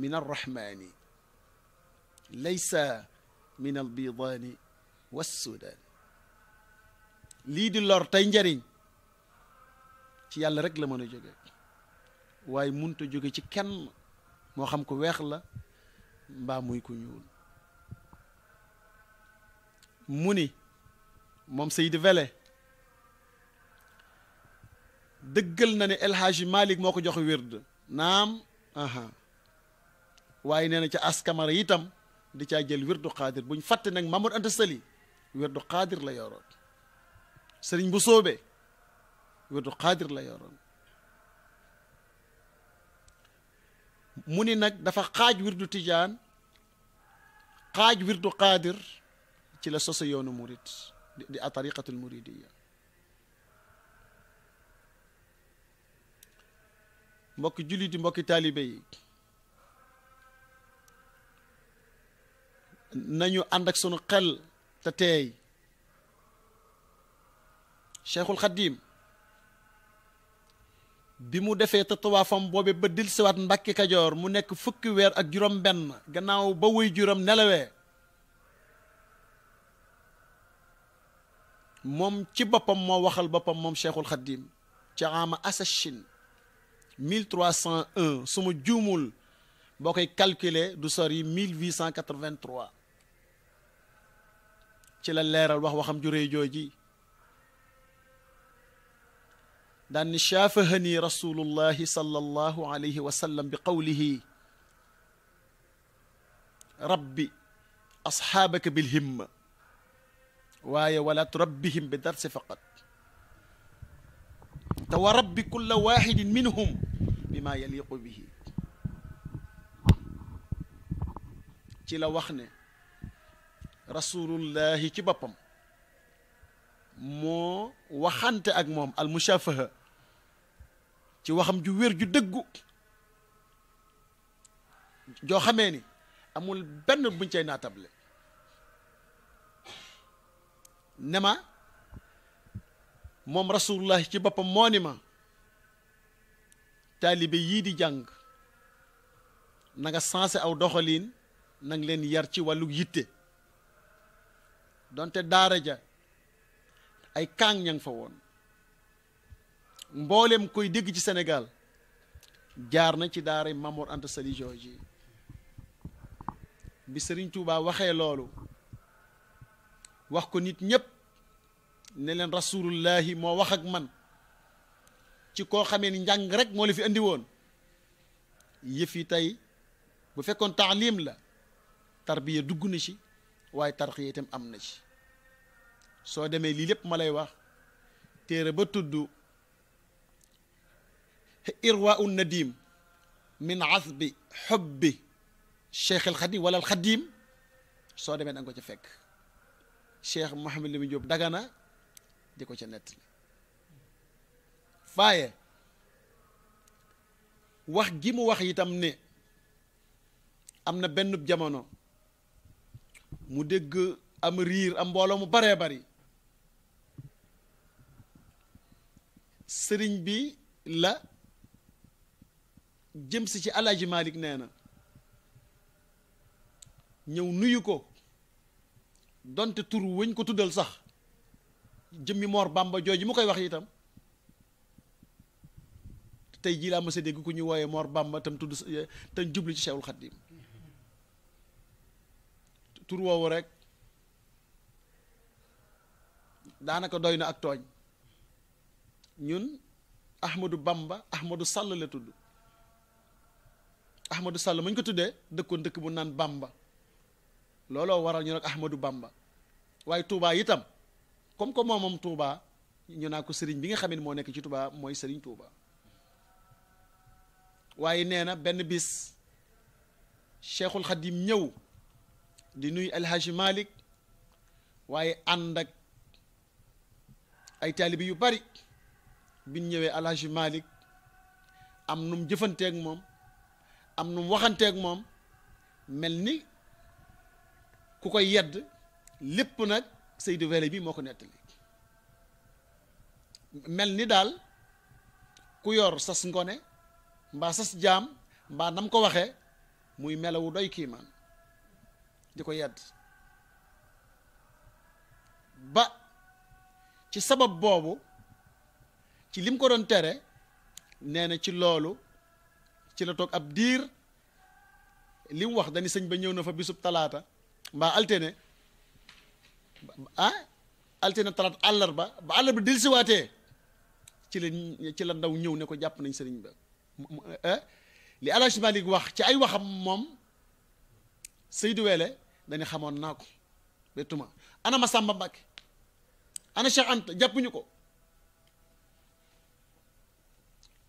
min arrahmani laysa min al bidaani wa sudaan lii di lor tey njariñ ci yàlla rekk la mën a jóge waaye munta jóge ci kenn moo xam ku weex la mbaa muy ku ñuul mu ni moom Seydi Wele dëggal na ne El Hadji moo ko jox wird naam waaye nee na ca askamara itam di ca jël wirdu xaadir bu ñu fàtte nag Mamour Anta Sali wirdu xaadir la yoroon sëriñ bu soobee wirdu xaadir la yoroon mu ni nag dafa xaaj wirdu tijaan xaaj wirdu xaadir ci la soso yoonu murit di a tariqatul muridiya mbokki jullit yi mbokki taalibe nañu ànd ak sunu xel te teey cheikhul xadim bi mu defee te tawaafam boobe ba dil siwaat mbàkki kajoor mu nekk fukki weer ak juróom benn gannaaw ba wuy juróom nelawee moom ci boppam moo waxal boppam moom cheikhul xadim ci ma asachin 1301 su ma juumul boo koy calculer du sori 1883 ci la leeral wax waxam ju réy jooji daan ni shaafahani rasulullahi sallallahu alayhi wa sallam bi qawlihi rabbi asxaabaka bilhimma waaye wala turabbihim bi darsi faqat te wa rabbi kulla waxidin minhum bima yaliqu bihi ci la wax ne rasulullahi ci boppam moo waxante ak moom al ci waxam ju wér ju dëggu joo xamee ni amul benn buñ cay naatable ne ma moom rasulullahi ci boppam moo ni ma taalibe yii di jàng nanga nga aw doxaliin nang leen yar ci wàllu yitte donte daara ja ay kaang ña fa woon mboolem koy dégg ci senegal jaar na ci daara Mamour Anta Sali jooji bi Serigne Touba waxee loolu wax ko nit ñépp ne leen rasulullahi moo wax ak man ci koo xamee ni njàng rek moo la fi indi woon yëf yi tey bu fekkoon taalim la tarbiya dugg na ci waaye tarxiya itam am na ci soo demee lii lépp ma lay wax téere ba tudd irwa un nadim min asbi xubbi cheikh alxadim wala alxadim soo demee da ko ca fekk cheikh Mouhamed Lamine Diop dagana di ko ca nettali faaye wax gi mu wax itam ne am na benn jamono mu dégg am riir am mbooloo mu baree bari sëriñ bi la jëm si ci alaaji Malick nee na ñëw nuyu ko donte tur wëñ ko tuddal sax jëmmi Moor bàmba jooju mu koy wax itam tey jii laa mës a dégg ku ñu wooyee Moor Bamba tam tudd tam jublu ci Cheikhul Khadim tur woowu rek daanaka doy na ak tooñ ñun Ahmadou Bamba Ahmadou Sall la tudd Ahmadou Sall muñ ko tuddee dëkkoon dëkk bu naan Bamba looloo waral ñu nag Ahmadou Bamba waaye Touba itam comme que moomam Touba ñu naa ko sëriñ bi nga xam ne moo nekk ci Touba mooy sëriñ Touba waaye nee na benn bis Cheikhul Khadim ñëw di nuyu El Hadj waaye ànd ak ay taalibi yu bari biñ ñëwee alhaji malik am nu mu jëfanteeg moom am nu mu waxanteeg moom mel ni ku koy yedd lépp nag Seydou Wele bi moo ko nettali mel ni daal ku yor sas ngone mbaa sas jaam mbaa nam ko waxee muy melawu doy kiimaan di ko yedd ba ci sabab boobu ci lim ko doon tere nee na ci loolu ci la toog ab diir li mu wax dañu sëñ ba ñëw na fa bisub talaata mbaa altine ah altine talaata àllarba ba àllarba dellusiwaatee ci la la ndaw ñëw ne ko jàpp nañ sëriñ ba eh, li El Hadj Malick wax ci ay waxam moom Seydou Wele xamoon naa ko bettuma ana Masamba Mbacke ana Cheikh Anta jàppuñu ko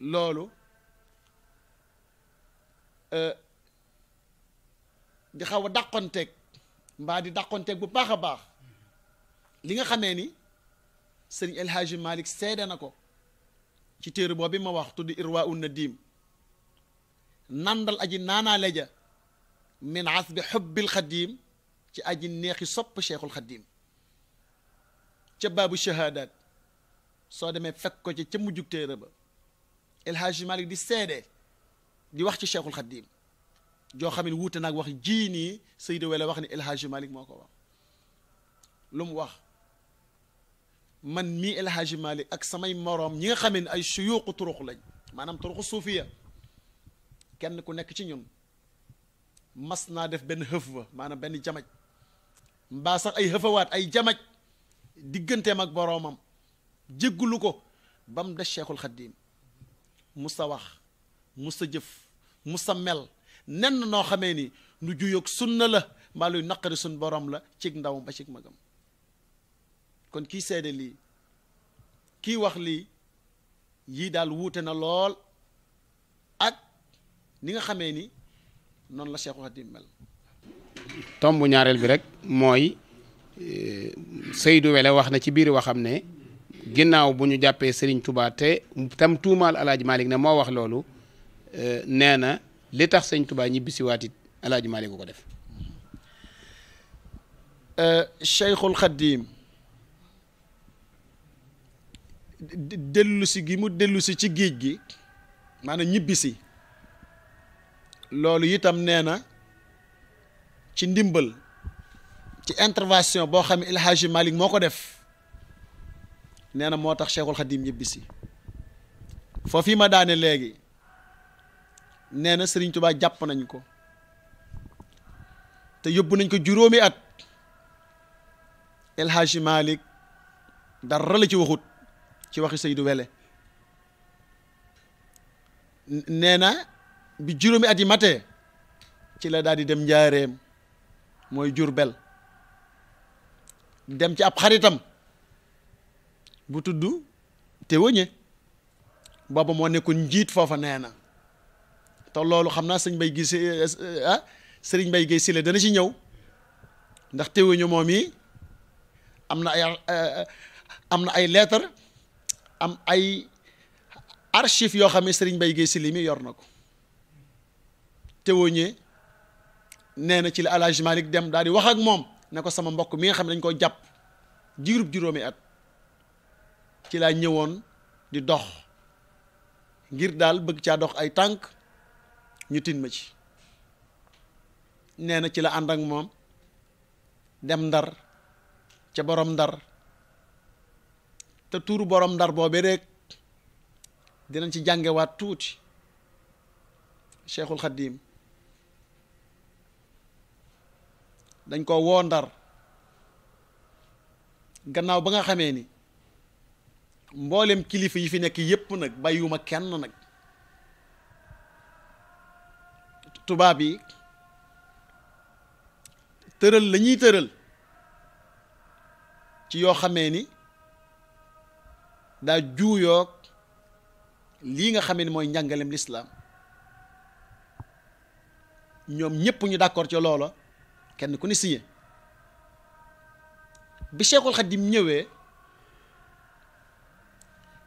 loolu euh, di xaw a dàqonteeg mbaa di dàqonteeg bu baax a baax li nga xamee ni sëriñ El Hadji Malick na ko ci téere boobu ma wax tudd irwa un nadim nandal aji naanaa leja min asbi xubbil xadim ci aji neexi sopp cheikhul xadim ca baabu shahadat soo demee fekk ko ci ca mujjug téere ba El Hadji di seede di wax ci Cheikhul Khadim joo xam ne wuute naag wax jii nii Seydou Wele wax ni El Hadji moo ko wax lu mu wax man mii El Hadji ak samay moroom ñi nga xam ne ay suyuuqu turuq lañ maanaam turuqu suufiya kenn ku nekk ci ñun mas naa def benn xëf wa maanaam benn jamaj mbaa sax ay xëfawaat ay jamaj digganteem ak boroomam jéggulu ko ba mu des Cheikhul Khadim mus a wax mus a jëf mus a mel nenn noo xamee ni lu juyoog sunna la mbaa luy naqari sun borom la cig ndawam ba cig magam kon kii seede lii kii wax lii yii daal wuute na lool ak ni nga xamee ni noonu la Cheikhul Khadim mel tomb ñaareel bi rek mooy eh, Seydou Wele wax na ci biir waxam ne ginnaaw bu ñu jàppee Serigne Touba te tam tuumaal El Hadj Malick moo wax loolu euh, nee na li tax sëñ Touba ñibbisiwaat it El Hadj Malick ko def. Euh, Cheikhul Khadim dellu si gi mu dellu ci géej gi maanaam ñibbisi loolu itam nee na ci ndimbal ci intervention boo xam ne El Malick moo ko def. nee na moo tax Cheikhul Khadim ñibbisi foofu ma daane léegi nee na Serigne Touba jàpp nañ ko te yóbbu nañ ko juróomi at El Hadji Malick dara la ci waxut ci waxi Seydou Wele nee na bi juróomi at yi matee ci la daal di dem njaareem mooy Jurbel dem ci ab xaritam bu tudd te wëñe booba moo nekkoon njiit foofa nee na te loolu xam naa sëñ bay gi sëriñ bay gay sile dana ci ñëw ndax téwéñu moom yi am na ay eh, eh, am na ay lettre am ay archive yoo xam ne sëriñ bay gay sile mi yor na ko téwéñe nee na ci la Alaaji Malik dem daal di wax ak moom ne ko sama mbokk mi nga xam ne dañ koo jàpp diirub juróomi at ci laa ñëwoon di dox ngir daal bëgg caa dox ay tànk ñu tin ma ci neena ci la ànd ak moom dem ndar ca borom ndar te tuuru borom ndar boobee rek dinañ ci jàngewaat tuuti cheikhul xadim dañ ko woo ndar gannaaw ba nga xamee ni mboolem kilifa yi fi nekk yépp nag bàyyiwuma kenn nag tubaab yi tëral la ñuy tëral ci yoo xamee ni daa juuyoog lii nga xamee ni mooy njàngalem lislaam ñoom ñépp ñu d'accord ci loola kenn ku ni signé bi Cheikhul Khadim ñëwee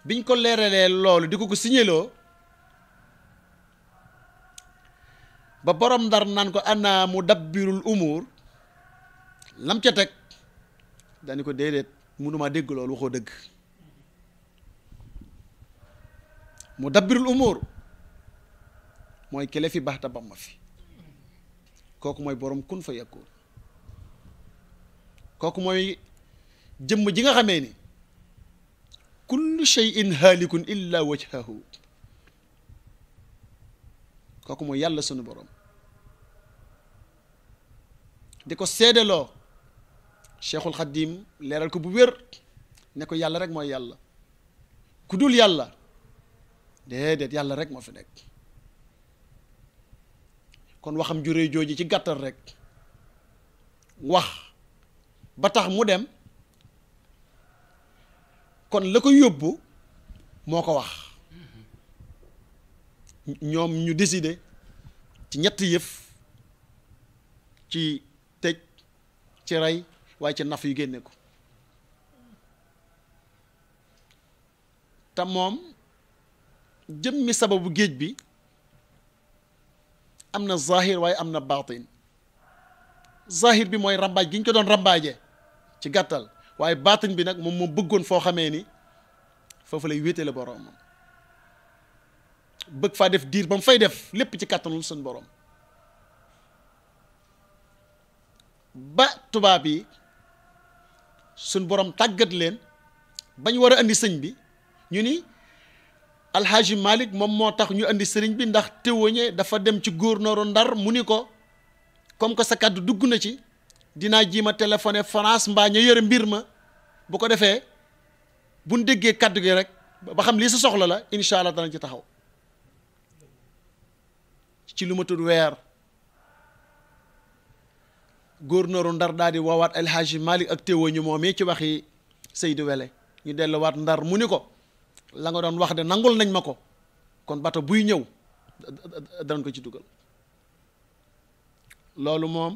biñ ko leeralee loolu di ko ko signéloo ba borom ndar naan ko am naa mu dabbirul umur lam ca teg dañu ko déedéet mënumaa dégg loolu waxoo dëgg mu dabbirul umur mooy kele fi baax ta fi kooku mooy borom kun fa yàkkoon kooku mooy jëmm ji nga xamee ni kullu shay'in haalikun illa wajhahu kooku mooy yàlla sunu borom di ko seedeloo cheikhul xadim leeral ko bu wér ne ko yàlla rek mooy yàlla ku dul yàlla déedéet yàlla rek moo fi nekk kon waxam juree jooju ci gàttal rek wax ba tax mu dem kon la ko yóbbu moo ko wax ñoom ñu décider ci ñetti yëf ci tëj ci rey waaye ci naf yi génne ko te moom jëmmi sababu géej bi am na zahir waaye am na baatin zahir bi mooy rambaaj gi ñu ko doon rambaaje ci gàttal waaye baatañ bi nag moom moo bëggoon foo xamee ni foofu lay wéetale boroomam bëgg faa def diir ba mu fay def lépp ci kàttanul suñ borom ba tubaab yi suñ boroom tàggat leen bañ war a indi sëñ bi ñu ni alxaaji malik moom moo tax ñu indi sëriñ bi ndax téwoñe dafa dem ci góor gouverneur Ndar mu ni ko comme que sa kàddu dugg na ci dinaa ji ma téléphoné France mbaa ña yore mbir ma bu ko defee buñ déggee kàddu gi rek ba xam lii sa soxla la incha allah danañ ci taxaw ci lu ma tudd weer góornooru ndar daal di woowaat El Hadji Malick ak téwo ñu moom ci waxi Seydou Wele ñu delluwaat ndar mu ni ko la doon wax de nangul nañ ma ko kon bato buy ñëw danañ ko ci dugal loolu moom.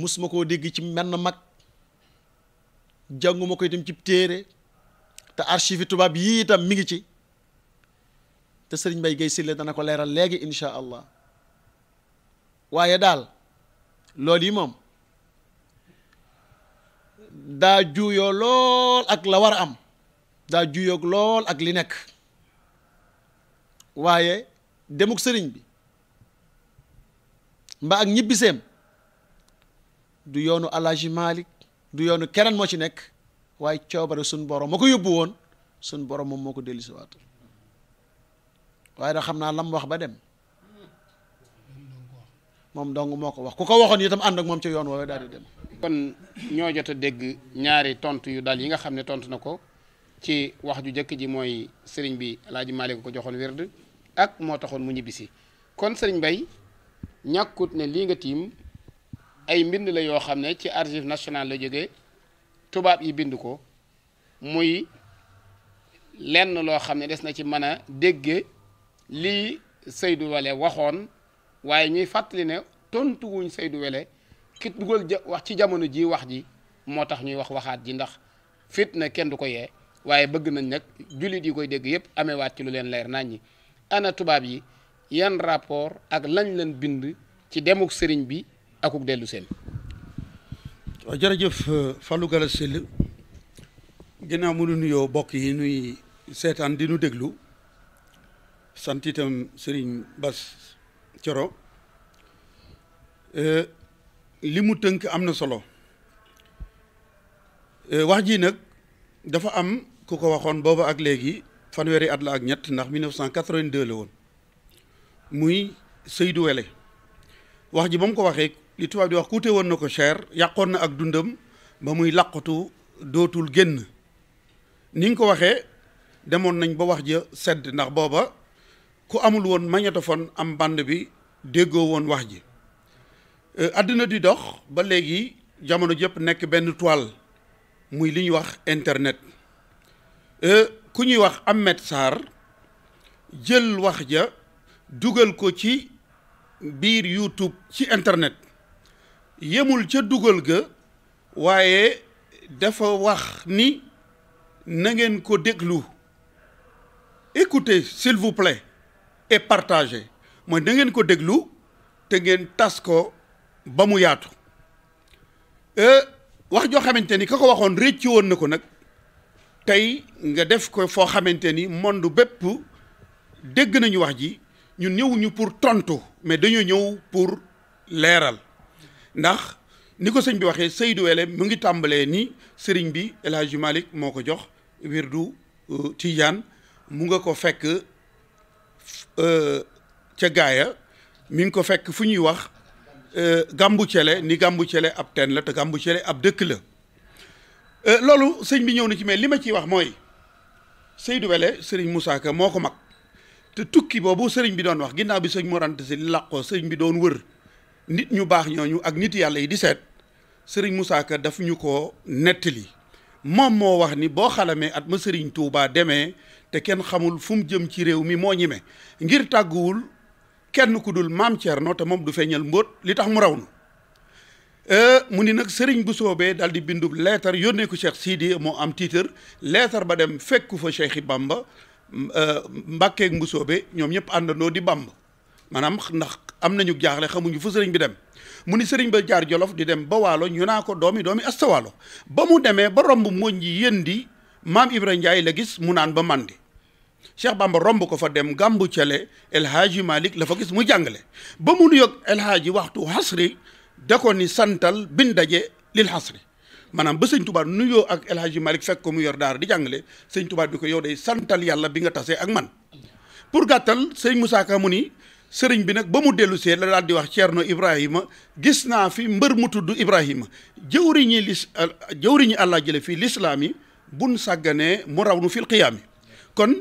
musuma koo dégg ci menn mag jànguma ko itam ci téere te archive tubaab yii itam mi ngi ci te sëriñ Mbay Gay Sille dana ko leeral léegi incha allah waaye daal loolu yi moom daa juuyoo lool ak la war a am daa juuyoog lool ak li nekk waaye demuk sëriñ bi mba ak ñibbiseem du yoonu Alaaji Malik du yoonu kereen moo ci nekk waaye coobare suñ borom ma ko yóbbu woon suñ borom moom moo ko dellusi waatu waaye xam naa lam wax ba dem moom dong moo ko wax ku ko waxoon itam ànd ak moom ci yoon woowe daal di dem kon ñoo jot a dégg ñaari tont yu daal yi nga xam ne tontu na ko ci wax ju jëkk ji mooy sëriñ bi Alaaji Malik ko joxoon wérd ak moo taxoon mu ñibbisi kon sëriñ Bay ñàkkut ne lii nga tiim ay mbind la yoo xam ne ci archive nationale la jógee tubaab yi bind ko muy lenn loo xam ne des na ci mën a dégge lii Seydou Wele waxoon waaye ñuy fàttali ne tontu wuñ Seydou Wele ki dugal wax ci jamono ji wax ji moo tax ñuy wax waxaat ji ndax fitna kenn du ko yee waaye bëgg nañ nag jullit yi koy dégg yépp amewaat ci lu leen leer nañ ñi ana tubaab yi yan rapport ak lañ leen bind ci demuk sëriñ bi akuk dellu seen waaw jërëjëf euh, Fallou Galass Syll ginnaaw mu nuyoo bokk yi nuy seetaan di nu déglu sant itam Serigne Bass euh, li mu tënk am na solo euh, wax ji nag dafa am ku ko waxoon booba ak léegi fanweeri at la ak ñett ndax 1982 la woon muy Seydou Wele wax ji ba mu ko waxee li tubaab di wax kuute woon na ko cher yàqoon na ak dundam ba muy làqatu dootul génn niñ ko waxee demoon nañ ba wax ja sedd ndax booba ku amul woon magnétophone am bande bi déggoo woon wax ji euh, àddina di dox ba léegi jamono jépp nekk benn toile muy li ñuy wax internet euh, ku ñuy wax Ahmed Sarr jël wax ja dugal ko ci biir YouTube ci internet yemul ca dugal ga waaye dafa wax ni na ngeen ko déglu écoutez s'il vous plaît mooy na ngeen ko déglu te ngeen tas ko ba mu yaatu euh, wax joo xamante ni ka ko waxoon rëcci woon na ko nag tey nga def ko foo xamante ni monde bépp dégg nañu wax ji ñun ñëwuñu pour tontu mais dañoo ñëw pour leeral ndax ni ko sëñ bi waxee Seydou Wele mu ngi tàmbalee ni sëriñ bi El Hadj moo ko jox wirdu euh, Tijaan mu nga ko fekk euh, ca gaaya mu ngi ko fekk fu ñuy wax euh, gàmbu cele ni gàmbu cele ab ten la te gàmbu cele ab dëkk la loolu sëñ bi ñëw na ci mais li ma ciy wax mooy Seydou Wele sëriñ Moussa Ka moo ko mag te tukki boobu sëriñ bi doon wax ginnaaw bi sëñ Mor Anta Sali làqoo sëriñ bi doon wër nit ñu baax ñooñu ak nit yàlla yi di seet sëriñ Moussa Ka daf ñu ko nettali moom moo wax ni boo xalamee at ma sëriñ Touba demee te kenn xamul fu mu jëm ci réew mi moo ñime ngir tàgguwul kenn ku dul maam Thierno te moom du feeñal mbóot li tax mu raw nu e, mu ni nag sëriñ bu soobee daal di bindub leetar yónnee ko Cheikh Sidi moo am titre leetar ba dem fekku fa Cheikh Bamba e, Mbàkke ak Mbusoobe ñoom ñëpp àndandoo di Bamba maanaam ndax am nañu jaaxle xamuñu fu sëriñ bi dem mu ni sëriñ ba jaar jolof di dem ba waalo ñu naa ko doomi doomi astawaalo ba mu demee ba romb mooñ ji di maam Ibra Ndiaye la gis mu naan ba màndi Cheikh Bamba romb ko fa dem gàmbu cele El Hadji Malick la fa gis mu jàngale ba mu nuyoog El Hadji waxtu xasri da ko ni santal bin daje lil xasri maanaam ba sëñ nuyoo ak El Hadji Malick fekk ko mu yor daara di jàngale sëñ Tuubaa bi ko yow day santal yàlla bi nga tasee ak man pour gàttal sëñ Moussa Ka mu ni sëriñ bi nag ba mu dellu see la daal di wax Ceerno Ibrahima gis naa fi mbër mu tudd Ibrahima jëwriñi lis jëwriñi àllaa jële fii lislaam yi bun sàgganee mu raw nu fil xiyaami kon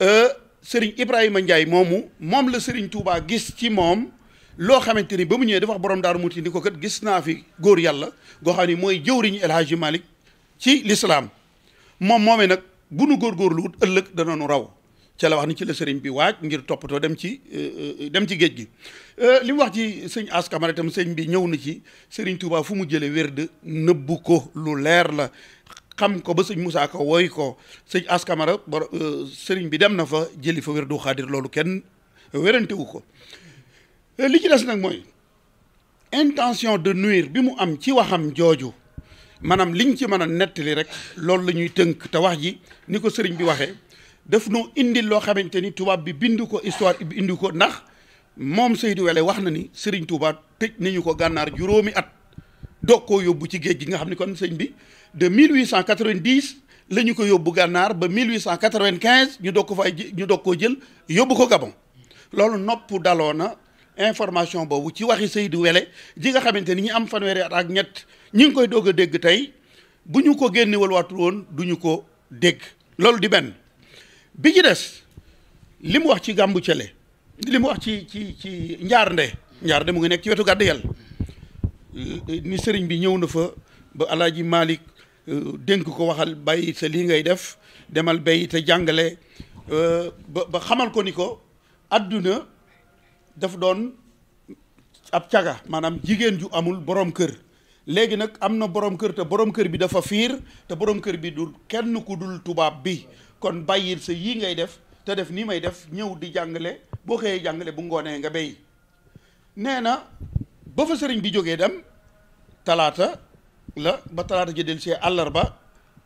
euh, sëriñ Ibrahima njaay moomu moom la sëriñ tuubaa gis ci moom loo xamante ni ba mu ñëwee dafa wax borom daaru muti ni ko kat gis naa fi góor yàlla goo xam ni mooy jëwriñu El Hadji Malick ci lislaam moom moomee nag bu nu góorgóorlu ëllëg dana nu raw ca la wax ni ci la sëriñ bi waaj ngir toppatoo dem ci euh, euh, dem ci géej gi euh, li mu wax ci sëñ As Kamara sëñ bi ñëw na ci sëriñ Touba fu mu jëlee wérd nëbbu ko lu leer la xam ko ba sëñ Moussa ko woy ko sëñ askamara Kamara bor sëriñ bi dem na fa jëli fa wérdu xaadir loolu kenn wérante ko li ci des nag mooy intention de nuire bi mu am ci waxam jooju maanaam liñ ci mën a nettali rek loolu la ñuy tënk te wax ji ni ko sëriñ bi waxee daf noo indil loo xamante ni tubaab bi bind ko histoire bi indi ko nax moom Seydou Wele wax na ni Serigne Touba tëj nañu ko gànnaar juróomi at doog koo yóbbu ci géej gi nga xam ne kon sëñ bi de 1890 la ñu ko yóbbu gànnaar ba 1895 ñu doog ko fay ñu doog koo jël yóbbu ko Gabon loolu nopp daloo na information boobu ci waxi Seydou Wele ji nga xamante ni ñi am fanweeri at ak ñett ñi ngi koy doog a dégg tey bu ñu ko génnewal waatul woon du ñu ko dégg loolu di benn. bi ci des li mu wax ci gàmbu cële li mu wax ci ci ci njaarnde njaarnde mu ngi nekk ci wetu gàdd yàlla euh, ni sëriñ bi ñëw na fa ba alaaji malik euh, dénk ko waxal bàyyi sa lii ngay def demal bay te jàngale euh, ba ba xamal ko ni ko adduna daf doon ab caga maanaam jigéen ju amul borom kër léegi nag am na boroom kër te borom kër bi dafa fiir te borom kër bi du kenn ku dul tubaab bi kon bàyyil sa yii ngay def te def nii may def ñëw di jàngale boo xëyee jàngale bu ngoonee nga béy nee na ba fa sëriñ bi jógee dem talaata la ba talaata ji del see àllarba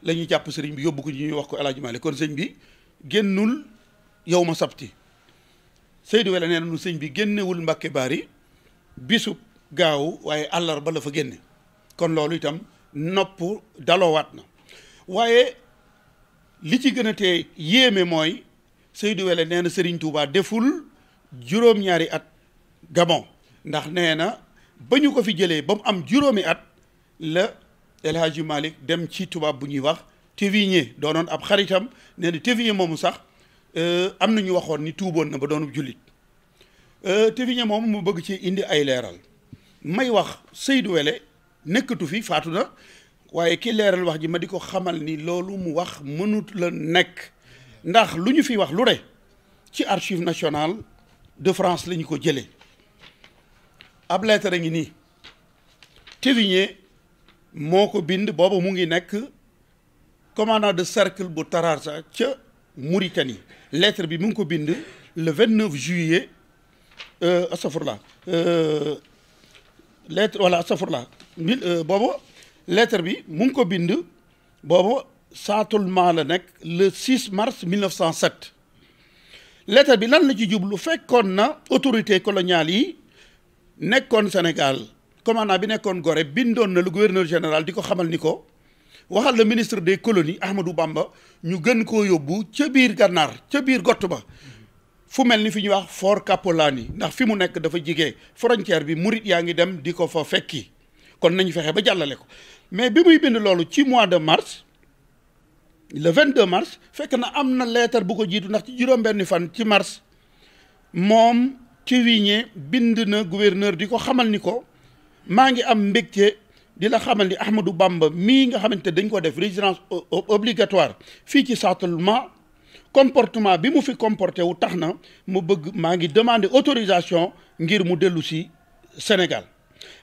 la ñuy jàpp sëriñ bi yóbbu ko ñuy wax ko El Hadj Malick kon sëñ bi génnul yow ma sabti Seydou Wele nee sëñ bi génnewul Mbàkke Baari bisub gaaw waaye àllarba la fa génne kon loolu itam nopp daloowaat na waaye li ci gën a tee yéeme mooy Seydou Wele nee na Serigne Touba deful juróom-ñaari at Gabon ndax nee na ba ñu ko fi jëlee ba mu am juróomi at la El Hadji dem ci tubaab bu ñuy wax Tévigné doonoon ab xaritam nee na moomu sax euh, am na ñu waxoon ni tuuboon na ba doonub jullit euh, Tévigné moomu mu bëgg ci indi ay leeral may wax Seydou nekkatu fi faatu na waaye ki leeral wax ji ma di ko xamal ni loolu mu wax mënut la nekk ndax lu ñu fi wax lu re ci archive nationale de France lañu ko jëlee ab lettre a ngi nii Thévigné moo ko bind boobu mu ngi nekk commandant de cercle bu Taraza ca Mauritanie lettre bi mu ngi ko bind le 29 juillet euh, astafurlah euh, lettre wala astafurlah mille euh, booba lettre bi mu ko bind boobu saatul maa la nekk le 6 mars 1907 lettre bi lan la ci jublu fekkoon na autorité coloniale yi nekkoon Sénégal commandant bi nekkoon gore bindoon na lu gouverneur général di ko xamal ni ko waxal le ministre des colonies Ahmadou Bamba ñu gën koo yóbbu ca biir gànnaar ca biir gott ba fu mel ni fi ñuy wax Fort Capolani ndax fi mu nekk dafa jigee frontière bi murit yaa ngi dem di ko fa fekki kon nañu fexe ba jàllale ko mais bi muy bind loolu ci mois de mars le 22 mars fekk na am na leetar bu ko jiitu ndax ci juróom-benni fan ci mars moom ci wiñe bind na gouverneur di ko xamal ni ko maa ngi am mbégte di la xamal ni Ahmadou Bamba mii nga xamante dañ ko def résidence obligatoire fii ci Satouma comportement bi mu fi comporté wu tax na mu bëgg maa ngi demander autorisation ngir mu dellu si Sénégal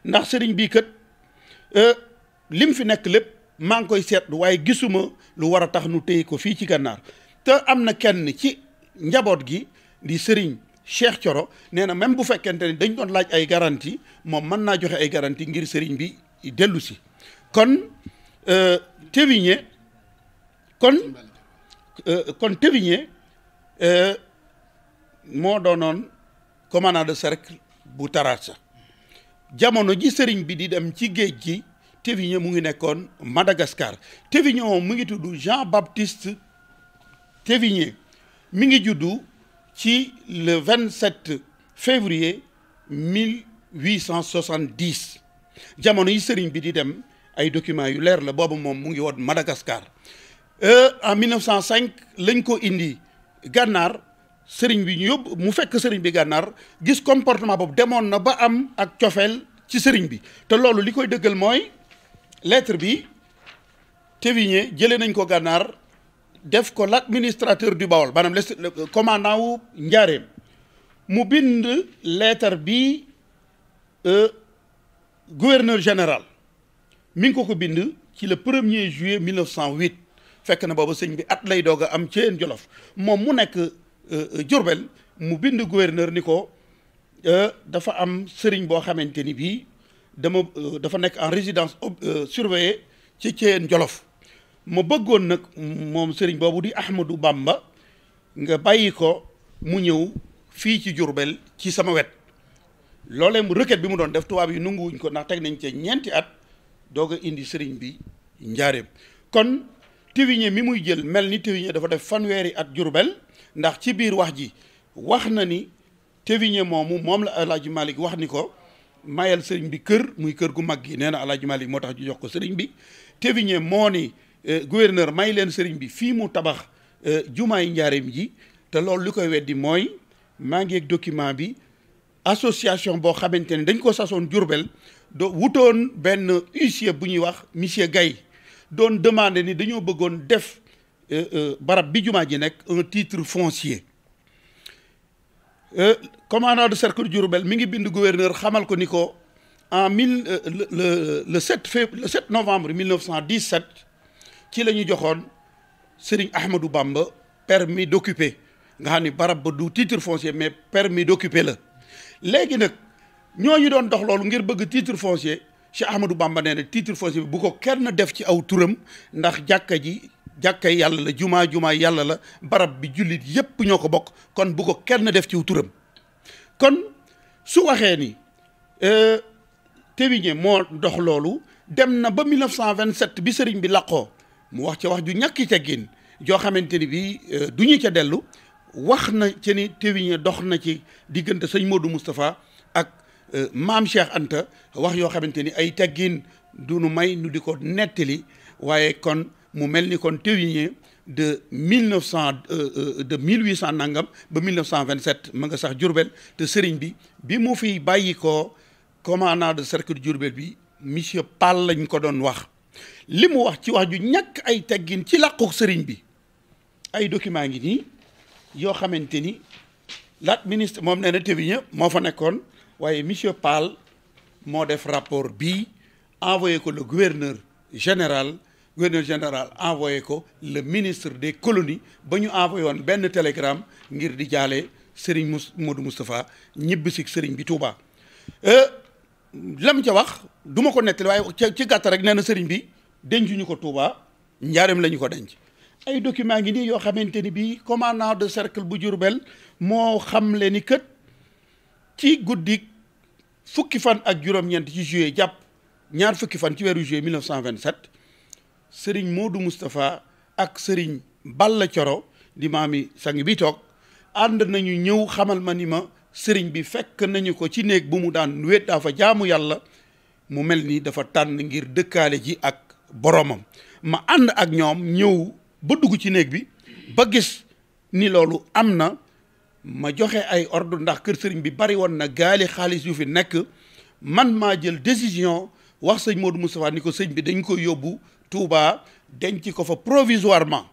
ndax sëriñ bii kat Euh, lim fi nekk lépp maa ngi koy seetlu waaye gisuma lu war a tax nu téye ko fii ci gànnaar te am na kenn ci njaboot gi di sëriñ Cheikh Thioro nee na même bu fekkente ni dañ doon laaj ay garanti moom mën naa joxe ay garanti ngir Serigne bi dellu si kon euh, Thévigné kon euh, kon Thévigné moo doonoon commandant de cercle bu Taraat sa jamono ji sëriñ bi di dem ci géej gi Thévignon mu ngi nekkoon Madagascar Thévignon mu ngi tudd Jean Baptiste Thévignon mi ngi juddu ci le 27 février 1870 jamono yi sëriñ bi di dem ay documents yu leer la boobu moom mu ngi woon Madagascar euh, en 1905 lañ ko indi gànnaar sëriñ bi ñu yóbbu mu fekk sëriñ bi gànnaar gis comportement boobu demoon na ba am ak cofeel ci sëriñ bi te loolu li koy dëggal mooy lettre bi Thévigné jëlee nañ ko gànnaar def ko l'administrateur du Baol maanaam le commandant wu Njaareem mu bind lettre bi euh, gouverneur général mi ngi ko ko bind ci le premier juillet 1908 fekk na boobu sëñ bi at lay doog a am ci Jolof moom mu nekk. Euh, euh, Diourbel mu bind gouverneur ni ko euh, dafa am sëriñ boo xamante ni bii dama dafa nekk en résidence surveillée ci Thièyène Jolof ma bëggoon nag moom sëriñ boobu di Ahmadou Bamba nga bàyyi ko mu ñëw fii ci Diourbel ci sama wet loolee mu requête bi mu doon def tubaab yi nanguwuñ ko ndax teg nañ ci ñeenti at doog a indi sëriñ bi njaareem kon Tévigné mi muy jël mel ni Tévigné dafa def fanweeri at Diourbel ndax ci biir wax ji wax na ni Tévigné moomu moom la El Hadj Malick wax ni ko mayal sëriñ bi kër muy kër gu mag gi nee na El Hadj moo tax ñu jox ko sëriñ bi Tévigné moo ni eh, gouverneur may leen sëriñ bi fii mu tabax eh, jumaay njaareem ji te loolu li koy weddi mooy maa ngi ak document bi association boo xamante ne dañ ko sasoon jurubeel do wutoon benn huissier bu ñuy wax monsieur Gaye doon demandé ni dañoo bëggoon def Euh, euh, barab bi jumaa ji nekk un titre foncier euh, commandant de cercle Diourbel mi ngi bind gouverneur xamal ko ni ko en mille le le 7 fév le 7 novembre 1917 ci la ñu joxoon Serigne Ahmadou Bamba permis d'occuper nga xam ni barab ba du titre foncier mais permis d'occuper la léegi nag ñoo ñooñu doon dox loolu ngir bëgg titre foncier Cheikh Ahmadou Bamba nee na titre foncier bi bu ko kenn def ci aw turam ndax jàkka ji jàkkay yàlla la jumaa jumaa yàlla la barab bi jullit yépp ñoo ko bokk kon bu ko kenn def ci wuturam kon su waxee ni euh, Tévigné moo dox loolu dem na ba 1927 bi sëriñ bi laqoo mu wax ci wax ju ñàkki teggin joo xamante ni bii euh, du ñu ca dellu wax na ci ni Tévigné dox na ci diggante sëñ Modou Moustapha ak euh, maam Cheikh Anta wax yoo xamante ni ay teggin du nu may nu di ko nettili waaye kon mu mel ni kon Thévigné de mille neuf cent euh, euh, de mille huit cent nangam ba mille neuf cent vingt sept ma nga sax Diourbel te sëriñ bi bi mu fi bàyyi ko commandant de cercle Diourbel bi monsieur Pall lañ ko doon wax li mu wax ci wax ju ñàkk ay teggin ci làqu sëriñ bi ay document ngi nii yoo xamante ni lat ministre moom nee na Thévigné moo fa nekkoon waaye monsieur Pall moo def rapport bii envoyé ko le gouverneur général gouverneur général envoyé ko le ministre des colonies ba ñu envoyé woon benn télégramme ngir di jaale Serigne Mous Modou Moustapha ñibbi si Serigne bi Touba. Euh, lam ca wax du ma ko nettali waaye ci gàtt rek nee na Serigne bi dencuñu ko Touba njaareem la ñu ko denc. ay documents ngi nii yoo xamante ni bii commandant de cercle bu Diourbel moo xam le ni kët ci guddi fukki fan ak juróom-ñeent ci juillet jàpp ñaar fukki fan ci weeru juillet 1927. sëriñ moodu Moustapha ak sëriñ Balla Coro di maami sangi bi toog ànd nañu ñëw xamal ma ni ma sëriñ bi fekk nañu ko ci néeg bu mu daan wéet daa fa jaamu yàlla mu mel ni dafa tànn ngir dëkkaale ji ak boroomam ma ànd ak ñoom ñëw ba dugg ci néeg bi ba gis ni loolu am na ma joxe ay ordre ndax kër sëriñ bi bari woon na gaali xaalis yu fi nekk man maa jël décision wax sëñ Modou Moustapha ni ko sëñ bi dañ ko yóbbu Touba denc ko fa provisoirement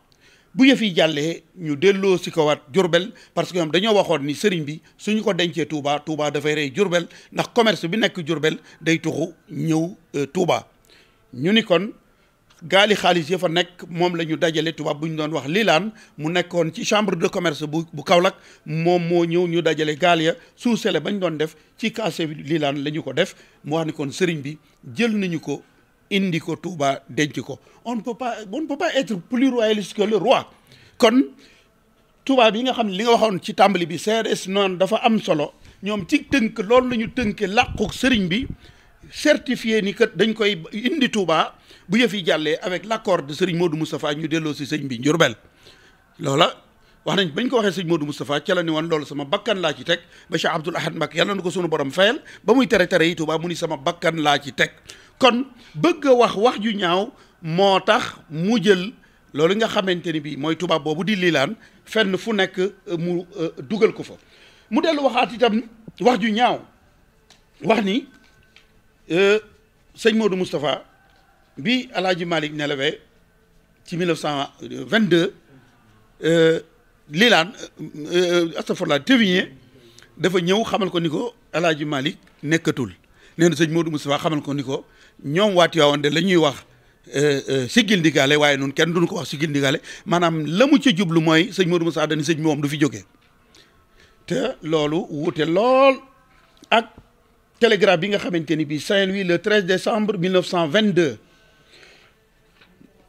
bu yëf yi jàllee ñu delloo si ko waat Jurbel parce que ñoom dañoo waxoon ni sëriñ bi suñu ko dencee Touba Touba dafay rey Jurbel ndax commerce bi nekk Jurbel day tuxu ñëw euh, Touba ñu ni kon gaali xaalis ya fa nekk moom la ñu dajale tubaab bu ñu doon wax lilaan mu nekkoon ci chambre de commerce bu bu Kaolack moom moo ñëw ñu dajale gaal ya suusele ba ñu doon def ci kaase lilaan la ñu ko def mu wax ni kon sëriñ bi jël nañu ko indi ko Touba denc ko on popa peut pas on ne peut pas que le roi kon Touba bi nga xam li nga waxoon ci tàmbali bi CRS noonu dafa am solo ñoom ci tënk loolu la ñu tënke làqu sëriñ bi certifié ni kat dañ koy indi Touba bu yëf yi jàllee avec l'accord de sëriñ Modou Moustapha ñu delloo si sëriñ bi Njurbel loola wax nañ bañ ko waxee sëñ Modou Moustapha ca la ni woon loolu sama bakkan laa ci teg ba Cheikh Abdoul Ahad Mbacké yàlla ko sunu borom fayal ba muy tere tere mu ni sama bakkan laa ci teg kon bëgg wax wax ju ñaaw moo tax mu jël loolu nga xamante ni bii mooy tubaab boobu di lilaan fenn fu nekk euh, mu euh, dugal ko fa mu dellu waxaat itam wax ju ñaaw wax ni euh, sëñ Modou Moustapha bi Alaaji Malick nelawee ci vingt 1922 lilaan astafurlah Tévigné dafa ñëw xamal ko ni ko Alaaji Malick nekkatul nee na sëñ Modou Moustapha xamal ko ni ko ñoom waa Tiwaawan de la ñuy wax euh, euh, siggil ndigaale waaye nun kenn duñ ko wax siggil ndigaale maanaam la mu ci jublu mooy sëñ Modou Moussa dani sëñ bi moom du fi jógee te loolu wuute lool ak télégraphe bi nga xamante ni bii Saint-Louis le 13 décembre 1922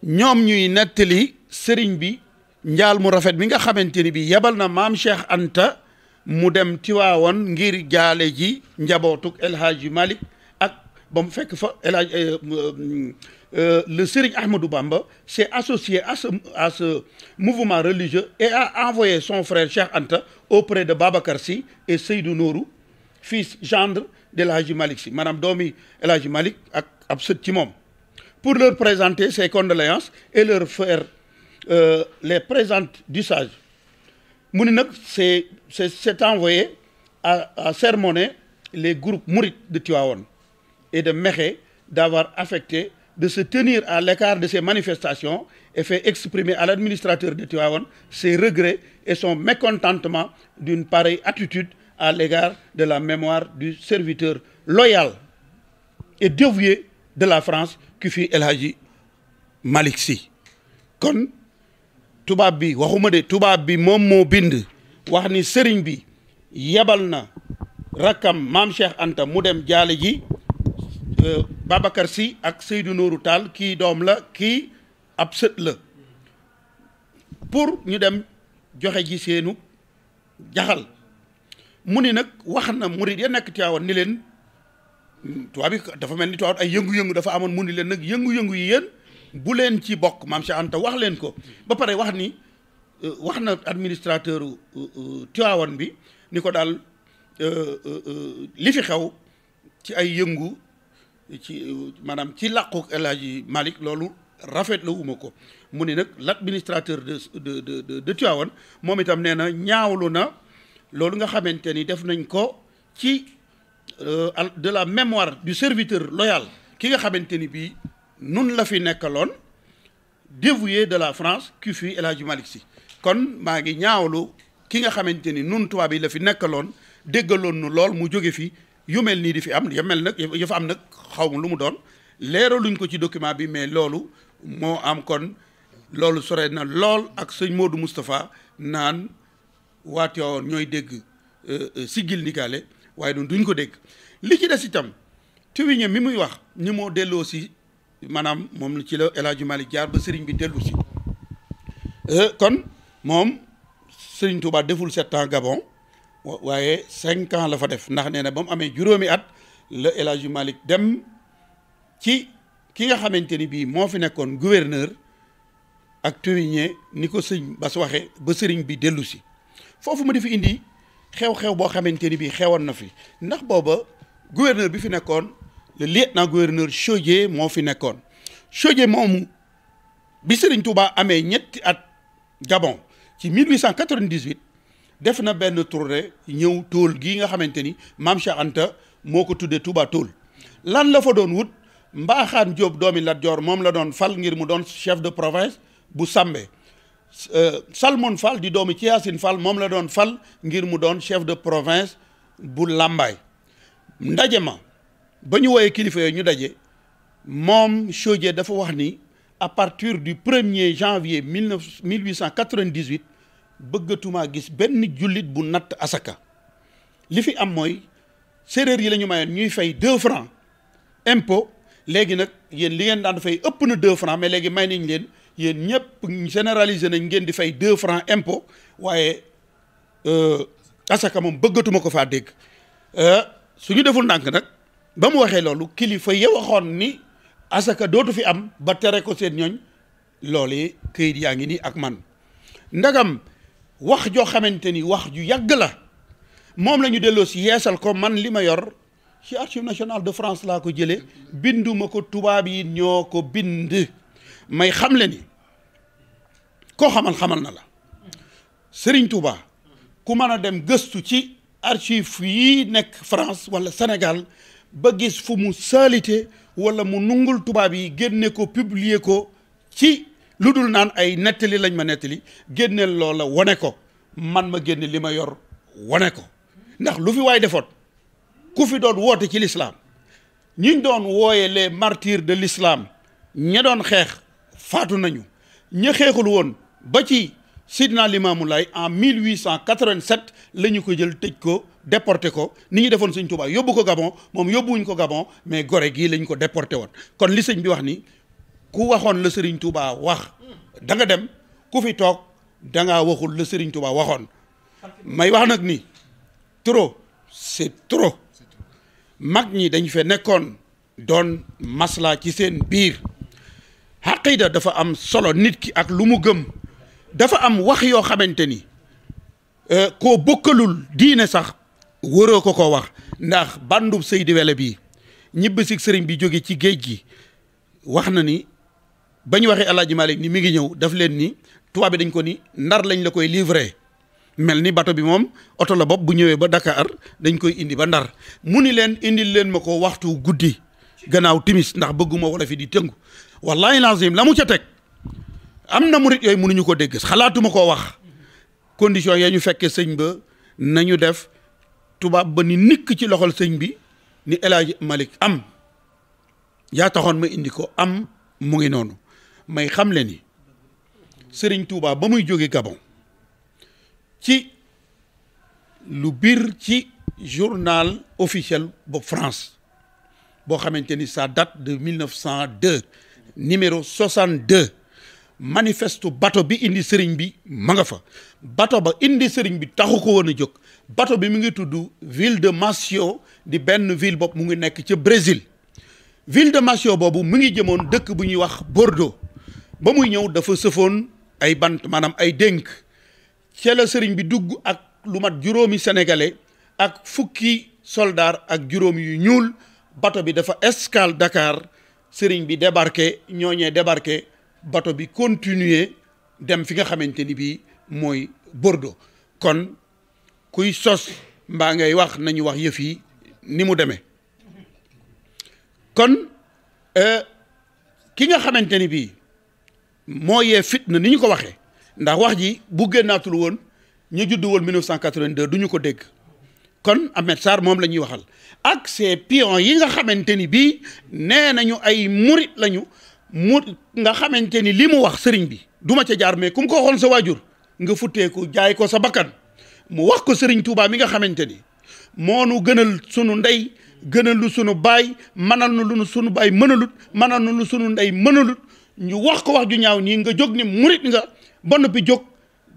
ñoom ñuy nettali sëriñ bi njaal mu rafet bi nga xamante ni bii yebal na maam Cheikh Anta mu dem Tiwaawan ngir jaale ji njabootuk El Hadji Malick ba mu fekk fa El Hadj euh, euh, euh, le Serigne Ahmadou Bamba s'est associé à ce à ce mouvement religieux et à envoyé son frère Cheikh Anta auprès de Babacar Sy et Seydou Nourou fils gendre de El Hadj Malick Sy maanaam doomi El Hadj Malick ak ab sët ci moom pour leur présenter ses condoléances et leur faire euh, les présentes du sage mu ni nag c'est c'est envoyé à à sermonner les groupes mourides de Tivaouane et de Mekhe d'avoir affecté de se tenir à l'écart de ces manifestations et fait exprimer à l'administrateur de Tivaouane ses regrets et son mécontentement d'une pareille attitude à l'égard de la mémoire du serviteur loyal et dévoué de la France qui fut El Hadji Malick Sy kon tubaab bi waxuma de tubaab bi moom moo bind wax ni sëriñ bi yebal na rakkam maam Cheikh Anta mu dem jaale ji Euh, Babacar Sy ak Seydou Nourou Tall kii doom la kii ab sët la pour ñu dem joxe ji seenu jaxal mu ni nag wax na murid ya nekk Tiwaawan ni leen tubaab dafa mel ni Tiwaawan ay yëngu-yëngu dafa amoon mu ni leen nag yëngu-yëngu yi yéen bu leen ci bokk maam Cheikh Anta wax leen ko ba pare wax ni euh, wax na administrateur Tiwaawan bi ni ko daal euh, li fi xew ci ay yëngu ci maanaam ci làqu El Hadji loolu rafet la uma ko mu ni nag l'administrateur de de de de Tivaouane moom itam nee na ñaawlu na loolu nga xamante ni def nañ ko ci euh, de la mémoire du serviteur loyal ki nga xamante ni bii nun la fi nekkaloon dévoué de la France qui fut El Hadji Malick kon maa ngi ñaawlu ki nga xamante ni nun tubaab yi la fi nekkaloon déggaloon nu lool mu jóge fi yu mel nii di fi am yemel mel nag yu fa am nag xaw ma lu mu doon leeraluñ ko ci document bi mais loolu moo am kon loolu sore na lool ak sëñ moodu Moustapha naan waa Tiwaawoon ñooy dégg euh, euh, siggil ndikaale waaye doon duñ ko dégg li ci des itam Tiwaawan mi muy wax ñi moo delloo si maanaam moom ci la El Hadj Malick jaar ba sëriñ bi dellu si euh, kon moom sëriñ Touba deful sept ans Gabon waaye cinq ans la fa def ndax nee na ba mu amee juróomi at la El Hadj Malick dem ci ki nga xamante ni bii moo fi nekkoon gouverneur ak tuwiñe ni ko sëñ Bass waxe ba sëriñ bi dellu si foofu ma di indi xew-xew boo xamante ni bii xewoon na fi ndax booba gouverneur bi fi nekkoon le lieutenant gouverneur Chaudié moo fi nekkoon Chaudié moomu bi sëriñ Touba amee ñetti at Gabon ci 1898 def na benn tournée ñëw tool gii nga xamante ni maam Cheikh Anta moo ko tuddee Touba tool lan la fa doon wut mbaaxaan Diop doomi Lat Joor moom la doon fal ngir mu doon chef de province bu Sambé euh, Salmon Fall di doomi Thiassine Fall moom la doon fal ngir mu doon chef de province bu Lambaay ndaje ma ba ñu woyee kilifa yooyu ñu daje moom Chaudié dafa wax ni à partir du premier janvier mille neuf mille huit cent quatre-vingt-dix-huit bëggatumaa gis benn jullit bu natt asaka li fi am mooy séeréer yi la ñu mayoon ñuy fay deux francs impôt léegi nag yéen li ngeen daan fay ëpp na deux francs mais léegi may nañ leen yéen ñëpp généraliser nañ ngeen di fay deux francs impôt waaye euh, asaka moom bëggatuma ko faa dégg euh, suñu deful ndànk nag ba mu waxee loolu kilifa ya waxoon ni asaka dootu fi am ba tere ko seen ñooñ loolu këyit yaa ngi nii ak man ndagam wax joo xamante ni wax ju yàgg la moom lañu delloo si yeesal ko man li ma yor ci archive nationale de France laa ko jëlee binduma ko tubaab yi ñoo ko bind may xam le ni koo xamal xamal na la Serigne Touba ku mën a dem gëstu ci archive yi nekk France walla Sénégal ba gis fu mu salité wala mu nungul tubaab yi génne ko publier ko ci lu dul naan ay nettali lañ ma nettali génneel loola wane ko man ma génne li ma yor wane ko ndax lu fi waay defoon ku fi doon woote ci l'islam ñiñ doon wooye les martyrs de l'islam ña doon xeex faatu nañu ña xeexul woon ba ci Sidna Limaamu Laay en 1887 la ñu ko jël tëj ko deporte ko ni ñu defoon Sëñ Tuubaa yóbbu ko Gabon moom wuñ ko Gabon mais gore gi lañ ko déporté woon kon li sëñ bi wax nii ku waxoon la Serigne Touba wax danga dem ku fi toog danga waxul la Serigne Touba waxoon may wax nag ni trop c'est trop mag ñi dañ fe nekkoon doon maslaa ci seen biir xaqida dafa am solo nit ki ak lu mu gëm dafa am wax yoo xamante ni euh, koo bokkalul diine sax waroo ko ko wax ndax bandub Seydi Wele bii ñibbi sëriñ bi jóge ci géej gi wax na ni ba ñu waxee El Hadj ni mi ngi ñëw daf leen ni tubaab bi dañ ko ni ndar lañ la koy livré mel ni bato bi moom oto la bopp bu ñëwee ba Dakar dañ koy indi ba ndar mu ni leen indil leen ma ko waxtu guddi gannaaw timis ndax bëgguma wala fi di tëngu wallahi lazim la mu ca teg am na murit mënuñu ko dégg xalaatuma koo wax condition ya ñu fekkee sëñ ba nañu def tubaab ba ni nikk ci loxol sëñ bi ni El malik am yaa taxoon ma indi ko am mu ngi noonu may xam le ni sëriñ Touba ba muy jóge Gabon ci lu biir ci journal officiel bu France boo xamante ni ça date de 1902 numéro 62 manifeste bato bi indi sëriñ bi ma nga fa bato ba indi sëriñ bi taxu ko woon jóg bato bi mu ngi tudd ville de Maceió di benn ville bopp mu ngi nekk ca Brésil ville de Maceió boobu mu ngi jëmoon dëkk bu ñuy wax Bordeaux ba muy ñëw dafa sëfoon ay bant maanaam ay dénk ca sëriñ bi dugg ak lu mat juróomi sénégalais ak fukki soldaar ak juróom yu ñuul bato bi dafa escale Dakar sëriñ bi débarqué ñooñee débarqué bato bi continuer dem fi nga xamante ni bii mooy Bordeaux kon kuy sos mbaa ngay wax nañu wax yëf yi ni mu demee kon euh, ki nga xamante ni bii moo yee fitna ni ñu ko waxee ndax wax ji bu génnaatul woon ñu judd woon 1982 du ñu ko dégg kon Ahmed Sarr moom la ñuy waxal ak ces pions yi nga xamante ni bii nee nañu ay murit lañu mu nga xamante ni li mu wax sëriñ bi duma ca jaar mais ku mu ko waxoon sa waajur nga futteeku jaay ko sa bakkan mu wax ko sëriñ Touba mi nga xamante ni moo moonu gënal sunu ndey gënal lu sunu baay mënal nu lu sunu baay mënalut mënal nu lu sunu ndey mënalut ñu wax ko wax ju ñaaw nii nga jóg ni murit nga ba noppi jóg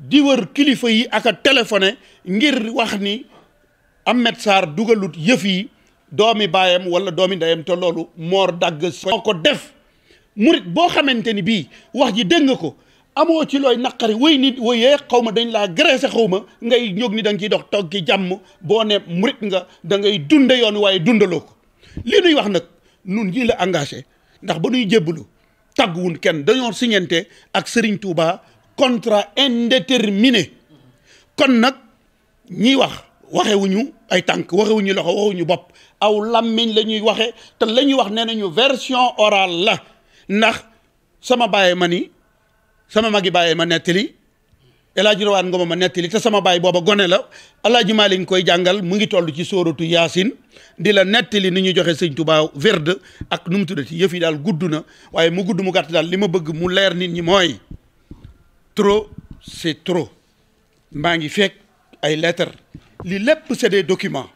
di wër kilifa yi ak a téléphoné ngir wax ni am Ahmed Sarr dugalut yëf yi doomi baayam wala doomi ndeyam te loolu moor dagg soo ko def murit boo xamante ni bii wax ji dégg nga ko amoo ci looy naqari wéy nit wéyee xaw ma dañ laa grése xaw ma ngay ñóg ni danga nga ciy dox toog ki jàmm boo ne murit nga da ngay dunde yoon waaye dundaloo ko li nuy wax nag nun ñii la engagé ndax ba nuy jébbalu tàgguwun kenn dañoo signante ak Serigne Touba contrat indéterminé kon nag ñiy wax waxewuñu ay tànk waxewuñu loxo waxewuñu bopp aw làmmiñ la ñuy waxe te la ñuy wax nee nañu version orale la ndax sama bàyyi ma ni sama magi bàyyi ma nettali El Hadj Rawaan nga ma nettali te sama baay booba gone la El Hadj Malick koy jàngal mu ngi toll ci sóoratu yaasin di la nettali ni ñu joxe sëñ Touba verde ak nu mu tuddati yëf yi daal gudd na waaye mu gudd mu gàtt daal li ma bëgg mu leer nit ñi mooy trop c'est trop maa ngi fekk ay lettres li lépp c'est des documents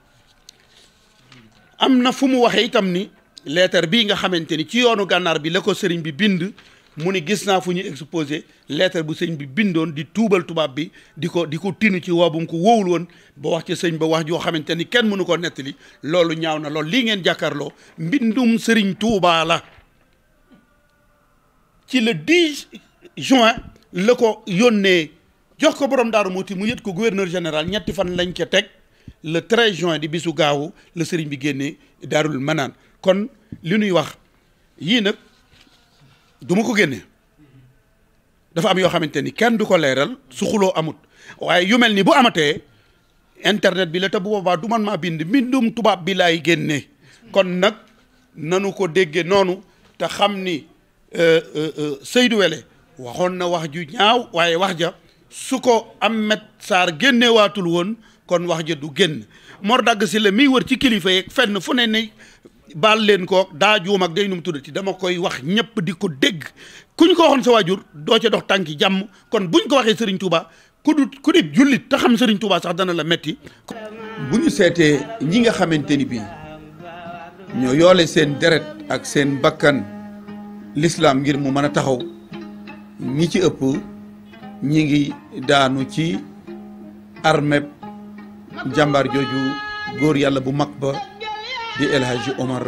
am na fu mu waxee itam ni leetar bii nga xamante ni ci yoonu gànnaar bi la sëriñ bi bind mu ni gis naa fu ñu exposé lettre bu sëñ bi bindoon di tuubal tubaab bi di ko di ko tinu ci woo bu mu ko wowul woon ba wax ci sëñ ba wax joo xamante ni kenn mënu ko nettali loolu ñaaw na loolu lii ngeen jàkkaarloo mbindum sëriñ Tuubaa la ci le 10 juin la ko yónnee jox ko borom daaru muuti mu yët ko gouverneur général ñetti fan lañ ko teg le 13 juin di bisu gaawu la sëriñ bi génnee daarul manaan kon li nuy wax yii nag du ma ko génne dafa am yoo xamante ni kenn du ko leeral su xuloo amut waaye yu mel ni bu amatee internet bi la te bu boobaa du man maa bind mbindum tubaab bi laay génne kon nag nanu ko dégge noonu te xam ni euh, euh, euh, Seydou Wele waxoon na wax ju ñaaw waaye wax ja su ko am Ahmed Sarr génnewaatul woon kon wax ja du génn Mor Dagg si la miy wër ci kilifa yeeg fenn fu ne ni baal leen ko daa juum ak day nu mu tuddati dama koy wax ñëpp di ko dégg kuñ ko waxoon sa waajur doo ca dox tànki jàmm kon buñ ko waxee Serigne Touba ku du ku di jullit te xam Serigne Touba sax dana la metti bu ñu seetee ñi nga xamante ni bii ñoo yoole seen deret ak seen bakkan lislaam ngir mu mën a taxaw ñi ci ëpp ñi ngi daanu ci armée jàmbaar jooju góor yàlla bu mag ba di El Hadji Omar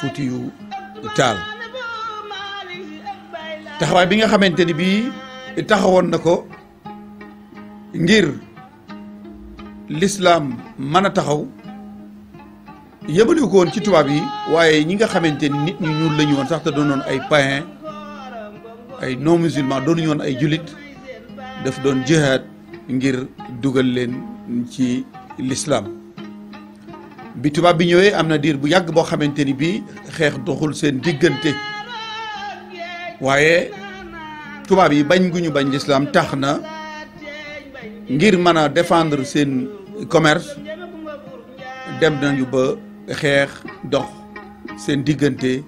Foutiyu Taal taxawaay bi nga xamante ni bii taxawoon na ko ngir lislaam mën a taxaw yëbaliwu ko woon ci tubaab yi waaye ñi nga xamante ni nit ñu ñuul la woon sax te doonoon ay païen ay non musulman doonuñu woon ay jullit daf doon jihaad ngir dugal leen ci lislaam bi tubaab bi ñëwee am na diir bu yàgg boo xamante ni bii xeex doxul seen diggante waaye tubaab yi bañ gu ñu bañ lislaam tax na ngir mën a défendre seen commerce dem nañu ba xeex dox seen diggante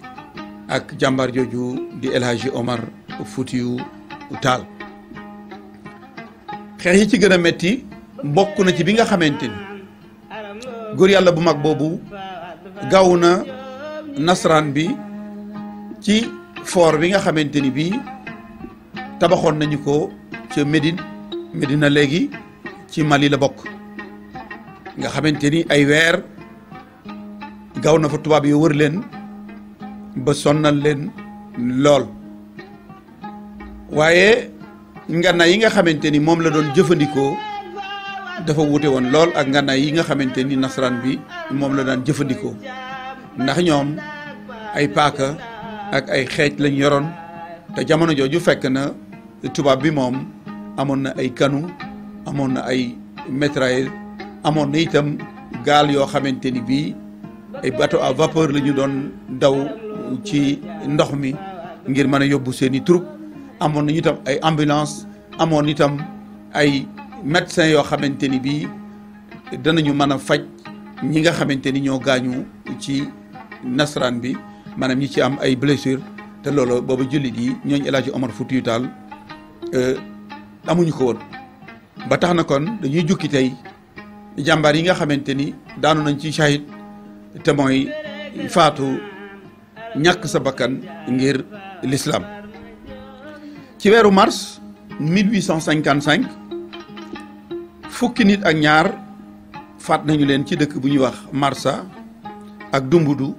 ak jàmbar jooju di El Hadji Omar Foutiyu Taal xeex yi ci gën a metti bokk na ci bi nga xamante góor yàlla bu mag boobu gaaw na nasaraan bi ci foor bi nga xamante ni bii tabaxoon nañu ko ca Médine Médina léegi ci Mali la bokk nga xamante ni ay weer gaaw na fa tubaab yi wër leen ba sonnal leen lool waaye ngànnaay yi nga xamante ni moom la doon jëfandikoo dafa wuute woon lool ak ngànnaay yi nga xamante ni nasaraan bi moom la daan jëfandikoo ndax ñoom ay paaka ak ay xeej lañ yoroon te jamono jooju fekk na tubaab bi moom amoon na ay kanu amoon na ay mitrailleuse amoon na itam gaal yoo xamante ni bii ay bateau à vapeur la ñu doon daw ci ndox mi ngir mën a yóbbu seeni troupe amoon nañu itam ay ambulance amoon itam ay médecin yoo xamante ni bii danañu mën a faj ñi nga xamante ni ñoo gaañu ci nasaraan bi maanaam ñi ci am ay blessure te loolu boobu jullit yi ñooñ El Hadj Omar Foutiyou Tall euh, amuñu ko woon. ba tax na kon dañuy jukki tey jàmbaar yi nga xamante ni daanu nañ ci shahid te mooy faatu ñàkk sa bakkan ngir l'islam ci weeru mars 1855. fukki nit ak ñaar faat nañu leen ci dëkk bu ñuy wax Marsa ak Dumbudu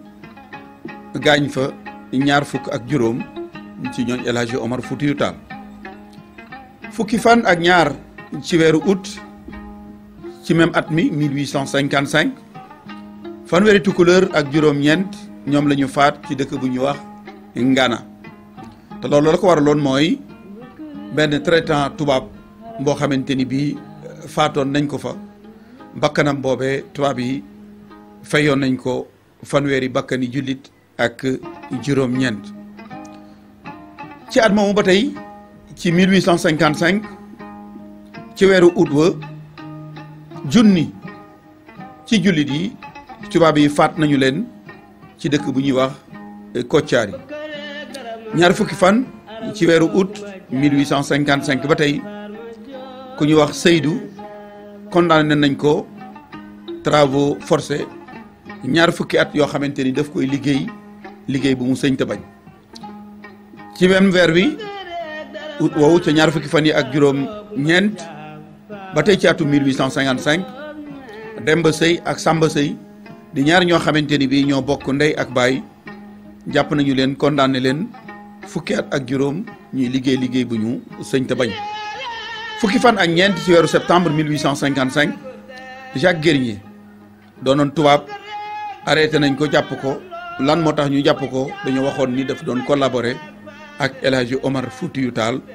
gaañ fa ñaar fukk ak juróom ci ñooñ El Hadji Omar Foutiyou fukki fan ak ñaar ci weeru août ci même at mi 1855 fanweeri tukkuleur ak juróom-ñeent ñoom la faat ci dëkk bu ñuy wax Ngana te loolu la ko waraloon mooy benn traitant tubaab boo xamante ni bii faatoon nañ ko fa bakkanam boobe tubaab yi fayoon nañ ko fanweeri bakkani jullit ak juróom-ñeent ci at moomu ba tey ci 1855 ci weeru août wa junni ci jullit yi tubaab yi faat nañu leen ci dëkk bu ñuy wax eh, Koccaari ñaar fukki fan ci weeru août 1855 ba tey ku ñuy wax Seydou condamné nañ ko travaux forcé ñaar fukki at yoo xamante ni daf koy liggéey liggéey bu mu sëñ bañ ci même weer bi ut woowu ca ñaar fukki fan yi ak juróom ñeent ba tey ci atum 1855 Demba Sëy ak Samba Sëy di ñaar ñoo xamante ni bii ñoo bokk ndey ak baay jàpp nañu leen condamné leen fukki at ak juróom ñuy liggéey liggéey bu ñu sëñ te bañ fukki fan ak ñeent ci weeru septembre 1855 Jacques doon doonoon tubaab arrêté nañ ko jàpp ko lan moo tax ñu jàpp ko dañu waxoon ni daf doon collaborer ak El Hadji Omar Foutiyou Tall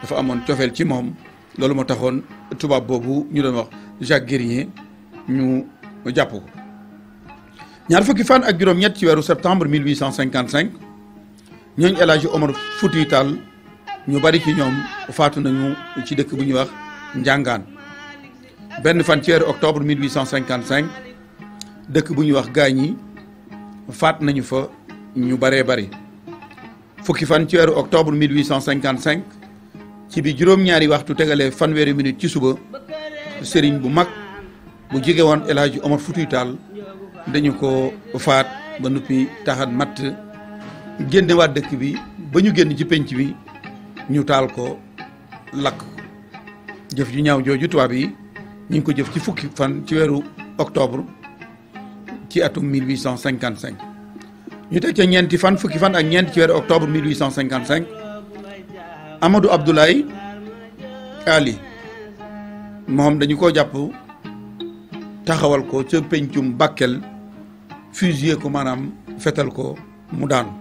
dafa amoon cofeel ci moom loolu moo taxoon tubaab boobu ñu doon wax Jacques Guérinier ñu jàpp ko ñaar fukki fan ak juróom-ñett ci weeru septembre 1855 ñooñ El Hadji Omar Foutiyou Tall ñu bari ci ñoom faatu nañu ci dëkk bu ñuy wax njàngaan benn fan ci weeru octobre 1855 dëkk bu ñuy wax gaañ yi faat nañu fa ñu baree bari fukki fan ci weeru octobre 1855 ci bi juróom-ñaari waxtu tegalee fanweeri minute ci suba sëriñ bu mag bu jege woon El Hadji Omar Foutiyou Tall dañu ko faat ba nuppi taxan matt génnewaat dëkk bi ba ñu génn ci penc bi ñu taal ko lakk jëf ju ñaaw jooju tubaab yi ñu ngi ko jëf ci fukki fan ci weeru octobre ci atum 1855 ñu teg ca ñeenti fan fukki fan ak ñeent ci weeru octobre 1855 Amadou Abdoulaye Ali moom dañu ko jàpp taxawal ko ca pencum Bakel fusillé ko maanaam fetal ko mu daanu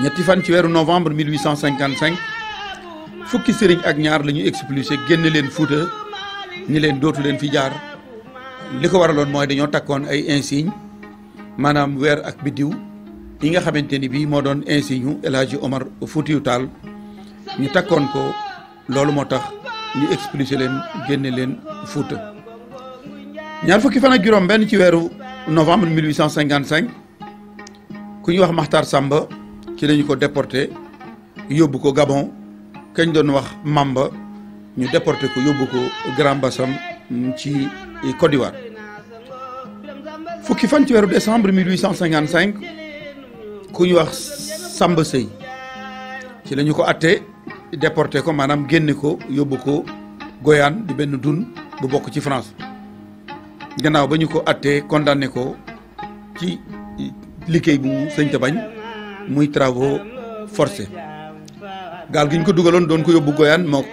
ñetti fan ci weeru novembre 1855 fukki sëriñ ak ñaar la ñu expulsé génn leen Fuuta ñi leen dootu leen fi jaar li ko waraloon mooy dañoo takkoon ay insigne maanaam weer ak biddiw yi nga xamante ni bii moo doon insigne yu El Hadji Omar Foutiyu ñu takkoon ko loolu moo tax ñu expulsé leen génne leen Fuuta ñaar fukki fan ak juróom benn ci weeru novembre 1855 ku ñu wax maxtar Samba ci ko déporté yóbbu ko Gabon kañ doon wax Mamba ñu déporté ko yóbbu ko Grand Bassam mm, ci Côte fukki fan ci weeru décembre 1855 ku ñu wax Samba Sey ci lañu ko atte déporté ko maanaam génne ko yóbbu ko goyaan di benn dun bu bokk ci France gannaaw ba ñu ko attee condamné ko ci liggéey bu sëñ bañ muy travaux force gaal gi ñu ko dugaloon doon ko yóbbu Goyane moo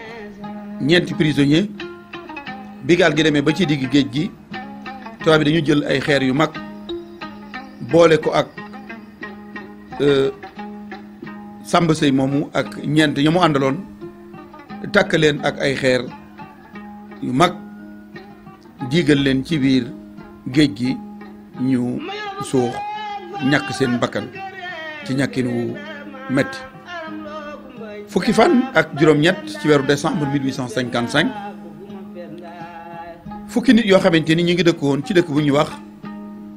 ñeenti prisonnier bi gaal gi demee ba ci digg géej gi tubaab dañu jël ay xeer yu mag boole ko ak euh, sàmb Sey moomu ak ñeent ña mu àndaloon takk leen ak ay xeer yu mag diigal leen ci biir géej gi ñu suux ñàkk seen bakkan ci ñàkkin wu fukki fan ak juróom-ñett ci weeru décembre 1855 fukki nit yoo xamante ni ñu ngi dëkkoon ci dëkk bu ñuy wax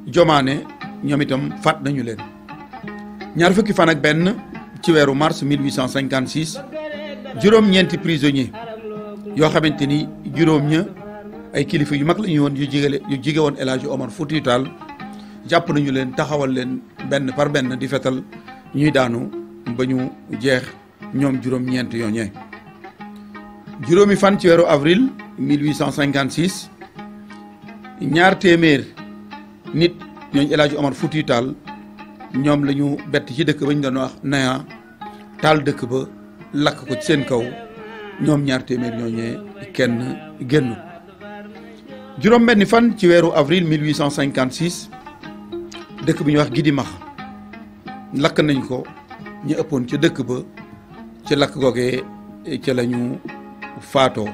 Jomaane ñoom itam faat nañu leen ñaar fukki fan ak benn ci weeru mars 1856 juróom-ñeenti prisonnier yoo xamante ni juróom ña ay kilifa yu mag lañu ñu woon yu jigale yu jige woon El Hadj jàpp nañu leen taxawal leen benn par benn di fetal ñuy daanu ba ñu jeex ñoom juróom-ñeent yooñee juróomi fan ci weeru avril 1856 ñaar téeméer nit ñooñ El Hadj Omar Fouti ñoom la ñu bett ci dëkk ba ñu doon wax nayan taal dëkk ba lakk ko ci seen kaw ñoom ñaar téeméer ñooñee kenn génn juróom benni fan ci weeru avril 1856 dëkk bi ñuy wax Gidimax lakk nañ ko ñu ëppoon ca dëkk ba ci lakk googee ca la faatoo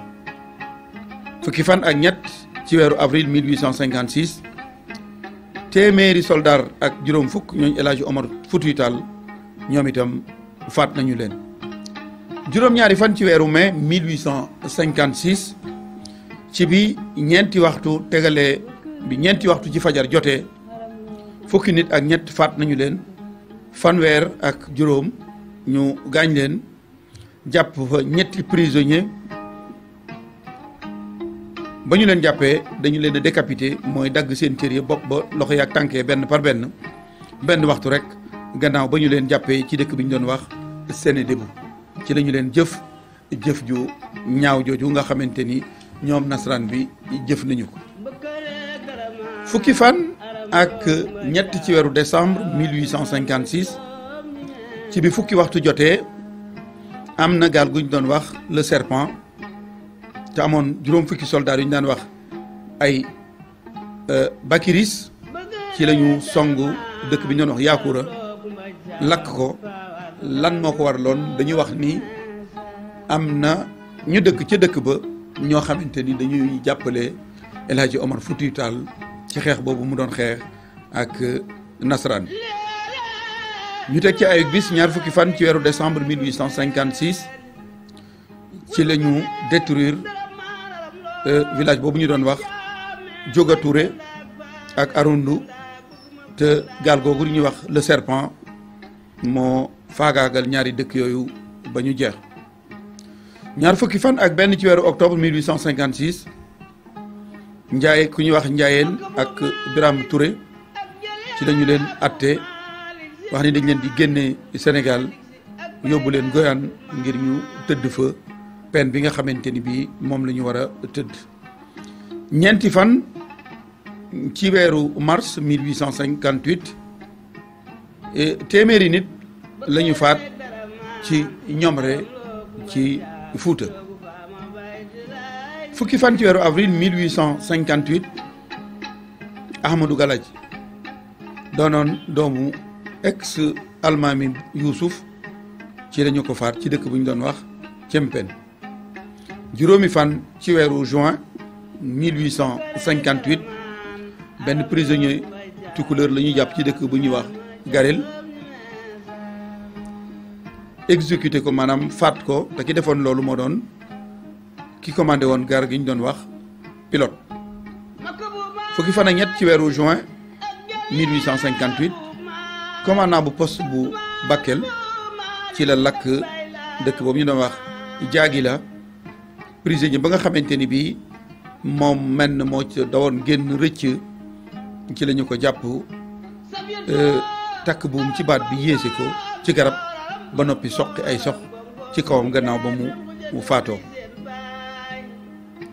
fukki fan ak ñett ci weeru avril 1856 téeméeri soldaar ak juróom fukk ñooñ El Hadj Omar Foutiyou ñoom itam faat nañu leen juróom-ñaari fan ci weeru mai 1856 ci bi ñeenti waxtu tegale bi ñeenti waxtu ci fajar jote fukki nit ak ñett faat nañu leen fanweer ak juróom ñu gaañ leen jàpp fa ñetti prisonnier ba ñu leen jàppee dañu leen décapité mooy dagg seen cër yi bopp ba loxo yaak tànkee benn par benn benn waxtu rek gannaaw ba ñu leen jàppee ci dëkk bi ñu doon wax seeni Sénédébou ci lañu leen jëf jëf ju ñaaw jooju nga xamante ni ñoom nasaraan bi jëf nañu ko ak ñett ci weeru décembre 1856 ci bi fukki waxtu jotee am na gaal gu ñu doon wax le serpent te amoon juróom fukki soldaar yu ñu daan wax ay euh, bakiris ci lañu songu dëkk bi ñu doon wax Yaakura lakk ko lan moo ko war loon dañuy wax ni am na ñu dëkk ca dëkk ba ñoo xamante ni dañuy jàppale El Hadji Omar Foutiyou ci xeex boobu mu doon xeex ak euh, nasaraan bi ñu teg ci ay bis ñaar fukki fan ci weeru décembre 1856 ci lañu ñu détruire euh, village boobu ñu doon wax Dioga ak Arundu te gaal googu ñuy wax le serpent moo faagaagal ñaari dëkk yooyu ba ñu jeex ñaar fukki fan ak benn ci weeru octobre 1856 njaay ku ñuy wax Ndiayeen ak Birame Touré ci lañu leen atte wax ni dañ leen di génne Sénégal yóbbu leen Goyane ngir ñu tëdd fa peine bi nga xamante ni bii moom la ñu war a tëdd. ñeenti fan ci weeru mars 1858 e, téeméeri nit lañu faat ci Ñomre ci Fuuta. fukki fan ci weeru avril 1858 Ahmadou Galaji doonoon doomu ex almaami Youssouf ci lañu ko faat ci dëkk bu ñu doon wax Cempen juróomi fan ci weeru juin 1858 benn prisonnier tukkuleur la ñuy jàpp ci dëkk bu ñuy wax Garel exécuté ko maanaam faat ko te ki defoon loolu moo doon. ki commandé woon gaar gi ñu doon wax pilot fukki fan ak ñett ci weeru juin 1858 commandant bu post bu Bakel ci la lakk dëkk boobu ñu doon wax jaagi la prisonnier ba nga xamante ni bii moom menn moo ci dawoon génn rëcc ci lañu ko jàpp euh, takk buum ci baat bi yéese ko ci garab ba noppi soqi ay sox ci kawam gannaaw ba mu faatoo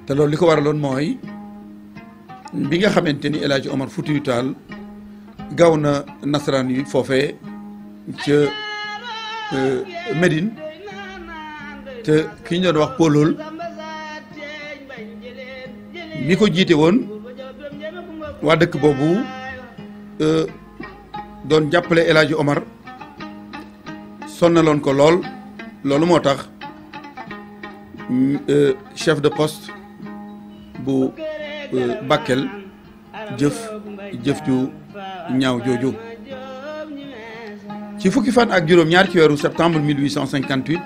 te loolu li ko waraloon mooy bi nga xamante ni El Hadj Omar Foutiyou Tall gaw na nasaraan yi foofee ca euh, Médine te kiñ ñu doon wax Poolol mi ko jiite woon waa dëkk boobu euh, doon jàppale El Omar sonnaloon ko lool loolu moo tax euh, chef de post bu euh, Bakel jëf jëf ju ñaaw jooju ci fukki fan ak juróom ñaar ci weeru septembre 1858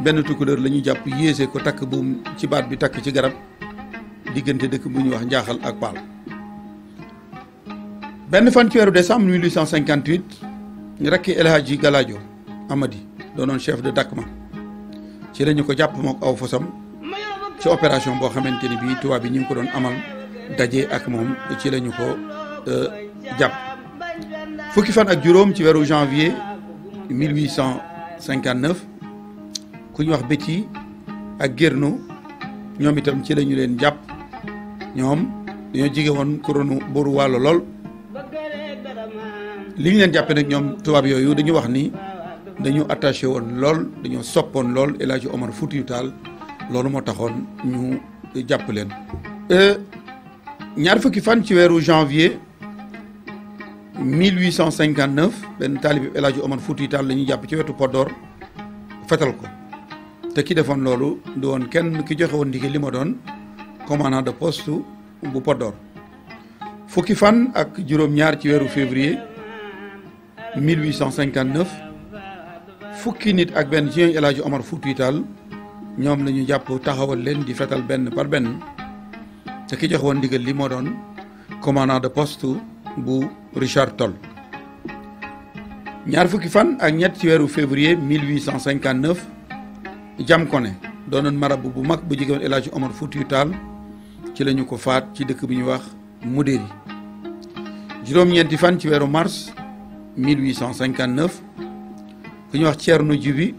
benn tukkuleer la ñu jàpp yéese ko takk buum ci baat bi takk ci garab diggante dëkk bu ñuy wax njaaxal ak paal benn fan ci weeru décembre 1858 rakki El Hadji Galadio Amadi doonoon chef de Dakma ci lañu ko jàpp mook aw fosam ci opération boo xamante ni bi tubaab bi ñu ngi ko doon amal daje ak moom ci lañu ko euh, jàpp fukki fan ak juróom ci weeru janvier 1859 ku ñu wax Béthiy ak Guerno ñoom itam ci lañu leen jàpp ñoom dañoo jige woon kuronu boru wàllo lool li ñu leen jàppee nag ñoom tuwaab yooyu dañu wax ni dañu attaché woon lool dañoo soppoon lool El Hadj Omar Foutiyou Tall loolu moo taxoon ñu jàpp leen e, ñaar fukki fan ci weeru janvier 1859 benn taalib El Hadji Omar Fouti taal la ñuy jàpp ci wetu Podor fetal ko te ki defoon loolu di woon kenn ki joxewoon woon ndigal li ma doon commandant de poste bu Podor fukki fan ak juróom-ñaar ci weeru février 1859 fukki nit ak benn ci ñooñu El Hadji Omar Fouti Tall ñoom la ñu jàpp taxawal leen di fetal benn par benn te ki jox woon ndigal li moo doon commandant de poste bu Richard Toll ñaar fukki fan ak ñett ci weeru février 1859 Jamkoné doonoon marab bu mag bu jigéen El Hadj Omar Foutiyu ci lañu ko faat ci dëkk bi ñuy wax Mudéri juróom-ñeenti fan ci weeru mars 1859 ku ñu wax Ceerno Jibi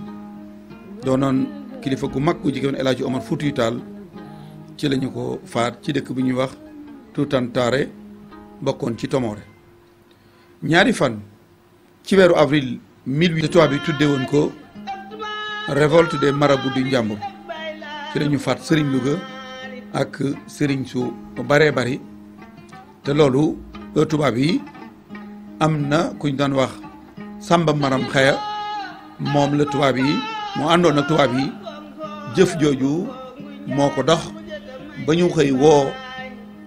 doonoon kilifa gu mag gu jigéen El Hadj Omar Taal ci lañu ko faat ci dëkk bu ñuy wax Tutantaare bokkoon ci Tomoore ñaari fan ci weeru avril 1800 tubaab bi tuddee woon ko révolte des marabouts du Njàmbur ci lañu faat sëriñ Louga ak sëriñ su baree bari te loolu tubaab yi am na kuñ daan wax Samba Maram Xaya moom la tubaab yi moo àndoon ak tubaab yi jëf jooju moo ko dox ba ñu xëy woo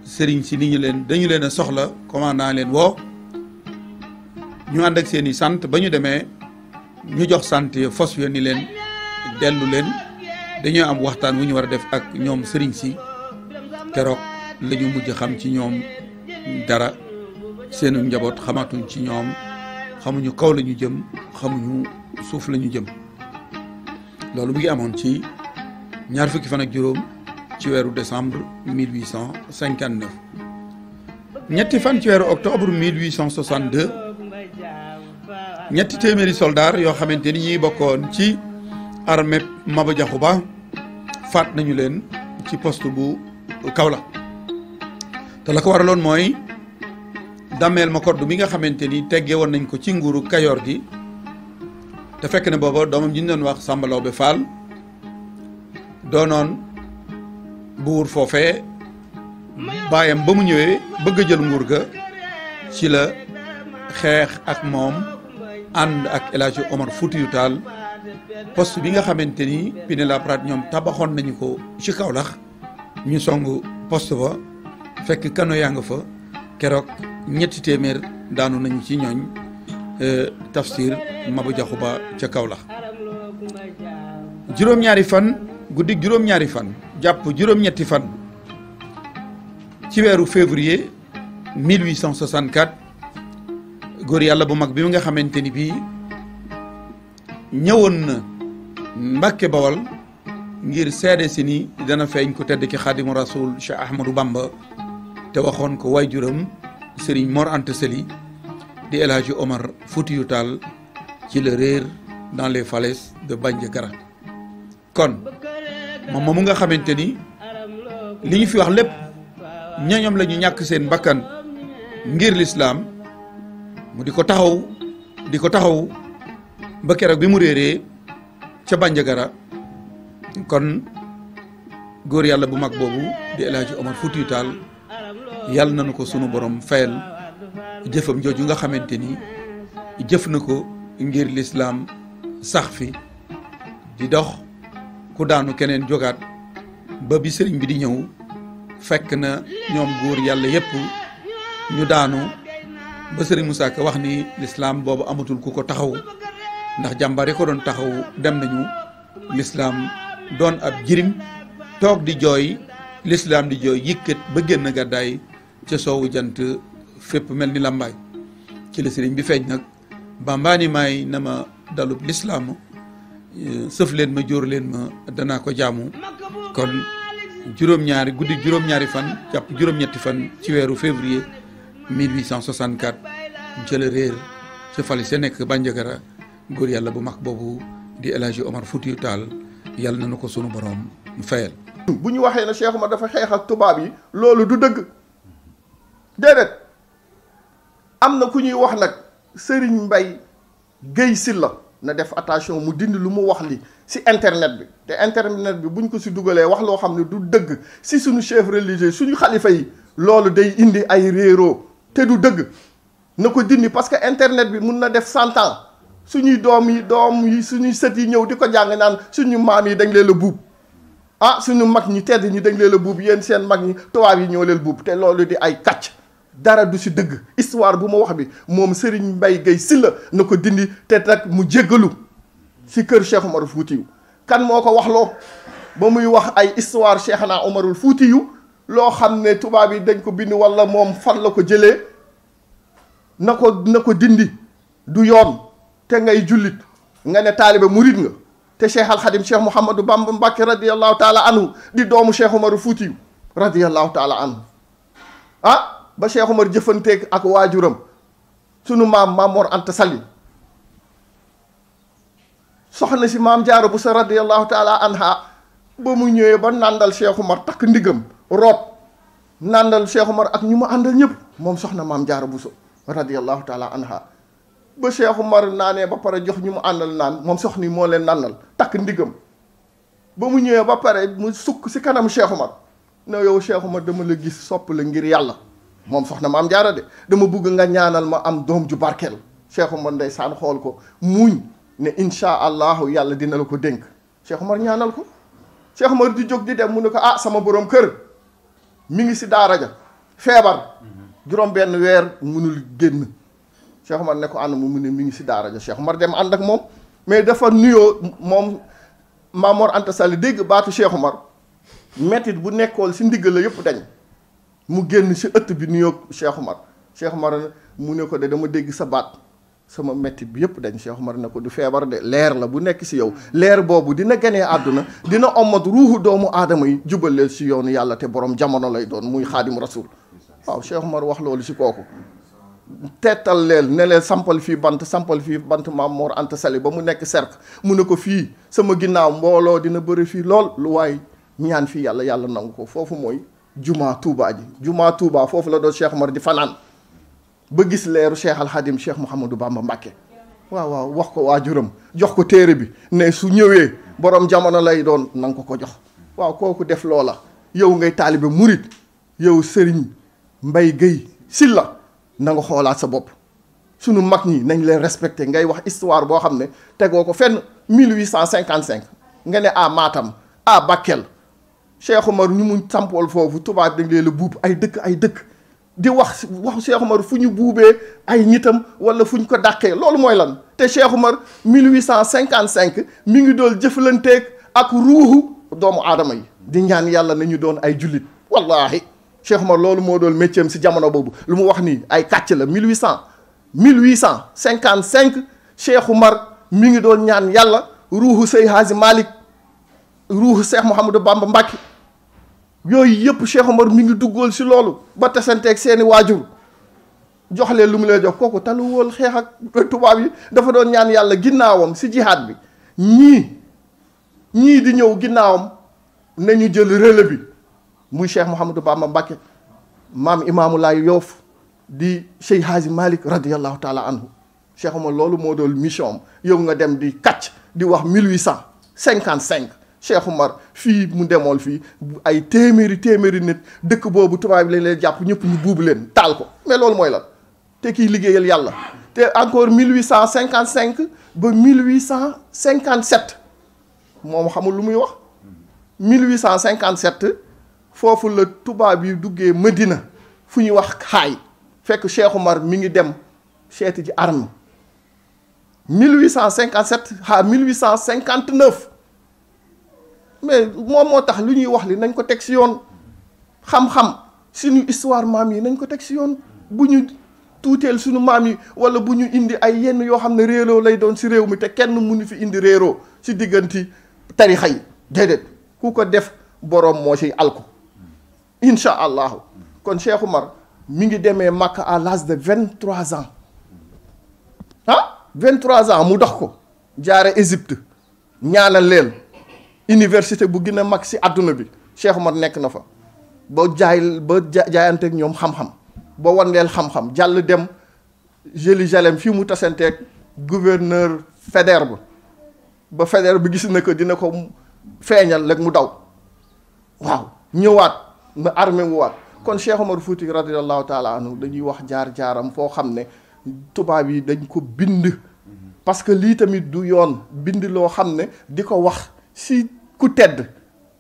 sëriñ si ni ñu leen dañu leen a soxla commandant leen woo ñu ànd ak seen i sant ba ñu demee ñu jox sant fos yo ni leen dellu leen dañoo am waxtaan wu ñu war a def ak ñoom sëriñ si keroog la ñu mujj xam ci ñoom dara seeni njaboot xamatuñ ci ñoom xamuñu kaw la jëm xamuñu suuf lañu jëm loolu mu ngi amoon ci ñaar fukki fan ak juróom ci weeru décembre 1859 ñetti fan ci weeru octobre 1862 ñetti téeméeri soldaar yoo xamante ni ñi bokkoon ci armée Maba Jaxu Ba faat nañu leen ci poste bu Kaolack te la ko waraloon mooy dammeel ma kodd bi nga xamante ni teggee woon nañ ko ci nguuru Kayoor gi te fekk ne booba doomam ji ñu doon wax Samba Laobé Fall doonoon buur foofee baayam ba mu ñëwee bëgg a jël nguur ga ci la xeex ak moom ànd ak El Hadji Omar Foutiyou Tall poste bi nga xamante ni la laprade ñoom tabaxoon nañu ko ci kawlax ñu song post ba fekk kano yaa nga fa keroog ñetti téeméer daanu nañu ci ñooñ euh, tafsir Maba Jaxu Ba ca Kaolack juróom-ñaari fan guddi juróom-ñaari fan jàpp juróom-ñetti fan ci weeru février 1864 góor yàlla bu mag bi nga xamante ni bii ñëwoon na Mbàkke Bawal ngir seede si ni dana feeñ ko tedd ki xaadimu rasul Cheikh Ahmadou Bamba te waxoon ko waajuram Serigne Mor Anta Sali di El Hadji Omar Foutiyou ci la réer dans les falaises de Bandiagara kon moom mu nga xamante ni li ñu fi wax lépp ñañoom la ñu ñàkk seen bakkan ngir lislaam mu di ko taxaw di ko taxaw ba keroog bi mu réeree ca Bandiagara kon góor yàlla bu mag boobu di El Hadji Omar Foutiyou yàlla nañu ko sunu borom fayal jëfam jooju nga xamante ni jëf na ko ngir lislaam sax fi di dox ku daanu keneen jógaat ba bi sëriñ bi di ñëw fekk na ñoom góor yàlla yépp ñu daanu ba sëriñ Moussa Ka wax ni lislaam boobu amatul ku ko taxaw ndax jàmbaar yi ko doon taxawu dem nañu lislaam doon ab jirim toog di jooy lislaam di jooy yëkkat ba génn gàddaay ca soowu jant fépp mel ni làmbaay ci la sëriñ bi feeñ nag bambaani maay na ma dalub lislaam sëf leen ma jóor leen ma danaa ko jaamu kon juróom-ñaari guddi juróom-ñaari fan jàpp juróom-ñetti fan ci weeru février 1864 ca la réer ca fali sa nekk Bandiagara góor yàlla bu mag boobu di El Hadji Omar Foutiyou Tall yàlla na nu ko sunu borom mu bu ñu waxee na Cheikh Omar dafa xeex ak tubaab yi loolu du dëgg déedéet am na ku ñuy wax nag Serigne mbay Guèye Sylla na def attention mu dind lu mu wax li si internet bi te internet bi bu buñ ko si dugalee wax loo xam ne du dëgg si suñu chef religieux suñu xalifa yi loolu day indi ay réeroo te du dëgg na ko dindi parce que internet bi mun na def cent suñuy doom yi doom yi suñuy sët yi ñëw di ko jàng naan suñu maam yi dañ leen a buub ah suñu mag ñi tedd ñi dañ leen a buub yéen seen mag ñi tubaab yi ñoo leen buub te loolu di ay kacc dara du si dëgg histoire bu ma wax bi moom Serigne Mbaye Guèye Sylla na ko dindi te nag mu jéggalu si kër Cheikh Omar Foutiyu kan moo ko waxloo ba muy wax ay histoire Cheikh naa Omarul Foutiyu loo xam ne tubaab yi dañ ko bind walla moom fan la ko jëlee na ko na ko dindi du yoon te ngay jullit nga ne taalibe murit nga te Cheikh Al Khadim Cheikh Mouhamadou Bamba Mbacke radiyallahu taala anhu di doomu Cheikh Omarul Foutiyu radiyallahu taala anhu ah. ba Cheikh Omar jëfanteeg ak waajuram sunu maam maam Mor Anta Sali soxna si maam Jaara bu sa radiyallahu taala anha ba mu ñëwee ba nàndal Cheikh Omar takk ndigam root nàndal Cheikh Omar ñu mu àndal ñëpp moom soxna maam Jaara bu sa radiyallahu taala anha ba naanee ba pare jox ñu mu àndal naan moom soxni moo leen nàndal takk ndigam ba mu ñëwee ba pare mu sukk si kanam Cheikh Omar ne yow Cheikh Omar dama la gis sopp la ngir yàlla moom soxna maam jaara de dama bugg nga ñaanal ma am doom ju barkeel Cheikh Omar saan xool ko muñ ne incha allahu yàlla dina la ko dénk Cheikh Omar ñaanal ko Cheikh Omar di jóg di dem mu ne ko ah sama borom kër mi ngi si daara ja feebar juróom weer munul génn Cheikh Omar ne ko ànd mu mu ne mi ngi si daara ja Cheikh Omar dem ànd ak moom mais dafa nuyoo moom Mamor Anta Sall dégg baatu Cheikh Omar mettit bu nekkool si ndigg la yëpp dañ mu génn si ëtt bi nuyoo Cheikh Omar Cheikh Omar mu ne ko de dama dégg sa baat sama métti bi yëpp dañ Cheikh Omar ne ko du feebar de leer la bu nekk si yow leer boobu dina ganee àdduna dina omat ruuxu doomu aadama yi jubaleel si yoonu yàlla te boroom jamono lay doon muy xaadim rasul waaw Cheikh wax loolu si kooku tetal leel neleen sampal fii bant sampal fii bant maam Mor Anta Sali ba mu nekk cercle mu ne ko fii sama ginnaaw mbooloo dina bëri fii lool lu waay ñaan fii yàlla yàlla nangu ko foofu mooy jumaa Touba ji jumaa tuubaa foofu la doon Cheikh Omar di fanaan ba gis leeru Cheikh Al Khadim Cheikh Mouhamadou Bamba Mbacke waaw waaw wax ko waajuram jox ko téere bi ne su ñëwee borom jamono lay doon na ko ko jox waaw kooku def loola yow ngay taalibe murit yow sëriñ mbay gay silla na nga xoolaat sa bopp sunu mag ñi nañ leen respecté ngay wax histoire boo xam ne tegoo ko fenn cent cinq nga ne a maatam a Bakel Cheikh Omar ñu mu sampool foofu tubaab dañ leen la buub ay dëkk ay dëkk di wax wax Cheikh Omar fu ñu buubee ay nitam wala fu ñu ko dàqee loolu mooy lan te Cheikh Omar 1855 mi ngi doon jëflanteeg ak ruuxu doomu aadama yi di ñaan yàlla na ñu doon ay jullit wallahi Cheikh Omar loolu moo doon métier si jamono boobu lu mu wax nii ay kàcc la mille mille cent 1800 1855 Cheikh Omar mu ngi doon ñaan yàlla ruuxu Sey Hadji Malick ruuxu Cheikh Mouhamadou Bamba Mbacke yooyu yëpp Cheikh Omar mi ngi duggool si loolu ba tasanteeg seeni waajur jox leen lu mu lay jox kooku talu wool xeex ak tubaab yi dafa doon ñaan yàlla ginnaawam si jihaad bi ñii ñii di ñëw ginnaawam nañu jël relais bi muy Cheikh Mouhamadou Bamba Mbacke maam imaamu laay yoof di Cheikh Hadji Malick radiyallahu taala anhu Cheikh Omar loolu moo doon mission yow nga dem di kàcc di wax mille huit cent cinquante cinq Cheikh mar fii mu demoon fii ay téeméeri téeméeri nit dëkk boobu tubaab bi lañ leen jàpp ñëpp ñu buubu leen taal ko mais mooy lan te kiy liggéeyal yàlla te encore 1855 ba 1857 moom xamul lu muy wax 1857 foofu la tubaab yi duggee Medina fu ñuy wax xaay fekk Cheikh Oumar mi ngi dem seeti ji arme 1857 à 1859. mais moom moo tax lu ñuy wax li nañ ko teg si yoon xam-xam suñu histoire maam yi nañ ko teg si yoon bu ñu tuuteel suñu maam yi wala bu ñu indi ay yenn yoo xam ne réeroo lay doon si réew mi te kenn nu fi indi réeroo si digganti tarixa yi déedéet ku ko def boroom moo siy alko incha allahu kon Cheikh Oumar mi ngi demee Makka à l'âge de vingt trois ans ah vingt trois ans mu dox ko jaare Égypte ñaanal leen université bu gën mag ci àdduna bi Cheikh Omar nekk na fa ba jaay ba jaayanteeg ñoom xam-xam ba wandeel xam-xam jàll dem Jérusalem fii mu tasanteeg gouverneur feder ba ba Faidherbe bi gis na ko dina ko feeñal rek mu daw waaw ñëwaat na armé wuwaat kon Cheikh Omar Fouti radiallahu taala dañuy wax jaar-jaaram foo xam ne tubaab yi dañ ko bind mm-hmm. parce que lii tamit du yoon bind loo xam ne di ko wax si ku tedd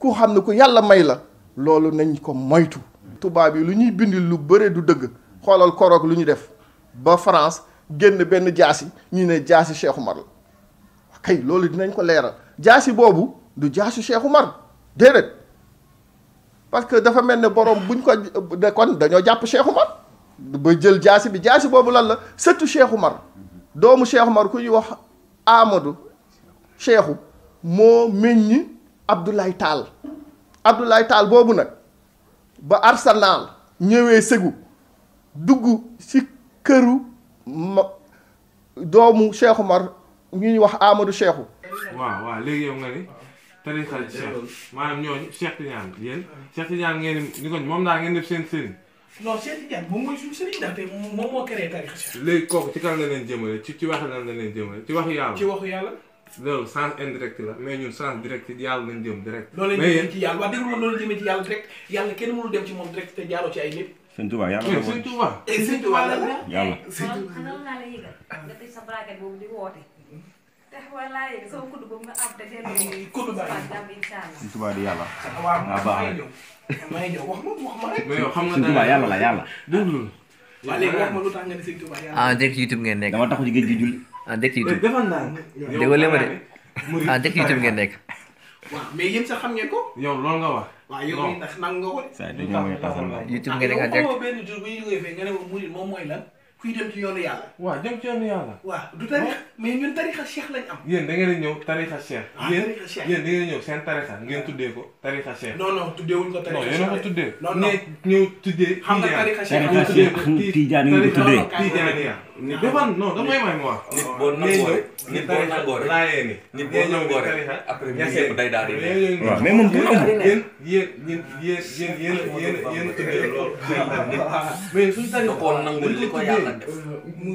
ku xam ne ku yàlla may la loolu nañ ko moytu tubaab yi lu ñuy bindi lu bëre du dëgg xoolal koroog lu ñu def ba France génn benn jaasi ñu ne jaasi Cheikh Oumar la kay loolu dinañ ko leeral jaasi boobu du jaasi Cheikh Oumar déedéet parce que dafa mel ne borom buñ ko de kon dañoo jàpp Cheikh Oumar ba jël jaasi bi jaasi boobu lan la sëtu Cheikh Oumar doomu Cheikh mar ku ñuy wax Amadou Cheikhu moo meññ Abdoulaye taal Abdoulaye Tall boobu nag ba Arsenal ñëwee Ségou dugg ci këru ma doomu Cheikh Omar ñu ñuy wax Amadou Cheikhou. waaw waaw léegi yow nga ni tarixa Cheikh maanaam ñooñu Cheikh Tidiane yéen Cheikh Tidiane ngeen moom naa ngeen def seen sëriñ. non Cheikh Tidiane moom mooy suñu sëriñ ndaxte moom léegi kooku ci kan la leen jëmale ci ci wax la leen jëmale ci waxu yàlla. ci waxu yàlla. loolu sens indirect la mais ñun sens direct yàlla lañ jëm direct. mais yéen loolu la ñu ci yàlla wax dëgg yàlla loolu jëmee ci yàlla direct yàlla kenn mënul dem ci moom direct te jaaroo ci ay nit. sëñ Tuba yàlla la sëñ Tuba. sëñ Tuba la yàlla. sëñ Tuba xanaa naa la yëgal nga tëj sa braquette boobu di woote. te walaay sama kudd boobu nga am te teel a ngi. [LAUGHS] kudd baa yi sëñ Tuba di yàlla. waaw maa baax rek maa ngi ñëw wax ma wax ma rek. mais yow xam nga sëñ Tuba yàlla la yàlla. déglu. waaw léegi wax ma lu tax nga ne sëñ Tuba yàlla. ah direct YouTube ngeen nekk. dama taxu ci géej gi julli dekk YouTube defoon naa ne. déggoo leen ma de ah dekk YouTube ngeen nekk. waaw mais yéen sax xam ngeen ko. yow loolu nga wax. waaw yow mii ndax nangu nga ko de. saa dañoo may taxawal la YouTube ngeen nekk ànd ak. ah benn jour bu ñu jógee fee nga ne ma murid moom mooy lan. kuy dem ci yoonu yàlla. waaw dem ci yoonu yàlla. waaw du tarixa mais ñun tarixa cheikh lañ am. yéen da ngeen di ñëw tarixa cheikh. ah tarixa cheikh yéen yéen da ngeen di ñëw seen tarixa ngeen tuddee ko tarixa cheikh. non non tuddee wuñ ko tarixa cheikh non yéen a ko tuddee. non non ñëw tuddee. xam nga tarixa cheikh tarixa cheikh tiijaan yi ñu ko tuddee. nit du man non damay may mu wax. nit boo nangoore nit boo nangoore laayee ni. nit boo nangoore après ñëpp day daal di nekk. waaw mais moom du nangu. yéen yéen yéen yéen [LAUGHS] mais suñu tari xool nangu li ko yàlla def.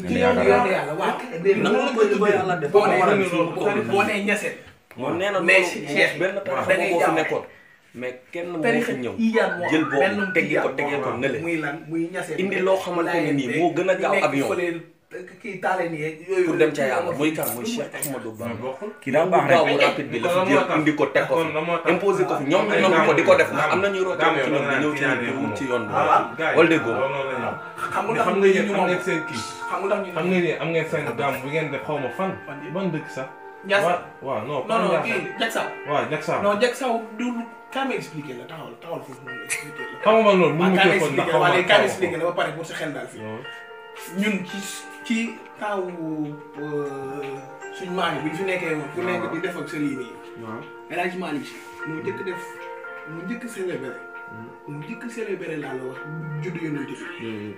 ci yow yàlla waaw nangu li ko yàlla def. boo nee moom boo ko fi nekkoon. mais kenn moo fi ko tegee ko ne indi loo xamante ne nii moo gën a gaaw avion. kii taale nii yooyu pour dem ca yàlla muy kan muy Cheikh Ahmadou Bamba kii daa baax rek bu rapide bi la fi jël indi ko teg ko fi imposé ko fi ñoom ñu nangu ko di ko def ndax am na ñuy root ci ñoom di ñëw ci ñoom di wut ci yoon bi wala déggoo xam nga xam nga yéen am ngeen seen kii xam nga ni am ngeen seen gaam bu ngeen def xaw ma fan ban dëkk sax Ndiassa waaw non non non kii Diaksa waaw Diaksa non Diaksa du kaa ma expliqué la taxawal taxawal foofu noonu expliqué la xamuma loolu mu ah, mu ko ndax xamuma kaa ma expliqué la ba pare pour sa xel daal fii ñun ci ci kaw euh, suñ maam bi bu nekkee woon. nekk di def sa lii nii. waaw El Hadj Malick Sy mu njëkk def mu njëkk célébré. Hmm. mu njëkk célébré laa la wax judd yonent bi. Hmm.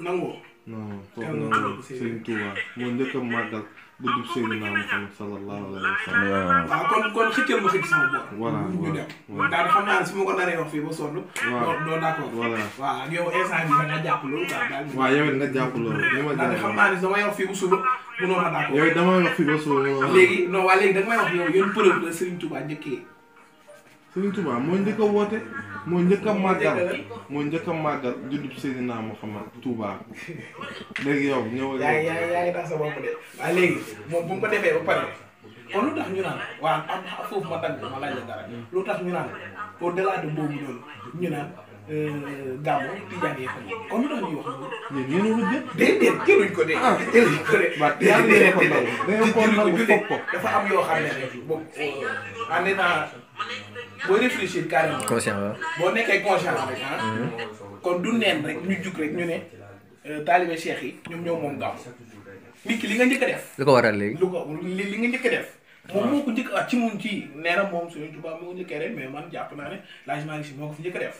nangoo. non foofu noonu Serigne Touba moo njëkk a dugg Seydina Muhammad sallallahu alayhi wa sallam. waaw kon kon xëccal ma xëcc sama bopp. voilà voilà daal xam naa ne su ma ko naree wax fii ba sonn. waaw doo d'accord. voilà waaw ak yow instant bi nga jàpp loolu daal. waaw yow it nga jàpp loolu. li ma jàpp xam naa ne damay wax fii ba suba munoo ma d'accord. yow it damay wax fii ba suba munoo ma. léegi non waa léegi danga may wax yow yéen preuve la Serigne Touba njëkkee. Sëriñ Tuubaa moo njëkk a woote moo njëkk a màggal moo njëkk a màggal juddub Seydina Muhammad Tuubaa léegi yow ñëw yaa yaa yaa ngi tax sa bopp de waaye léegi moom bu mu ko defee ba pare kon lu tax ñu naan waa am foofu ma tànk ma laaj la dara lu tax ñu naan au delà de boobu noonu ñu naan euh, gàmmu tijaan yi fan kon lu tax ñuy wax ñun yéen a ko dégg déedéet jëluñ ko de jëluñ ah. ko de waaw yàlla yéen a ko ndaw dafa am yoo xam ne rek boobu euh, ànd naa boo réfléchir carrément. conscient waaw boo nekkee conscient rek ah. kon du neen rek ñu jug rek ñu ne euh, taalibe cheikh yi ñoom ñoo moom gaaw nit ki li nga njëkk def. lu ko waral léegi lu ko li nga njëkk a def. moom moo ko njëkk a ah, ci mun ci nee moom su Tuubaa moo ko njëkkee rek mais man naa ne laaj maa ngi si ko fi def.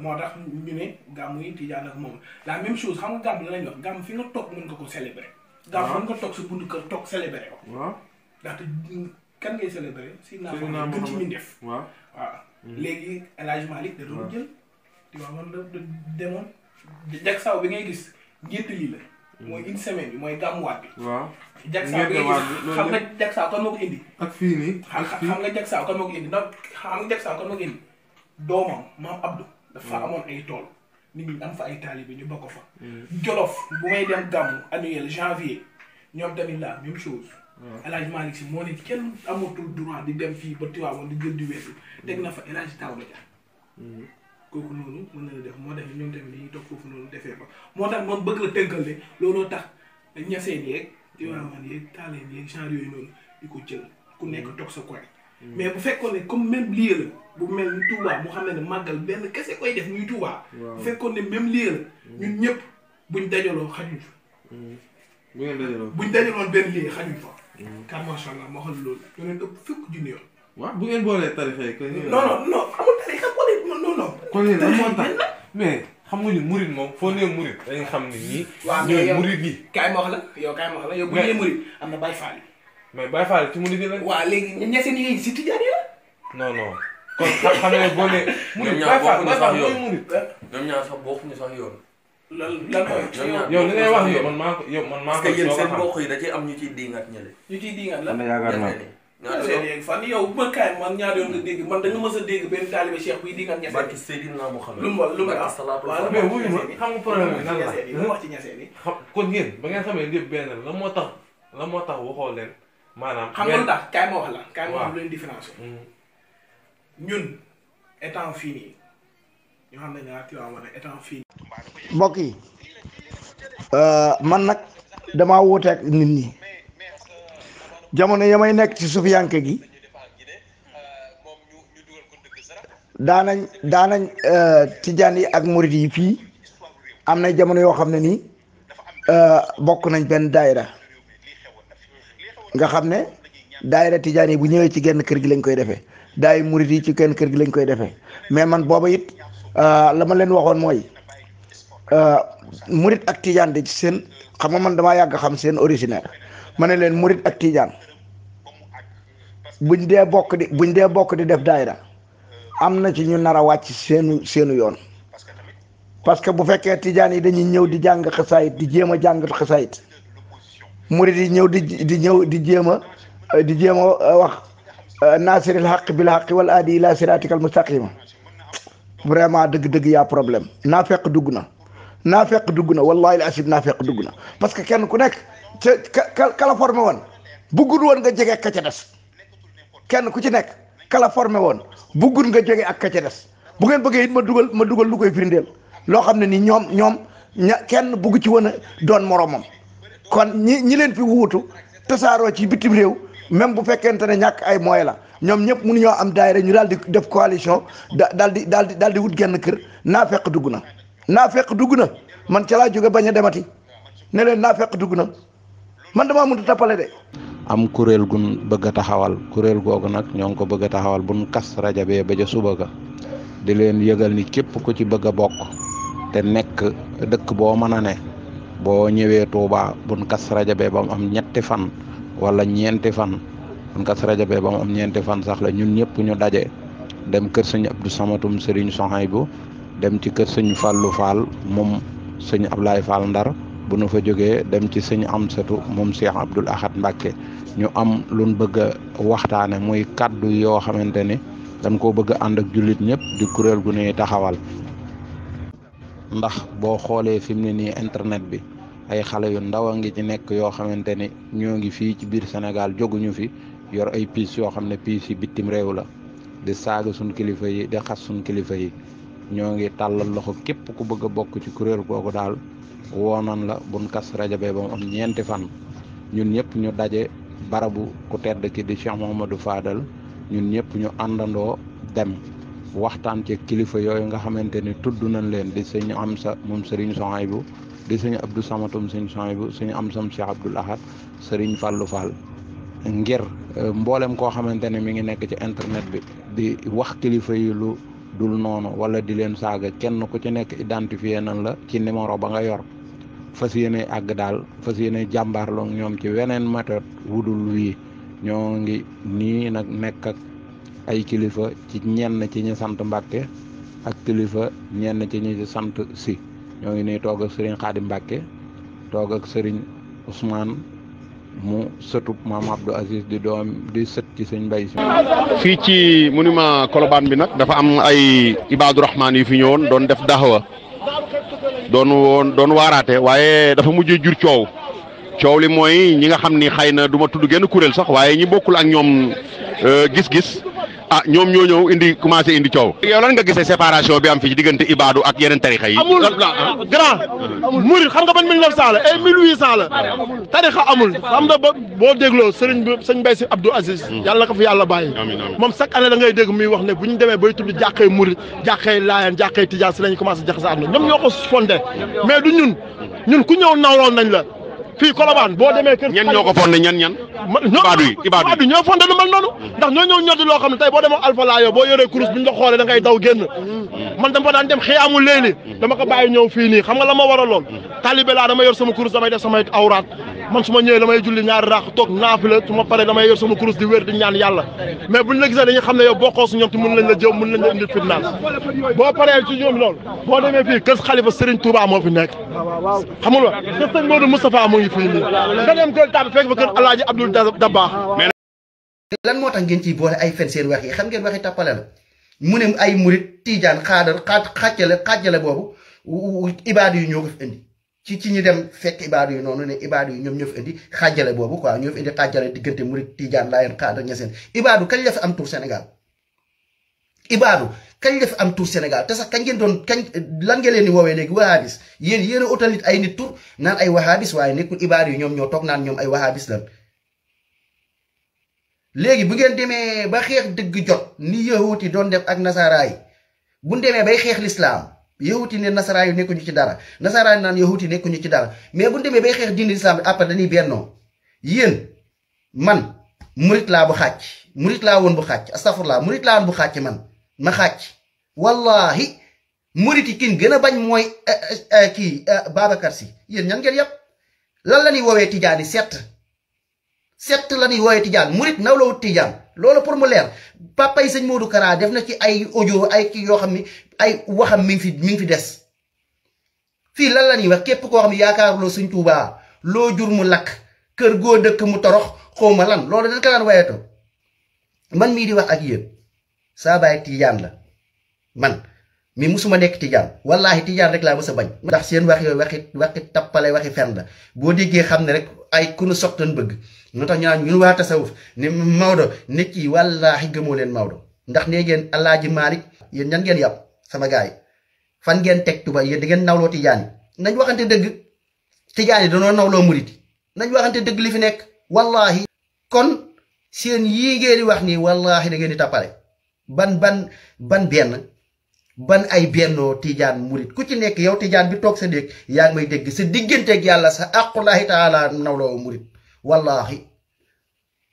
moo tax ñu ne gàmm yi tijaan ak moom la même chose xam nga gàmm la lañ wax gàmm fi nga toog mun nga ko célébrer. waaw gàmm mën nga toog sa buntu kër toog célébrer ko. waaw ndaxte kan ngay célébrer. Seydina Muhammad gën ci ñu def. waaw waaw. Mm-hmm. léegi El Hadj Malick da doon jël. di waaw man bi ngay gis njëtt lii la. Mm-hmm. mooy une semaine bi mooy gàmmuwaat bi. waaw jagsaaw bi ngay gis xam nga jagsaaw kan moo ko nii ak fii xam nga jagsaaw kan doomam maam Abdou. dafa mm-hmm. amoon ay tool. nit ñi am fa ay taalibe ñu bokk fa. Jolof bu may dem gàmmu annuel janvier ñoom tamit la même chose. El Hadj Malick si moo ne kenn amatul droit di dem fii ba Tiwaawan di jël di wetu. Mm. teg na fa El Hadj Daouda Dia. Mm. kooku noonu mën na la def moo def ñoom tamit dañuy toog foofu noonu defee ba moo tax man bëgg la tënkal ne looloo tax ñaseen yeeg. Tiwaawan yeeg di ko jël ku nekk mm. toog sa koy. mais bu fekkoon ne comme même lieu la mel ni Touba mu xam ne ne màggal benn kese koy def ñuy Touba. bu fekkoon ne même lieu la ñun ñëpp buñ dajaloo xajuñ fa. buñ fa. car mm. macha allah ma waxal loolu ñoo leen ëpp fukk junni yoon. waaw bu ngeen boolee tarixa yi kon non non non amul tarixa boole mais xam nga ni murit moom foo nee murit dañu xam ne nii. waaw mais yow murit yi. kaay ma la yow kaay ma la yow bu ñu nee murit am na Baye Fall. mais Baye Fall ci murit yi la. léegi ñeseen yi si tijaan yi la. non non kon xam nga boo nee. murit Baye Fall Baye Fall yooyu murit. ñoom ñaar sax bokkuñu sax yoon. lan lan yow li ngay wax yow man maa ko yow man maa ko. parce que yéen seen mbokk yi da cee am ñu ciy diingat ñële. ñu ciy diingat la man yaakaar naa ñaata fan yow bu ma kaay man ñaata yoon nga dégg man da nga mës a dégg benn taalibe cheikh buy diingat ñeseen. barke Seydina Muhammad lu mu wax lu mu wax waaw mais wuyu ma xam nga problème bi nan la lu wax ci ñeseen yi. xam kon yéen ba ngeen xamee lépp benn la moo tax la moo tax waxoo leen maanaam. xam nga lu tax kaay ma wax la. kaay ma wax lu leen différence mm. ñun étant fini mbokk yi euh, man nag dama wuute nit ñi jamono ya may nekk ci sufiyanke gi daanañ daanañ euh, tijaan yi ak murit yi fii am na jamono yoo xam ne nii euh, bokk nañ benn daayira nga xam ne daayira tijaan yi bu ñëwee ci genn kër gi lañ koy defee daay murit yi ci genn kër gi lañ koy defee mais man booba it Euh, la ma leen waxoon mooy euh, murit ak tijaan de ci seen xam nga man damaa yàgg xam seen originaire ma ne leen murit ak tijaan buñ dee bokk di buñ dee bokk di def daayira am na ci ñu nar a wàcc seenu seenu yoon parce que bu fekkee tijaan yi dañuy ñëw di jàng xasaayit di jéem a jàng xasaayit murit yi ñëw di di ñëw di jéem a di jéem a wax euh, naasiril xaq bil xaq wal aadi ila siraatikal mustaqima vraiment dëgg-dëgg yaa problème naa feq dugg na naa feq dugg na wallahi la asib naa fekk dugg na parce que kenn ku nekk ca kala formé woon buggul woon nga jege ak ka kenn ku ci nekk kala formé woon buggul nga jege ak ka ca des bu ngeen bëggee it ma dugal ma dugal lu koy loo xam ne ni ñoom ñoom ña kenn bugg ci woon a doon moromam kon ñi ñi leen fi wuutu tasaaroo ci bitim réew même bu fekkente ne ñàkk ay moyens la ñoom ñëpp mënuñoo am daayira ñu daal di def coalition da daal di daal di di wut genn kër naa fekk dugg na naa fekk dugg na man ca laa jóge bañ a demati ne leen naa fekk dugg na man dama mënut a tappale de. am kuréel gun bëgg a taxawal kuréel googu nag ñoo ngi ko bëgg a taxawal buñ kas rajo bee ba ca suba ga di leen yëgal ni képp ku ci bëgg a bokk te nekk dëkk boo mën a ne boo ñëwee Touba buñ kas rajo bee ba am ñetti fan. wala ñeenti fan kon kas rajo bee ba am ñeenti fan sax la ñun ñëpp ñu daje dem kër sëñ Abdou Samatum Serigne Sohaybu dem ci kër sëñ Fallou Fall moom sëñ ablaay Fall Ndar bu nu fa jógee dem ci am setu moom Cheikh Abdoul Ahad Mbacke ñu am lu ñu bëgg a waxtaane muy kàddu yoo xamante ni dañ koo bëgg a ànd ak jullit ñëpp di kuréel gu nuy taxawal ndax boo xoolee fi mu ne nii internet bi ay xale yu ndaw a ngi ci nekk yoo xamante ne ñoo ngi fii ci biir Sénégal jóguñu fi yor ay piis yoo xam ne piis yi bitim réew la di saaga suñ kilifa yi di xas suñ kilifa yi ñoo ngi tàllal loxo képp ku bëgg a bokk ci kuréel kooku daal woonan la buñ kas rajabe ba mu am ñeenti fan ñun ñëpp ñu daje barabu ku tedd ki di Cheikh Mouhamadou Fadal ñun ñëpp ñu àndandoo dem waxtaan ci kilifa yooyu nga xamante ni tudd nañ leen di sëñ am sa moom sëriñ Sohaybu di sëñ Abdou Samatum sëñ Soyibu suñu am sam Cheikh Abdoul Ahad sëriñ Fallou Fall ngir euh, mboolem koo xamante ne mi ngi nekk ci internet bi di wax kilifa yi lu dul noonu wala di leen saaga kenn ku ci nekk identifié nan la ci numéro ba nga yor fas yéene àgg daal fas yéene jàmbaarloo ñoom ci weneen wu dul wii ñoo ngi nii nag nekk ak ay kilifa ci ñenn ci ñi sant Mbàkke ak kilifa ñenn ci ñi sant si ñoo ngi nii toog ak sëriñ Xaadim Mbàkke toog ak sëriñ Ousmane mu sëtub maam Abdou Aziz di doom di sët ci sëñ Mbay si fii ci monument Colobane bi nag dafa am ay Ibaadu Rahmaan yi fi ñëwoon doon def daxawa doon woon doon waaraate waaye dafa mujj jur coow coow li mooy ñi nga xam ni xëy na du ma tudd genn kuréel sax waaye ñi bokkul ak ñoom euh, gis-gis ah ñoom ñoo ñëw indi commencé indi coow. yow lan nga gisee séparation bi am fii diggante Ibadu ak yeneen tarixa yi. amul grand Mouride xam nga ban 1900 la ay eh, 1800 la tarixa amul boo dégloo sëriñ bi sëñ Mbaye si Abdou Aziz. Hmm. yàlla na ko fi yàlla bàyyi. moom chaque année da ngay dégg muy wax ne bu ñu demee bay tudd jàkkee Mouride jàkkee Laayeen jàkkee Tijaan si la ñu commencé jaxase am na ñoom ñoo ko fondé hmm. mais du ñun ñun ku ñëw nawloon nañ la. fii Colobane boo demee kër ñen ñoo ko fonde ñen ñan ibaadu yi ibaadu ñoo fonde lu mel noonu ndax ñoo ñëw ñoddi loo xam ne tey boo demoo Alpha boo yoree kurus bu ñu la xoolee da ngay daw génn man dama fa dem xiyaamu léegi dama ko bàyyi ñëw fii nii xam nga la ma war a lool talibé laa dama yor sama kurus damay def samay awraat man su ma ñëwee damay julli ñaari raax toog naafila su ma paree damay yor sama kurus di wér di ñaan yàlla mais buñ la xam ne yow bokkoo su ñoom te mën lañ la jëw mën lañ la indil fitnaan boo paree ci ñoom loolu boo demee fii kër xalifa Serigne Touba moo fi nekk xamul wa kër sëñ Modou Moustapha mu ngi fii nii nga dem kër Tabi fekk fa kër Alaaji Abdoul Dabakh lan moo tax ngeen ciy boole ay fen seen wax yi xam ngeen waxi tàppale la mu ne ay murit tiijaan xaadar xaaj xàccale xàccale boobu ibaadu yu ñoo ko fi indi ci ci ñu dem fekk ibaadu yi noonu ne ibaadu yi ñoom ñoo fi indi xaajale boobu quoi ñoo fi indi xaajale diggante murit tijaan laayeen xaadar ñaseen ibaadu kañ la fi am tur Sénégal kañ la am tur Sénégal te sax kañ geen doon kañ lan nga leen di woowee léegi wahabis yéen yéen a utal nit ay nit tur naan ay wahabis waaye nekkul ibaadu yi ñoom ñoo toog naan ñoom ay wahabis lan léegi bu ngeen demee ba xeex dëgg jot ni yahuut yi doon dem ak nasaraa yi bu demee bay xeex lislaam yahuti ne nasaraan yi nekkuñu ci dara nasaraan naan yahuti nekkuñu ci dara mais bu ñu demee bay xeex diine islam après dañuy bennoo yéen man murit laa bu xàcc murit laa woon bu xàcc astafurlaa murit laa woon bu xàcc man ma xàcc wallahi murit yi kin gën a bañ mooy eh, eh, eh, kii Babacar si yéen ñan ngeen yàpp lan la ñuy woowee Tidjane yi sett sett la ñuy woowee Tidjane murit nawlawut Tidjane loolu pour mu leer papa yi sëñ Modou karaa def na ci ay audio ay kii yoo xam ni ay waxam mi ngi fi mi ngi fi des fii lan la ñuy wax képp koo xam ne yaakaaruloo sëñ Tuubaa loo jur mu lakk kër goo dëkk mu torox xaw ma lan loolu dañ ko daan man mii di wax ak yéen saa baay tijaan la man mi musuma nekk tijaan wallaahi tijaan rek laa mës sa bañ. ndax seen wax yooyu waxi waxi tappale waxi fen la boo déggee xam ne rek ay ku nu soq bëgg. ñoo tax ñu naan ñun waa tasawuf ne Maodo ne kii wallaahi gëmoo leen Maodo ndax nee ngeen Alaaji Maalik yéen ñan ngeen yàpp sama gars fan ngeen teg tuba yéen da ngeen nawloo tijaan yi nañ waxante dëgg tijaan yi danoo nawloo murit nañ waxante dëgg li fi nekk wallaahi kon seen yii ngeen di wax nii wallaahi da ngeen di tàppale ban ban ban benn ban ay bennoo tiijaan murit ku ci nekk yow tijaan bi toog sa dégg yaa ngi may dégg sa digganteeg yàlla sa aqullahi taala nawloo murit wallaahi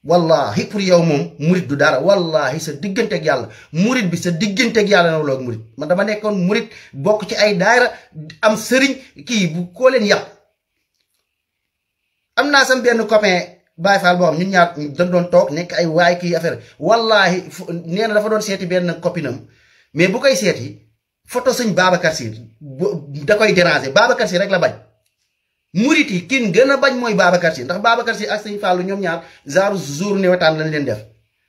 wallaahi pour yow moom murit du dara wallaahi sa digganteeg yàlla murit bi sa digganteeg yàlla na loog murit man dama nekkoon murit bokk ci ay daayra am sëriñ kii bu koo leen am naa sam benn copain Baay Faal boo xam ñun ñaar dañ doon toog nekk ay waay kii affaire wallaahi nee na dafa doon seeti benn copinam mais bu koy seeti photo sëñ Babacar Si da koy déranger Babacar Si rek la bañ murit yi kin gën a bañ mooy Babacar si ndax Babacar si ak sëñ Fallou ñoom ñaar genre journée wetaan lañ leen def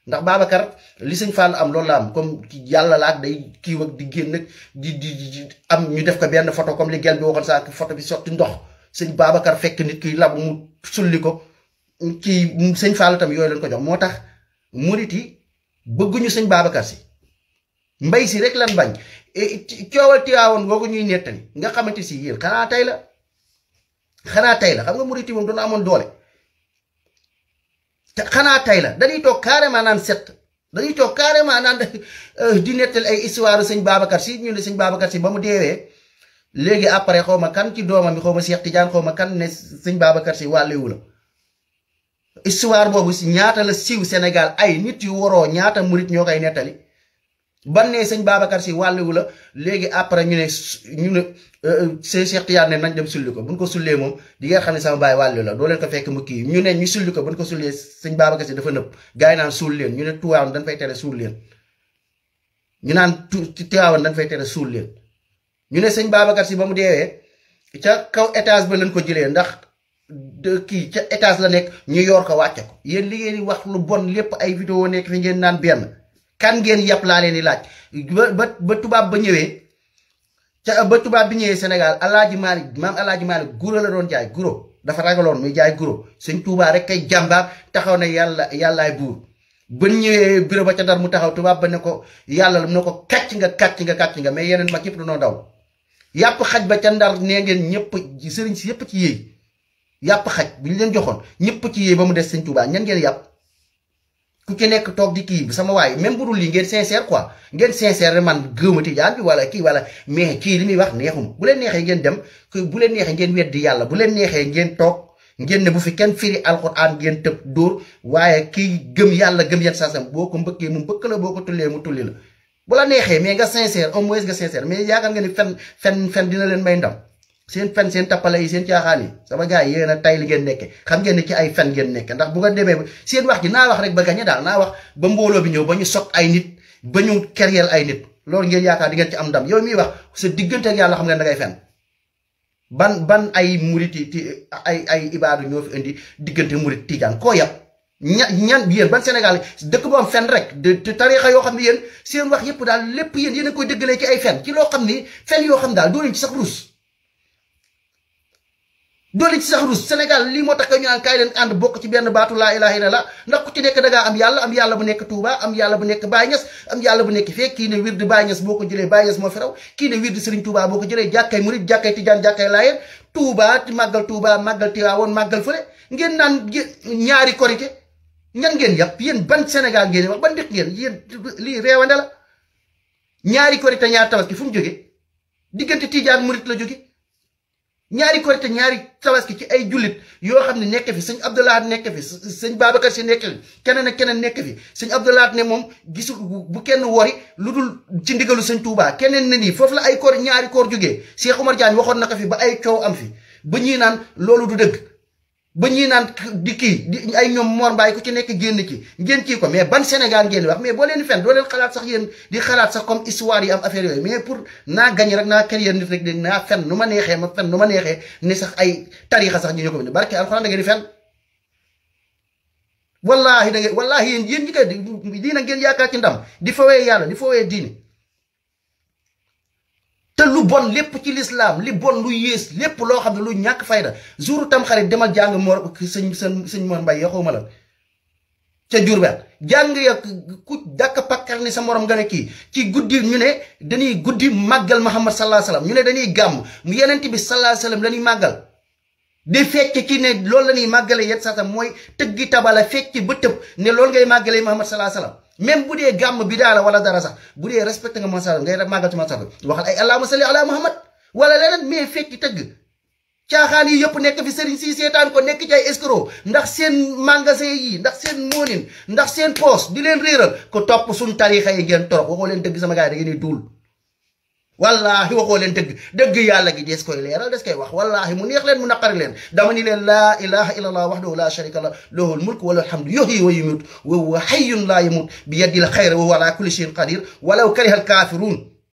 ndax Babacar li sëñ Fallou am loolu la am comme yàlla la ak day kii wag di génn nag di di am ñu def ko benn photo comme li gel bi waxoon sax bi sotti ndox sëñ Babacar fekk nit ki labu mu ko kii sëñ Fallou tam yooyu lañ ko jox moo tax murit yi bëgguñu sëñ Babacar si mbay si rek lan bañ e, coowal Tiwaawoon googu ñuy nettali nga xamante si yéen xanaa tey la. xanaa tey la xam nga murit yi amoon doole te xanaa tey la dañuy toog carrément naan set dañuy toog carrément naan euh, di nettal ay histoire sëñ Babacar si ñu ne sëñ Babacar si ba mu deewee léegi après xaw ma kan ci doomam bi xaw ma Cheikh Tidiane xaw ma kan ne sëñ Babacar si wàllewu la histoire boobu si ñaata la siw Sénégal ay nit yu waroo ñaata murit ñoo kay nettali ban ne sëñ Babacar si wàlluwu la léegi après ñu ne ñu ne euh, euh, sëñ Cheikh Tidiane ne nañ dem sulli ko buñ ko sullee moom di nga xam ne sama baay wàllu la doo leen ko fekk mu kii ñu ne ñu sulli ko buñ ko sullee sëñ Babacar si dafa nëb gars yi naan leen ñu ne Tiwaawan dañ fay tere suul leen ñu naan Tiwaawan dañ fay tere suul leen ñu ne sëñ Babacar si ba mu deewee ca kaw étage ba lañ ko jëlee ndax kii ca étage la nekk ñu yor ko wàcce ko yéen li ngeen di wax lu bon lépp ay vidéo nekk fi ngeen naan benn kan ngeen yàpp laa leen di laaj ba ba tubaab ba ñëwee ca ba tubaab bi ñëwee senegal alaaji Maalik maam alaaji Maalik guro la doon jaay guro dafa ragaloon muy jaay guro sëñ Tuubaa rek ay jàmbaar taxaw na yàlla yàllaay buur ba ñëwee bureau ba ca Ndar mu taxaw tubaab ba ne ko yàlla la mu ne ko kàcc nga kàcc nga kàcc nga mais yeneen mag yëpp dañoo daw yàpp xaj ba ca Ndar nee ngeen ñëpp sëriñ si yëpp ci yéey yàpp xaj bu ñu leen joxoon ñëpp ci yéey ba mu des sëñ Tuubaa ñan ngeen yàpp ku ci nekk toog di kii sama waay même bu dul lii ngeen sincère quoi ngeen sincère man gëwma tijaan bi wala kii wala mais kii li muy wax neexum bu leen neexee ngeen dem bu leen neexee ngeen weddi yàlla bu leen neexee ngeen toog ngeen ne bu fi kenn firi alxuraan ngeen tëb dóor waaye kii gëm yàlla gëm yan saasam boo ko mbëkkee mu mbëkk la boo ko tullee mu tulli la bu la neexee mais nga sincère au moins nga sincère mais yaakaar nga ni fen fen fen dina leen may ndam seen fen seen tappale yi seen caaxaan sama gars yi yéen a tay li ngeen nekke xam ngeen ne ci ay fen ngeen nekke ndax bu nga demee seen wax ji naa wax rek ba gañe daal naa wax ba mbooloo bi ñëw ba ñu sot ay nit ba ñu keryeel ay nit loolu ngeen yaakaar di ngeen ci am ndam yow miy wax sa diggante yàlla xam ngeen da ngay fen ban ban ay murit yi ay ay ibaadu ñoo indi diggante murit tiijaan koo yab ña ñan yéen ban Sénégal dëkk boo am fen rek de tariixa yoo xam ne yéen seen wax yëpp daal lépp yéen yéen a koy dëggalee ci ay fen ci loo xam ni fen yoo xam daal doo ci sax ruus doole ci sax rus Sénégal lii moo tax ñu naan leen ànd bokk ci benn baatu laa ilaha illallah ndax ku ci nekk da ngaa am yàlla am yàlla bu nekk Touba am yàlla bu nekk Baye Niass am yàlla bu nekk fee kii ne wird Baye Niass boo ko jëlee Baye Niass moo fi raw kii ne wird Serigne Touba boo ko jëlee jàkkay murid jàkkay Tijaan jàkkay Laayeen Touba màggal Touba màggal Tiwaawoon màggal fële ngeen naan ñaari korité ñan ngeen yàpp yéen ban Sénégal ngeen wax ban dëkk ngeen yéen lii réewande la ñaari korité ñaar fu mu jóge diggante Tijaan murid la jóge ñaari korite ñaari tabaski ci ay jullit yoo xam ne nekk fi sëñ Abdoulahat nekk fi sëñ Babacar si nekk fi keneen ak keneen nekk fi sëñ Abdoulahat ne moom gisul bu kenn wori lu dul ci ndigalu sëñ Touba keneen na nii foofu la ay koor ñaari koor jógee Cheikh Oumar Diagne waxoon na ko fi ba ay coow am fi ba ñii naan loolu du dëgg ba ñuy naan di kii ay ñoom Mor Mbaye ko ci nekk génn ci ngeen kii ko mais ban Sénégal ngeen wax mais boo leen fen doo leen xalaat sax yéen di xalaat sax comme histoire yi am affaire yooyu mais pour naa gañ rek naa kër nit rek naa fen ma neexee ma fen nu ma neexee ni sax ay tariixa sax ñu ñu ko bind barke alxuraan da ngeen di fen wallaahi da ngeen wallaahi yéen yéen ñi koy di dina ngeen yaakaar ci ndam di fawee yàlla di fawee diini lu bon lépp ci lislaam li bon lu yées lépp loo xam ne lu ñàkk fayda jour tam xarit demal jàng moor sëñ sëñ sëñ moor mbay yaxuma la ca Jurbel jàng ya ku dàkk pakkar ni sa morom nga ne kii ci guddi ñu ne dañuy guddi màggal Muhammad sallallahu alayhi wasallam ñu ne dañuy gàmm mu yenent bi sallallahu alayhi wasallam la ñuy màggal di fecc ci ne loolu la ñuy màggale yet sa mooy tëggi tabala fecc ba tëb ne loolu ngay màggale Muhammad sallallahu alayhi wasallam même bu dee gàmm bi daala wala dara sax bu dee respecté nga masal ngay màggal ci masal waxal ay allahumma salli ala muhammad wala leneen mais fekki tëgg caaxaan yi yëpp nekk fi sëriñ si seetaan ko nekk ci ay escroc ndax seen magasin yi ndax seen moonin ndax seen poos di leen réeral ko topp suñ tarixa yi ngeen torop waxoo leen dëgg sama gars yi da ngeen di wallaahi waxoo leen dëgg dëgg yàlla gi dees koy leeral des koy wax wallaahi mu neex leen mu naqari leen dama ni leen laa ilaha illa allah wahdahu la sharika lah lahul mulk wa lahul hamdu yuhyi wa yumut wa huwa hayyun la yamut bi yadil xayra wa huwa ala kulli shay'in qadir walaw kariha alkafirun